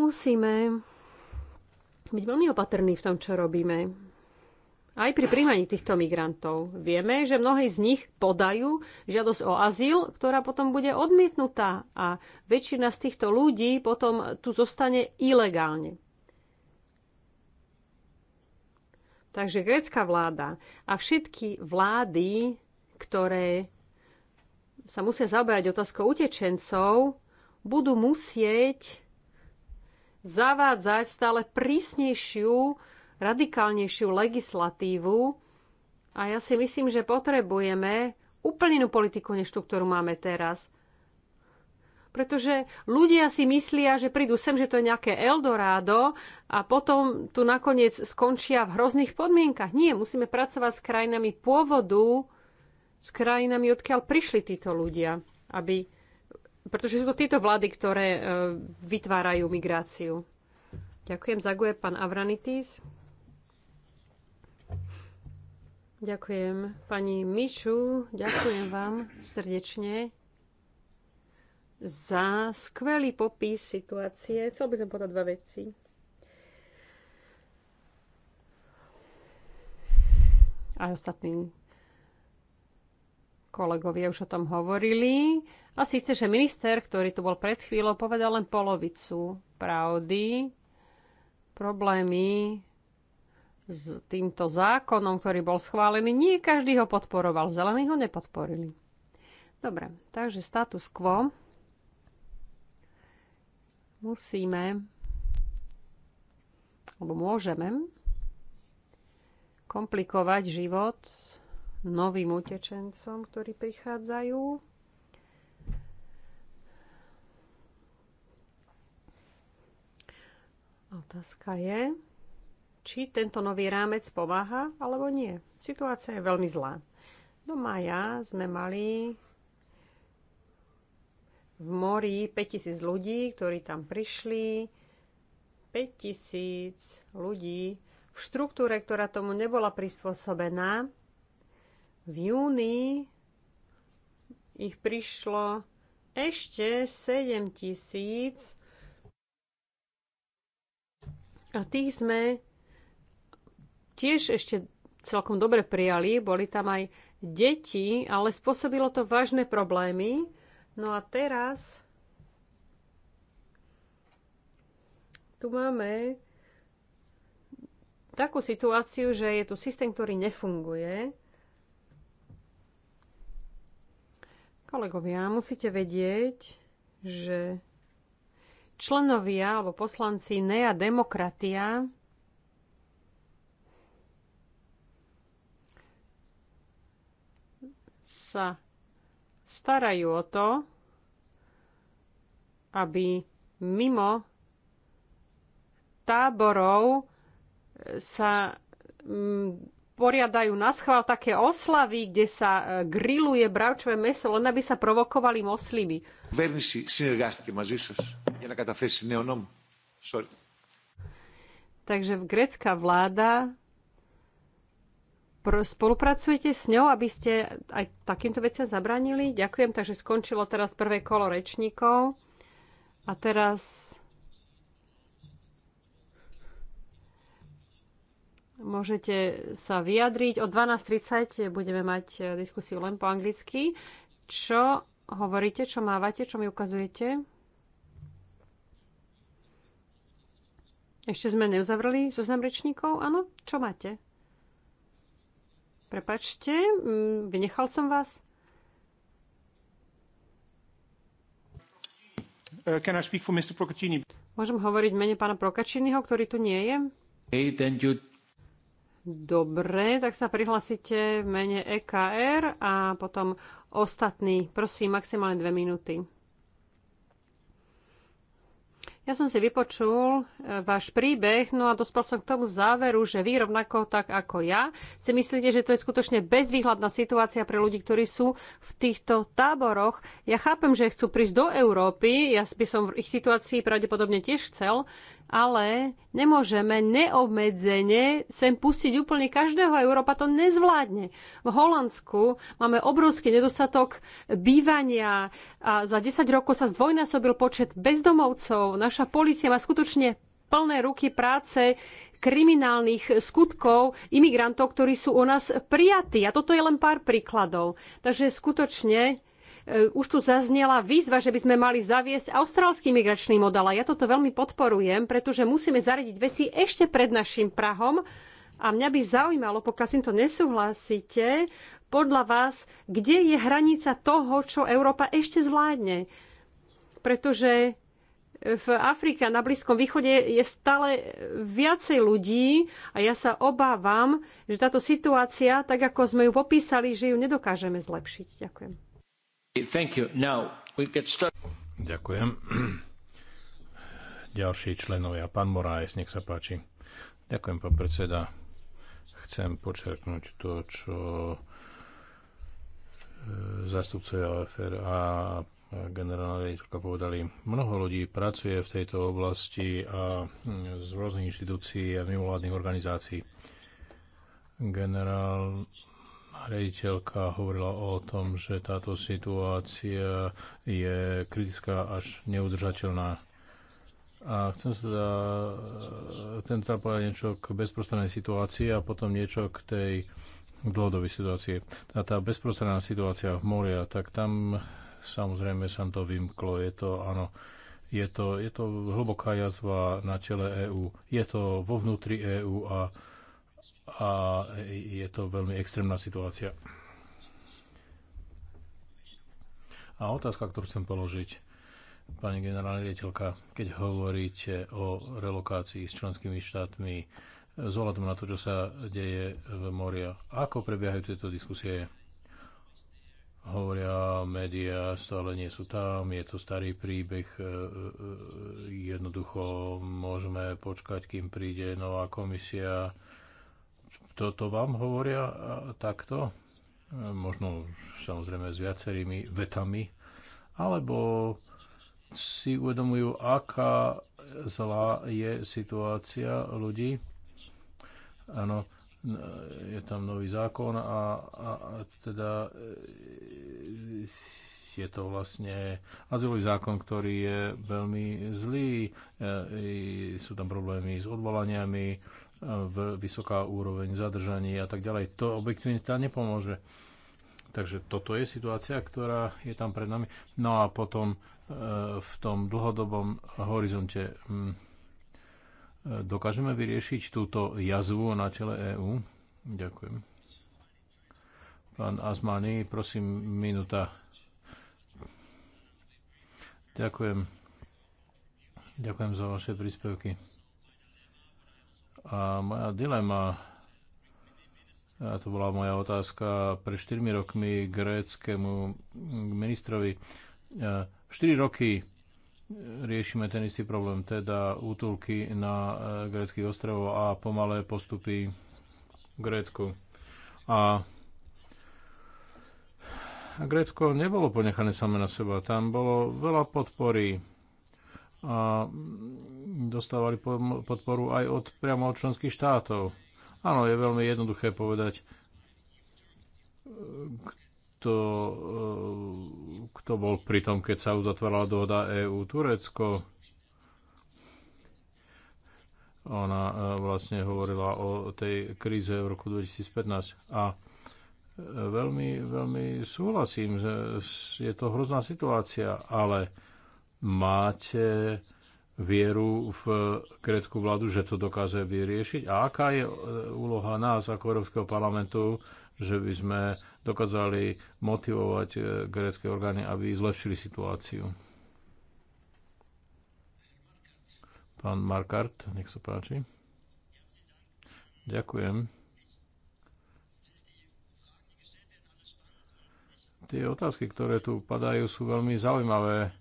Musíme byť veľmi opatrní v tom, čo robíme. Aj pri príjmaní týchto migrantov vieme, že mnohí z nich podajú žiadosť o azyl, ktorá potom bude odmietnutá a väčšina z týchto ľudí potom tu zostane ilegálne. Takže grécka vláda a všetky vlády, ktoré sa musia zaoberať otázkou utečencov, budú musieť zavádzať stále prísnejšiu, radikálnejšiu legislatívu. A ja si myslím, že potrebujeme úplne inú politiku, než tú, ktorú máme teraz. Pretože ľudia si myslia, že prídu sem, že to je nejaké Eldorado a potom tu nakoniec skončia v hrozných podmienkach. Nie, musíme pracovať s krajinami pôvodu, s krajinami, odkiaľ prišli títo ľudia, aby pretože sú to tieto vlády, ktoré e, vytvárajú migráciu. Ďakujem. Zaguje pán Avranitis. Ďakujem. Pani Miču, ďakujem vám srdečne za skvelý popis situácie. Chcel by som povedať dva veci. Aj ostatní kolegovia už o tom hovorili. A síce, že minister, ktorý tu bol pred chvíľou, povedal len polovicu pravdy. Problémy s týmto zákonom, ktorý bol schválený, nie každý ho podporoval. Zelení ho nepodporili. Dobre, takže status quo. Musíme, alebo môžeme komplikovať život novým utečencom, ktorí prichádzajú. Otázka je, či tento nový rámec pomáha alebo nie. Situácia je veľmi zlá. Do maja sme mali v mori 5000 ľudí, ktorí tam prišli. 5000 ľudí v štruktúre, ktorá tomu nebola prispôsobená. V júni ich prišlo ešte 7000 a tých sme tiež ešte celkom dobre prijali. Boli tam aj deti, ale spôsobilo to vážne problémy. No a teraz tu máme takú situáciu, že je tu systém, ktorý nefunguje. Kolegovia, musíte vedieť, že členovia alebo poslanci NEA Demokratia sa starajú o to, aby mimo táborov sa mm, poriadajú na schvál také oslavy, kde sa e, grilluje bravčové meso, len aby sa provokovali moslimy. Verni si, synergastike, mazisas για να καταθέσει νέο νόμο. Sorry. Takže grécka vláda spolupracujete s ňou, aby ste aj takýmto veciam zabránili. Ďakujem, takže skončilo teraz prvé kolo rečníkov. A teraz môžete sa vyjadriť. O 12.30 budeme mať eh, diskusiu len po anglicky. Čo hovoríte, čo mávate, čo mi ukazujete? Ešte sme neuzavreli zoznam rečníkov, áno? Čo máte? Prepačte, mm, vynechal som vás. Uh, can I speak for Mr. Procaccini? Môžem hovoriť mene pána Procacciniho, ktorý tu nie je? Hey, then you... Dobre, tak sa prihlasíte v mene EKR a potom ostatní, prosím, maximálne dve minúty. Ja som si vypočul e, váš príbeh, no a dospel som k tomu záveru, že vy rovnako tak ako ja si myslíte, že to je skutočne bezvýhľadná situácia pre ľudí, ktorí sú v týchto táboroch. Ja chápem, že chcú prísť do Európy, ja by som v ich situácii pravdepodobne tiež chcel, ale nemôžeme neobmedzene sem pustiť úplne každého a Európa to nezvládne. V Holandsku máme obrovský nedostatok bývania a za 10 rokov sa zdvojnásobil počet bezdomovcov. Naša policia má skutočne plné ruky práce kriminálnych skutkov imigrantov, ktorí sú u nás prijatí. A toto je len pár príkladov. Takže skutočne už tu zaznela výzva, že by sme mali zaviesť austrálsky migračný model a ja toto veľmi podporujem, pretože musíme zaradiť veci ešte pred našim Prahom a mňa by zaujímalo, pokiaľ si to nesúhlasíte, podľa vás, kde je hranica toho, čo Európa ešte zvládne? Pretože v Afrike a na Blízkom východe je stále viacej ľudí a ja sa obávam, že táto situácia, tak ako sme ju popísali, že ju nedokážeme zlepšiť. Ďakujem. Ďakujem. Ďalší členovia. Pán nech sa páči. Ďakujem, pán predseda. Chcem podčiarknuť to, čo e, zástupcovia OFR a generálna riaditeľka povedali, mnoho ľudí pracuje v tejto oblasti a hm, z rôznych inštitúcií a mimovládnych organizácií. Generál rejiteľka hovorila o tom, že táto situácia je kritická až neudržateľná. A chcem sa teda, chcem teda povedať niečo k bezprostrednej situácii a potom niečo k tej dlhodobej situácii. Tá, tá bezprostredná situácia v moria, tak tam samozrejme sa to vymklo. Je to, áno, je to, je to hlboká jazva na tele EÚ. Je to vo vnútri EÚ a a je to veľmi extrémna situácia. A otázka, ktorú chcem položiť, pani generálna riaditeľka, keď hovoríte o relokácii s členskými štátmi, z ohľadom na to, čo sa deje v moria, ako prebiehajú tieto diskusie? Hovoria, médiá stále nie sú tam, je to starý príbeh, e, e, jednoducho môžeme počkať, kým príde nová komisia, toto vám hovoria e, takto? E, možno samozrejme s viacerými vetami. Alebo si uvedomujú, aká zlá je situácia ľudí. Áno, e, je tam nový zákon a, a, a teda je to vlastne azylový zákon, ktorý je veľmi zlý. Sú tam problémy s odvolaniami, v vysoká úroveň zadržaní a tak ďalej. To objektívne tá nepomôže. Takže toto je situácia, ktorá je tam pred nami. No a potom e, v tom dlhodobom horizonte mm, e, dokážeme vyriešiť túto jazvu na tele EÚ? Ďakujem. Pán Azmani, prosím, minúta. Ďakujem. Ďakujem za vaše príspevky. A moja dilema, a to bola moja otázka pre 4 rokmi gréckému ministrovi, 4 e, roky riešime ten istý problém, teda útulky na e, gréckých ostrovoch a pomalé postupy v Grécku. A Grécko nebolo ponechané samé na seba. Tam bolo veľa podpory a dostávali podporu aj od, priamo od členských štátov. Áno, je veľmi jednoduché povedať, kto, e, kto bol pri tom, keď sa uzatvárala dohoda EU-Turecko. Ona e, vlastne hovorila o tej kríze v roku 2015. A e, veľmi, veľmi súhlasím, že je to hrozná situácia, ale máte vieru v grécku vládu, že to dokáže vyriešiť? A aká je e, úloha nás ako Európskeho parlamentu, že by sme dokázali motivovať e, grécké orgány, aby zlepšili situáciu? Pán Markart, nech sa páči. Ďakujem. Tie otázky, ktoré tu padajú, sú veľmi zaujímavé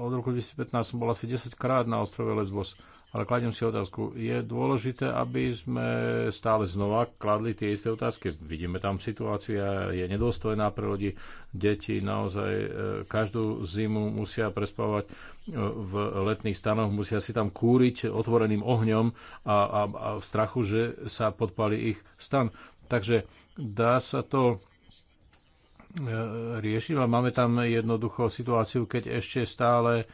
od roku 2015 som bol asi 10 krát na ostrove Lesbos. Ale kladiem si otázku, je dôležité, aby sme stále znova kladli tie isté otázky. Vidíme tam situácia, je nedôstojná pre ľudí. Deti naozaj e, každú zimu musia prespávať e, v letných stanoch, musia si tam kúriť otvoreným ohňom a, a, a v strachu, že sa podpali ich stan. Takže dá sa to E, riešiť, ale máme tam jednoducho situáciu, keď ešte stále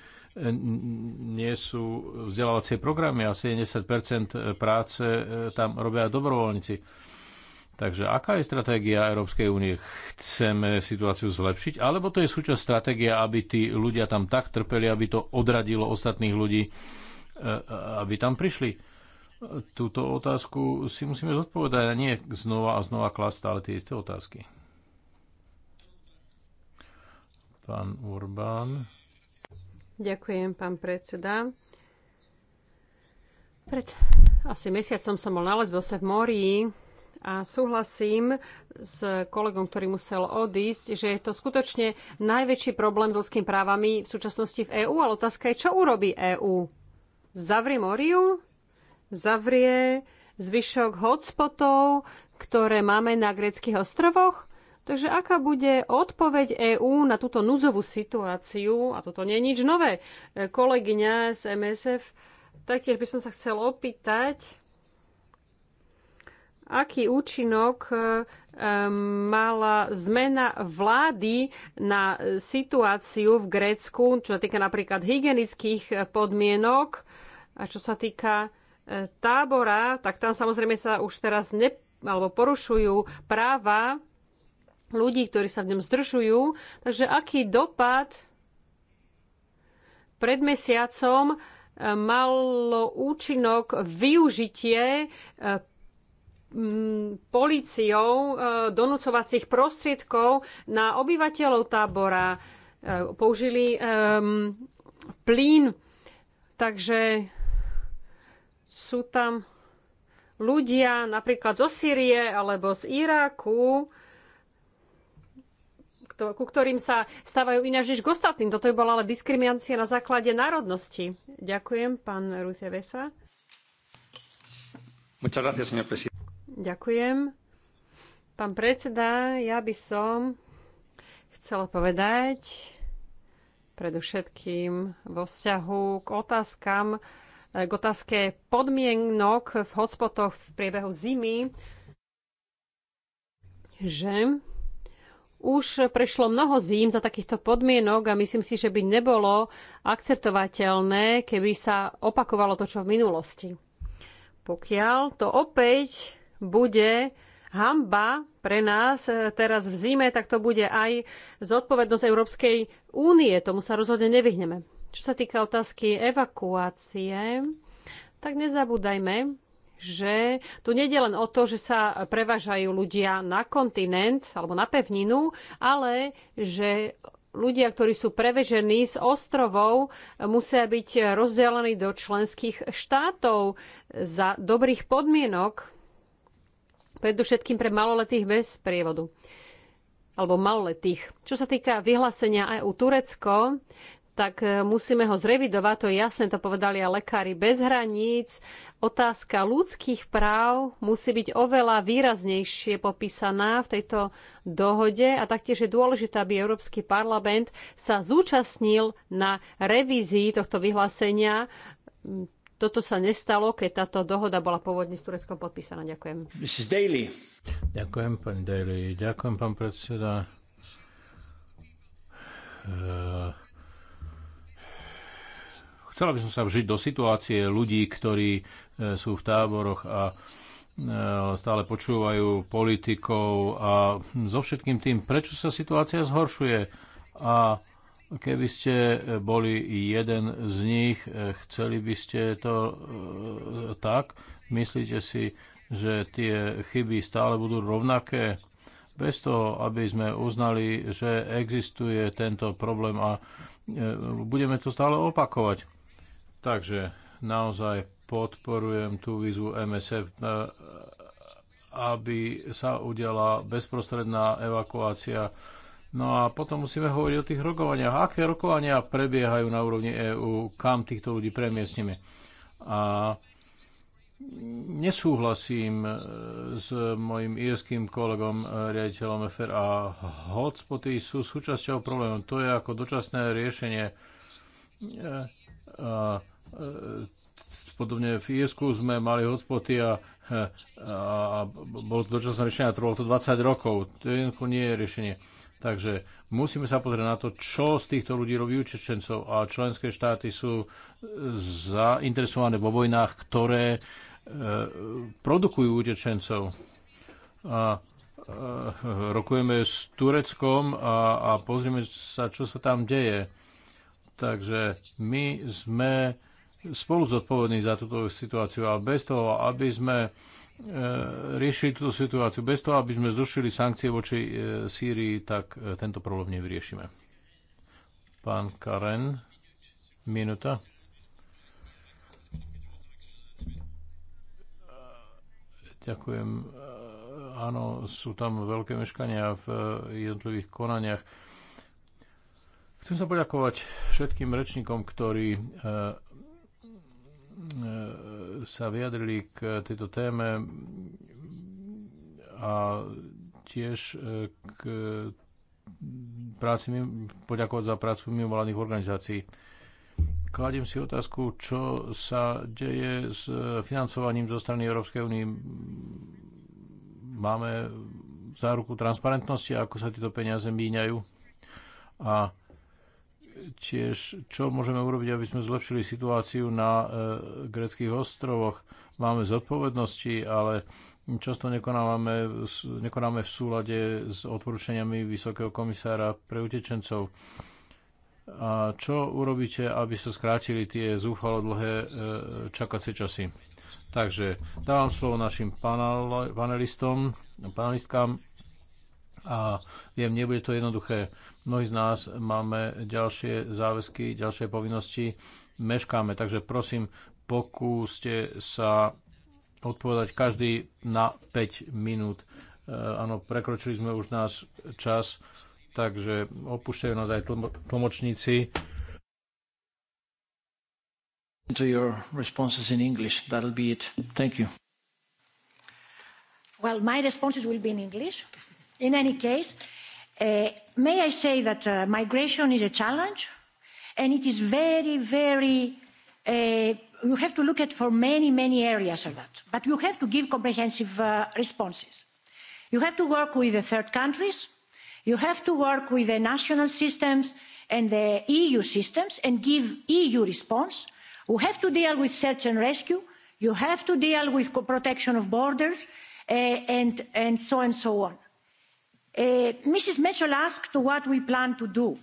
nie sú vzdelávacie programy a 70 práce e, tam robia dobrovoľníci. Takže aká je stratégia Európskej únie? Chceme situáciu zlepšiť? Alebo to je súčasť stratégia, aby tí ľudia tam tak trpeli, aby to odradilo ostatných ľudí, e, aby tam prišli? Túto otázku si musíme zodpovedať a nie znova a znova klasť stále tie isté otázky. Pán Urbán. Ďakujem, pán predseda. Pred asi mesiacom som bol na lesbose v mori a súhlasím s kolegom, ktorý musel odísť, že je to skutočne najväčší problém s ľudskými právami v súčasnosti v EÚ, ale otázka je, čo urobí EÚ? Zavrie Moriu? Zavrie zvyšok hotspotov, ktoré máme na greckých ostrovoch? Takže aká bude odpoveď EÚ na túto núzovú situáciu, a toto nie je nič nové, e, kolegyňa z MSF, taktiež by som sa chcel opýtať, aký účinok e, mala zmena vlády na situáciu v Grécku, čo sa týka napríklad hygienických e, podmienok a čo sa týka tábora, tak tam samozrejme sa už teraz ne, alebo porušujú práva ľudí, ktorí sa v ňom zdržujú. Takže aký dopad pred mesiacom e, malo účinok využitie e, policiou e, donúcovacích prostriedkov na obyvateľov tábora. Použili um, plyn, takže sú tam ľudia napríklad zo Sýrie alebo z Iráku, ku ktorým sa stávajú ináč než k ostatným. Toto je bola ale diskriminácia na základe národnosti. Ďakujem, pán Rúzia Vesa. Ďakujem. Pán predseda, ja by som chcela povedať predovšetkým vo vzťahu k otázkam, k otázke podmienok v hotspotoch v priebehu zimy, že už prešlo mnoho zím za takýchto podmienok a myslím si, že by nebolo akceptovateľné, keby sa opakovalo to, čo v minulosti. Pokiaľ to opäť bude hamba pre nás teraz v zime, tak to bude aj zodpovednosť Európskej únie. Tomu sa rozhodne nevyhneme. Čo sa týka otázky evakuácie, tak nezabúdajme, že tu nejde len o to, že sa prevážajú ľudia na kontinent alebo na pevninu, ale že ľudia, ktorí sú prevežení z ostrovov, musia byť rozdelení do členských štátov za dobrých podmienok, predovšetkým pre maloletých bez prievodu alebo maloletých. Čo sa týka vyhlásenia EU Turecko, tak e, musíme ho zrevidovať, to je jasné, to povedali aj lekári bez hraníc. Otázka ľudských práv musí byť oveľa výraznejšie popísaná v tejto dohode a taktiež je dôležité, aby Európsky parlament sa zúčastnil na revízii tohto vyhlásenia. Toto sa nestalo, keď táto dohoda bola pôvodne s Tureckom podpísaná. Ďakujem. Mrs. Daly. Ďakujem, pani Daly. Ďakujem, pán predseda. Uh Chcela by som sa vžiť do situácie ľudí, ktorí e, sú v táboroch a e, stále počúvajú politikov a so všetkým tým, prečo sa situácia zhoršuje. A keby ste boli jeden z nich, e, chceli by ste to tak? Myslíte si, že tie chyby stále budú rovnaké? Bez toho, aby sme uznali, že existuje tento problém a budeme to stále opakovať. Takže naozaj podporujem tú výzvu MSF, eh, aby sa udiala bezprostredná evakuácia. No a potom musíme hovoriť o tých rokovaniach. Aké rokovania prebiehajú na úrovni EÚ, kam týchto ľudí premiestnime. A nesúhlasím eh, s mojim írským kolegom, eh, riaditeľom FR a hotspoty sú súčasťou problému. To je ako dočasné riešenie. E, podobne v Írsku sme mali hotspoty a, e, a, a bolo to dočasné riešenie a trvalo to 20 rokov. To jednoducho nie je riešenie. Takže musíme sa pozrieť na to, čo z týchto ľudí robí učečencov a členské štáty sú zainteresované vo vojnách, ktoré e, produkujú utečencov. A e, rokujeme s Tureckom a, a pozrieme sa, čo sa tam deje. Takže my sme spolu zodpovední za túto situáciu a bez toho, aby sme e, riešili túto situáciu, bez toho, aby sme zrušili sankcie voči e, Sýrii, tak e, tento problém nevyriešime. Pán Karen, minúta. Ďakujem. Áno, sú tam veľké meškania v jednotlivých konaniach. Chcem sa poďakovať všetkým rečníkom, ktorí E, sa vyjadrili k tejto téme a tiež e, k práci, poďakovať za prácu mimovládnych organizácií. Kladím si otázku, čo sa deje s financovaním zo strany Európskej únie. Máme záruku transparentnosti, ako sa tieto peniaze míňajú. A tiež, čo môžeme urobiť, aby sme zlepšili situáciu na e, greckých ostrovoch. Máme zodpovednosti, ale často nekonávame, nekonáme v súlade s odporúčaniami Vysokého komisára pre utečencov. A čo urobíte, aby sa skrátili tie zúfalo dlhé e, čakacie časy? Takže dávam slovo našim panelistom, panelistkám a viem, nebude to jednoduché. Mnohí z nás máme ďalšie záväzky, ďalšie povinnosti, meškáme. Takže prosím, pokúste sa odpovedať každý na 5 minút. E, áno, prekročili sme už náš čas, takže opúšťajú nás aj tlmočníci. To your responses in English, that'll be it. Thank you. Well, my responses will be in English. In any case, Uh, may I say that uh, migration is a challenge and it is very, very, uh, you have to look at for many, many areas of that. But you have to give comprehensive uh, responses. You have to work with the third countries. You have to work with the national systems and the EU systems and give EU response. We have to deal with search and rescue. You have to deal with protection of borders uh, and, and so on and so on Uh, Mrs. Mitchell asked what we plan to do.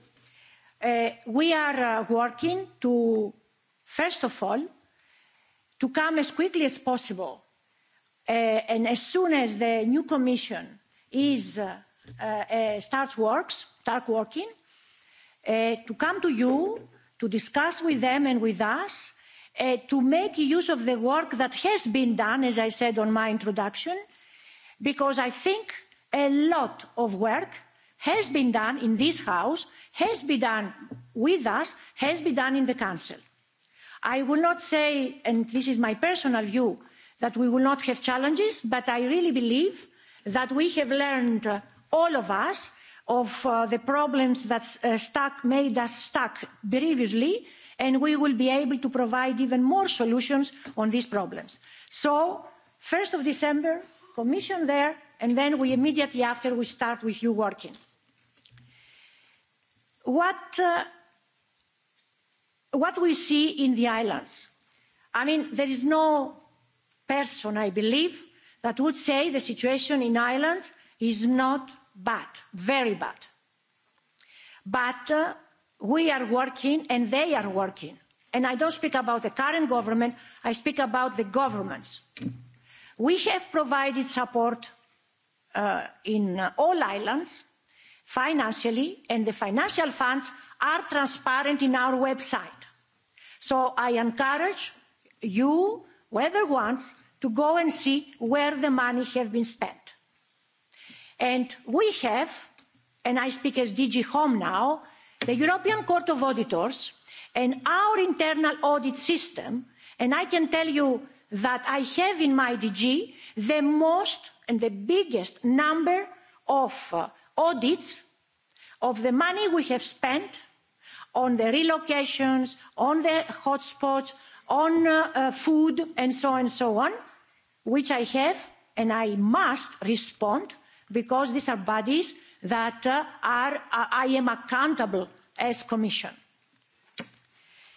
Uh, we are uh, working to, first of all, to come as quickly as possible uh, and as soon as the new Commission is, uh, uh, starts works, start working, to come to you, to discuss with them and with us, to make use of the work that has been done, as I said on my introduction, because I think a lot of work has been done in this house has been done with us has been done in the council. i will not say and this is my personal view that we will not have challenges but i really believe that we have learned uh, all of us of uh, the problems that uh, made us stuck previously and we will be able to provide even more solutions on these problems. so one december commission there and then we immediately after we start with you working. What, uh, what we see in the islands, I mean, there is no person, I believe, that would say the situation in Ireland is not bad, very bad. But uh, we are working and they are working. And I don't speak about the current government, I speak about the governments. We have provided support uh, in uh, all islands financially and the financial funds are transparent in our website. So I encourage you, whoever wants, to go and see where the money has been spent. And we have, and I speak as DG Home now, the European Court of Auditors and our internal audit system, and I can tell you that I have in my DG the most and the biggest number of uh, audits of the money we have spent on the relocations, on the hotspots, on uh, uh, food, and so on and so on, which I have and I must respond because these are bodies that uh, are, uh, I am accountable as Commission.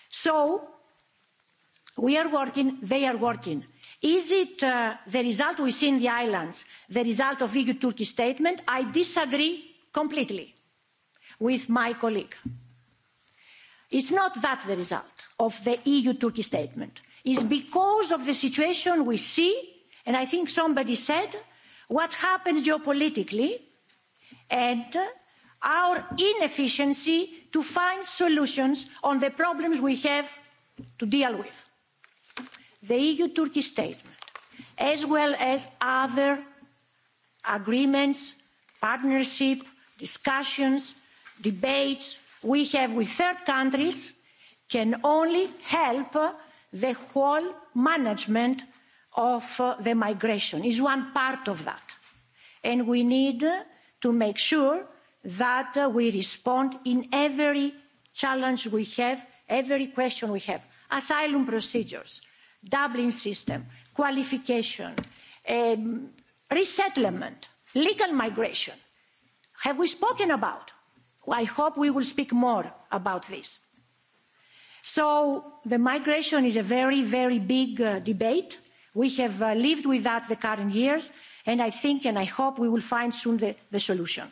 So we are working they are working. is it uh, the result we see in the islands the result of eu turkey statement? i disagree completely with my colleague. it's not that the result of the eu turkey statement. it's because of the situation we see and i think somebody said what happens geopolitically and our inefficiency to find solutions on the problems we have to deal with the eu turkey statement as well as other agreements partnership discussions debates we have with third countries can only help uh, the whole management of uh, the migration is one part of that and we need uh, to make sure that we respond in every challenge we have every question we have asylum procedures dublin system qualification um, resettlement legal migration have we spoken about? i hope we will speak more about this. so the migration is a very very big uh, debate. we have uh, lived with that the current years and i think and i hope we will find soon the, the solution.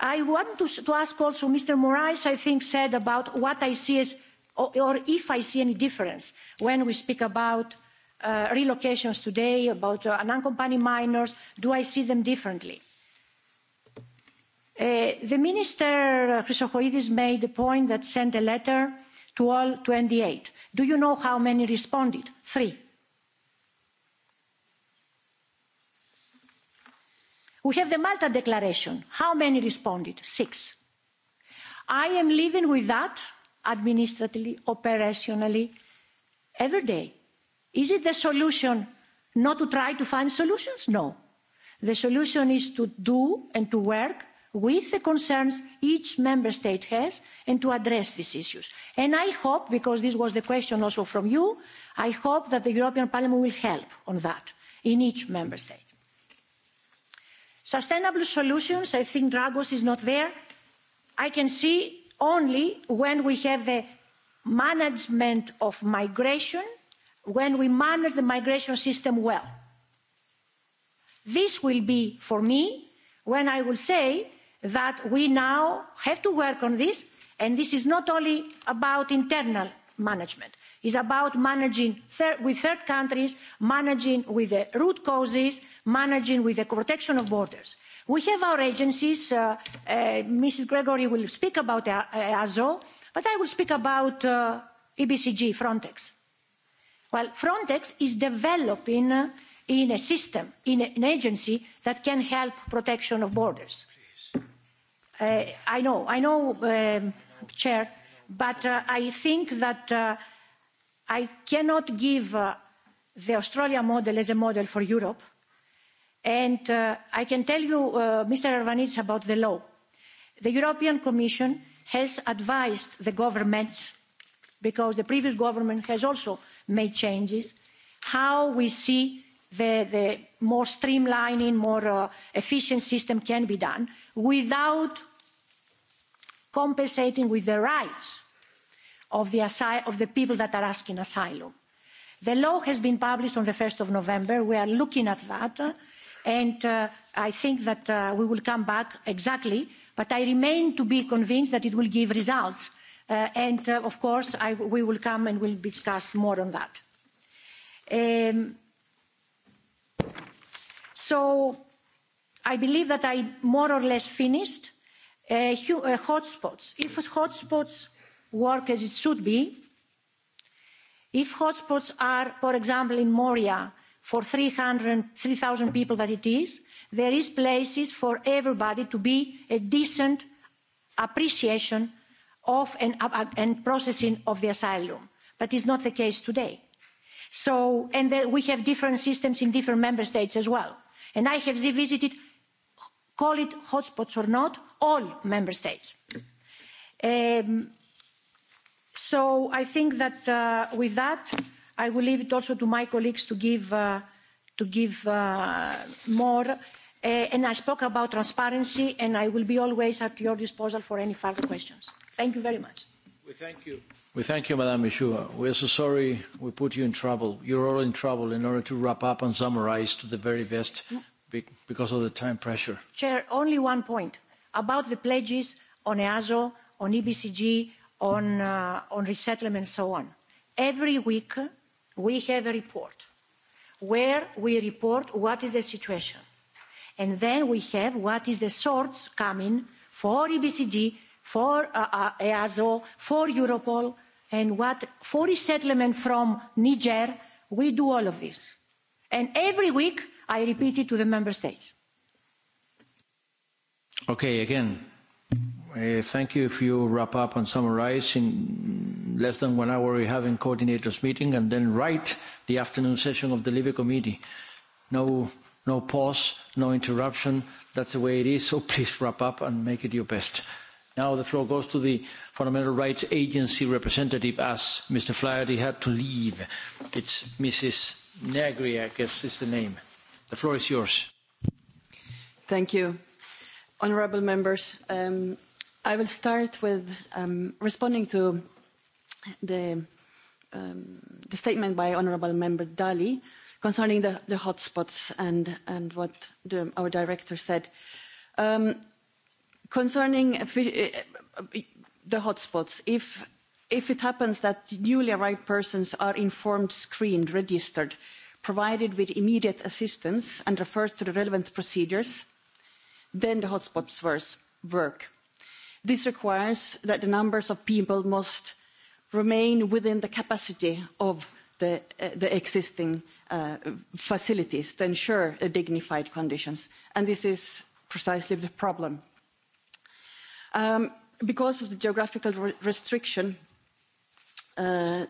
i want to, to ask also mr moraes i think said about what i see as or, if i see any difference when we speak about uh, relocations today about unaccompanied uh, minors do i see them differently? Uh, the minister chrysogoidis made the point that sent a letter to all twenty eight do you know how many responded? three. we have the malta declaration how many responded? six. i am living with that administratively, operationally, every day. Is it the solution not to try to find solutions? No. The solution is to do and to work with the concerns each member state has and to address these issues. And I hope, because this was the question also from you, I hope that the European Parliament will help on that in each member state. Sustainable solutions, I think Dragos is not there. I can see only when we have the management of migration, when we manage the migration system well. This will be, for me, when I will say that we now have to work on this, and this is not only about internal management. It's about managing with third countries, managing with the root causes, managing with the protection of borders we have our agencies uh, uh, mrs gregory will speak about easo but i will speak about uh, ebcg frontex. well frontex is developing in a system in an agency that can help protection of borders. i know i know um, chair but i think that i cannot give the australian model as a model for europe and uh, i can tell you uh, mr arvanits about the law. the european commission has advised the governments because the previous government has also made changes how we see the, the more streamlining more uh, efficient system can be done without compensating with the rights of the, of the people that are asking asylum. the law has been published on one november we are looking at that and uh, i think that uh, we will come back exactly but i remain to be convinced that it will give results uh, and of course I, we will come and we'll discuss more on that. Um, so i believe that i more or less finished. hotspots if hotspots work as it should be if hotspots are for example in moria for three three thousand people that it is, there is places for everybody to be a decent appreciation of and, processing of the asylum. But it's not the case today. So, and there, we have different systems in different member states as well. And I have visited, call it hotspots or not, all member states. Um, so I think that uh, with that, i will leave it also to my colleagues to give, uh, to give uh, more. Uh, and I spoke about transparency, and I will be always at your disposal for any further questions. Thank you very much. We thank you. We thank you, Madam We We're so sorry we put you in trouble. You're all in trouble in order to wrap up and summarize to the very best because of the time pressure. Chair, only one point about the pledges on EASO, on EBCG, on, uh, on resettlement and so on. Every week, we have a report where we report what is the situation and then we have what is the source coming for ebcg for uh, uh, easo for europol and what for resettlement from niger we do all of this and every week i repeat it to the member states. okay again Uh, thank you if you wrap up and summarize. In less than one hour, we have a coordinators meeting and then right the afternoon session of the LIBE committee. No, no pause, no interruption. That's the way it is. So *laughs* please wrap up and make it your best. Now the floor goes to the Fundamental Rights Agency representative as Mr. Flaherty had to leave. It's Mrs. Negri, I guess is the name. The floor is yours. Thank you. Honourable members, um, i will start with um, responding to the, um, the statement by Honourable Member Dalli concerning the, the hotspots and, and what the, our director said. Um, concerning eh, eh, the hotspots, if, if it happens that newly arrived persons are informed, screened, registered, provided with immediate assistance and referred to the relevant procedures, then the hotspots work this requires that the numbers of people must remain within the capacity of the, uh, existing uh, facilities to ensure dignified conditions and this is precisely the problem. Um, because of the geographical restriction uh,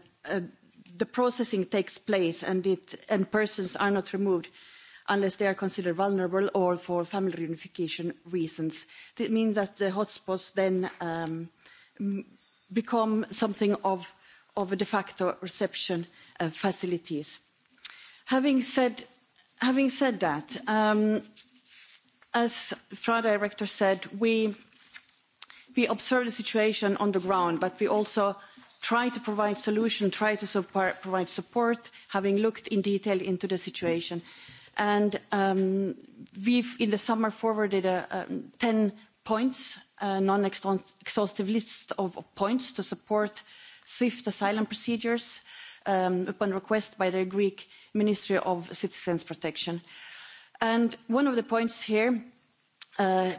the processing takes place and, it, and persons are not removed unless they are considered vulnerable or for family reunification reasons. this means that the hotspots then um, become something of, of a de facto reception uh, facilities. having said, having said that um, as fra director said we, we observe the situation on the ground but we also try to provide solutions try to support, provide support having looked in detail into the situation. And um, we've, in the summer, forwarded a, a um, 10 points, a non-exhaustive list of points to support swift asylum procedures um, upon request by the Greek Ministry of Citizens Protection. And one of the points here uh,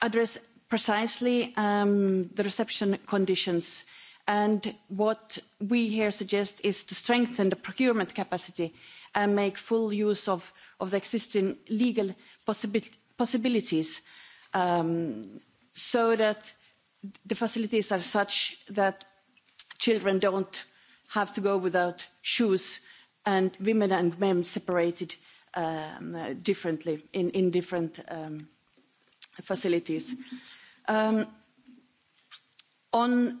address precisely um, the reception conditions and what we here suggest is to strengthen the procurement capacity and make full use of, the existing legal possibilities um, so that the facilities are such that children don't have to go without shoes and women and men separated um, differently in, different um, facilities. on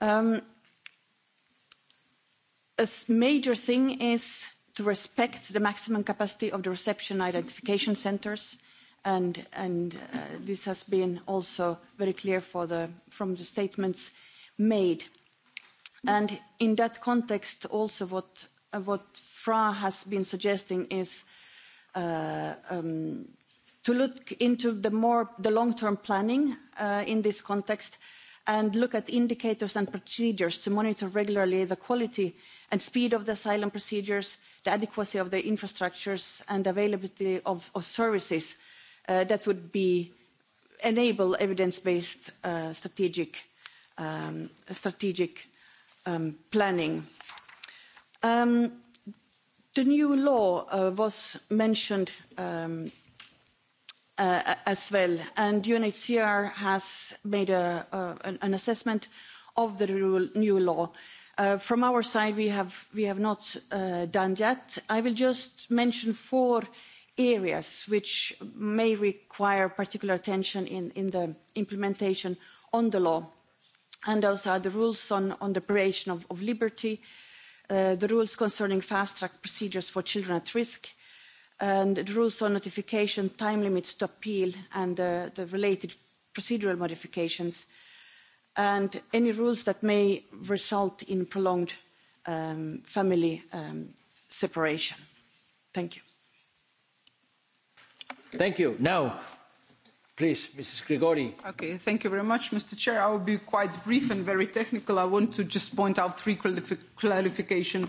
Um, a major thing is to respect the maximum capacity of the reception identification centres and, and uh, this has been also very clear the, from the statements made. And in that context also what, uh, what fra has been suggesting is uh, um, to look into the more the long term planning uh, in this context and look at indicators and procedures to monitor regularly the quality and speed of the asylum procedures the adequacy of the infrastructures and availability of, services uh, that would be enable evidence based uh, strategic, um, strategic um, planning. Um, the new law uh, was mentioned um, Uh, as well. And UNHCR has made an assessment of the new law. Uh, from our side, we have, we have not uh, done yet. I will just mention four areas which may require particular attention in, in the implementation of the law. And those are the rules on, on the privation of, liberty, uh, the rules concerning fast-track procedures for children at risk, and the rules on notification time limits to appeal and the related procedural modifications and any rules that may result in prolonged um, family um, separation. Thank you. Thank you. Now, Please, Mrs. Grigori. Okay, thank you very much, Mr. Chair. I will be quite brief and very technical. I want to just point out three clarifications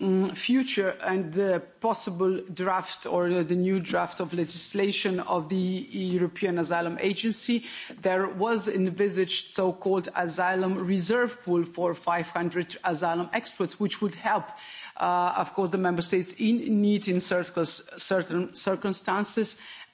Mm, future and the possible draft or the new draft of legislation of the European Asylum Agency, there was envisaged so-called asylum reserve pool for 500 asylum experts, which would help uh, of course, the member states in need in certain circumstances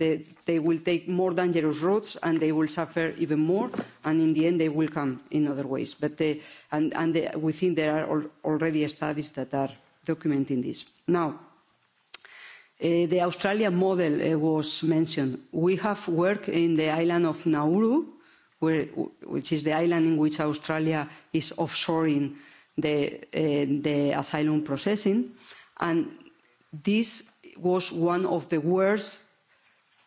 they, they will take more dangerous routes and they will suffer even more and in the end they will come in other ways. But they, uh, and, and they, there are al already studies that are documenting this. Now, uh, the Australian model uh, was mentioned. We have worked in the island of Nauru, where, which is the island in which Australia is offshoring the, the asylum processing. And this was one of the worst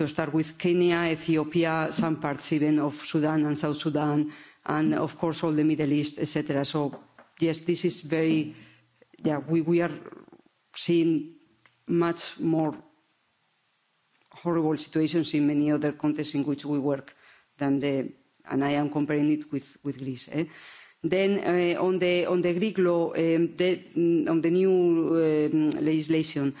to start with Kenya, Ethiopia, some parts even of Sudan and South Sudan, and of course all the Middle East, etc. So yes, this is very, yeah, we, we are seeing much more horrible situations in many other contexts in which we work than the, and I am comparing it with, with Greece. Eh? Then uh, on, the, on the Greek law, um, the, mm, on the new um, legislation, uh,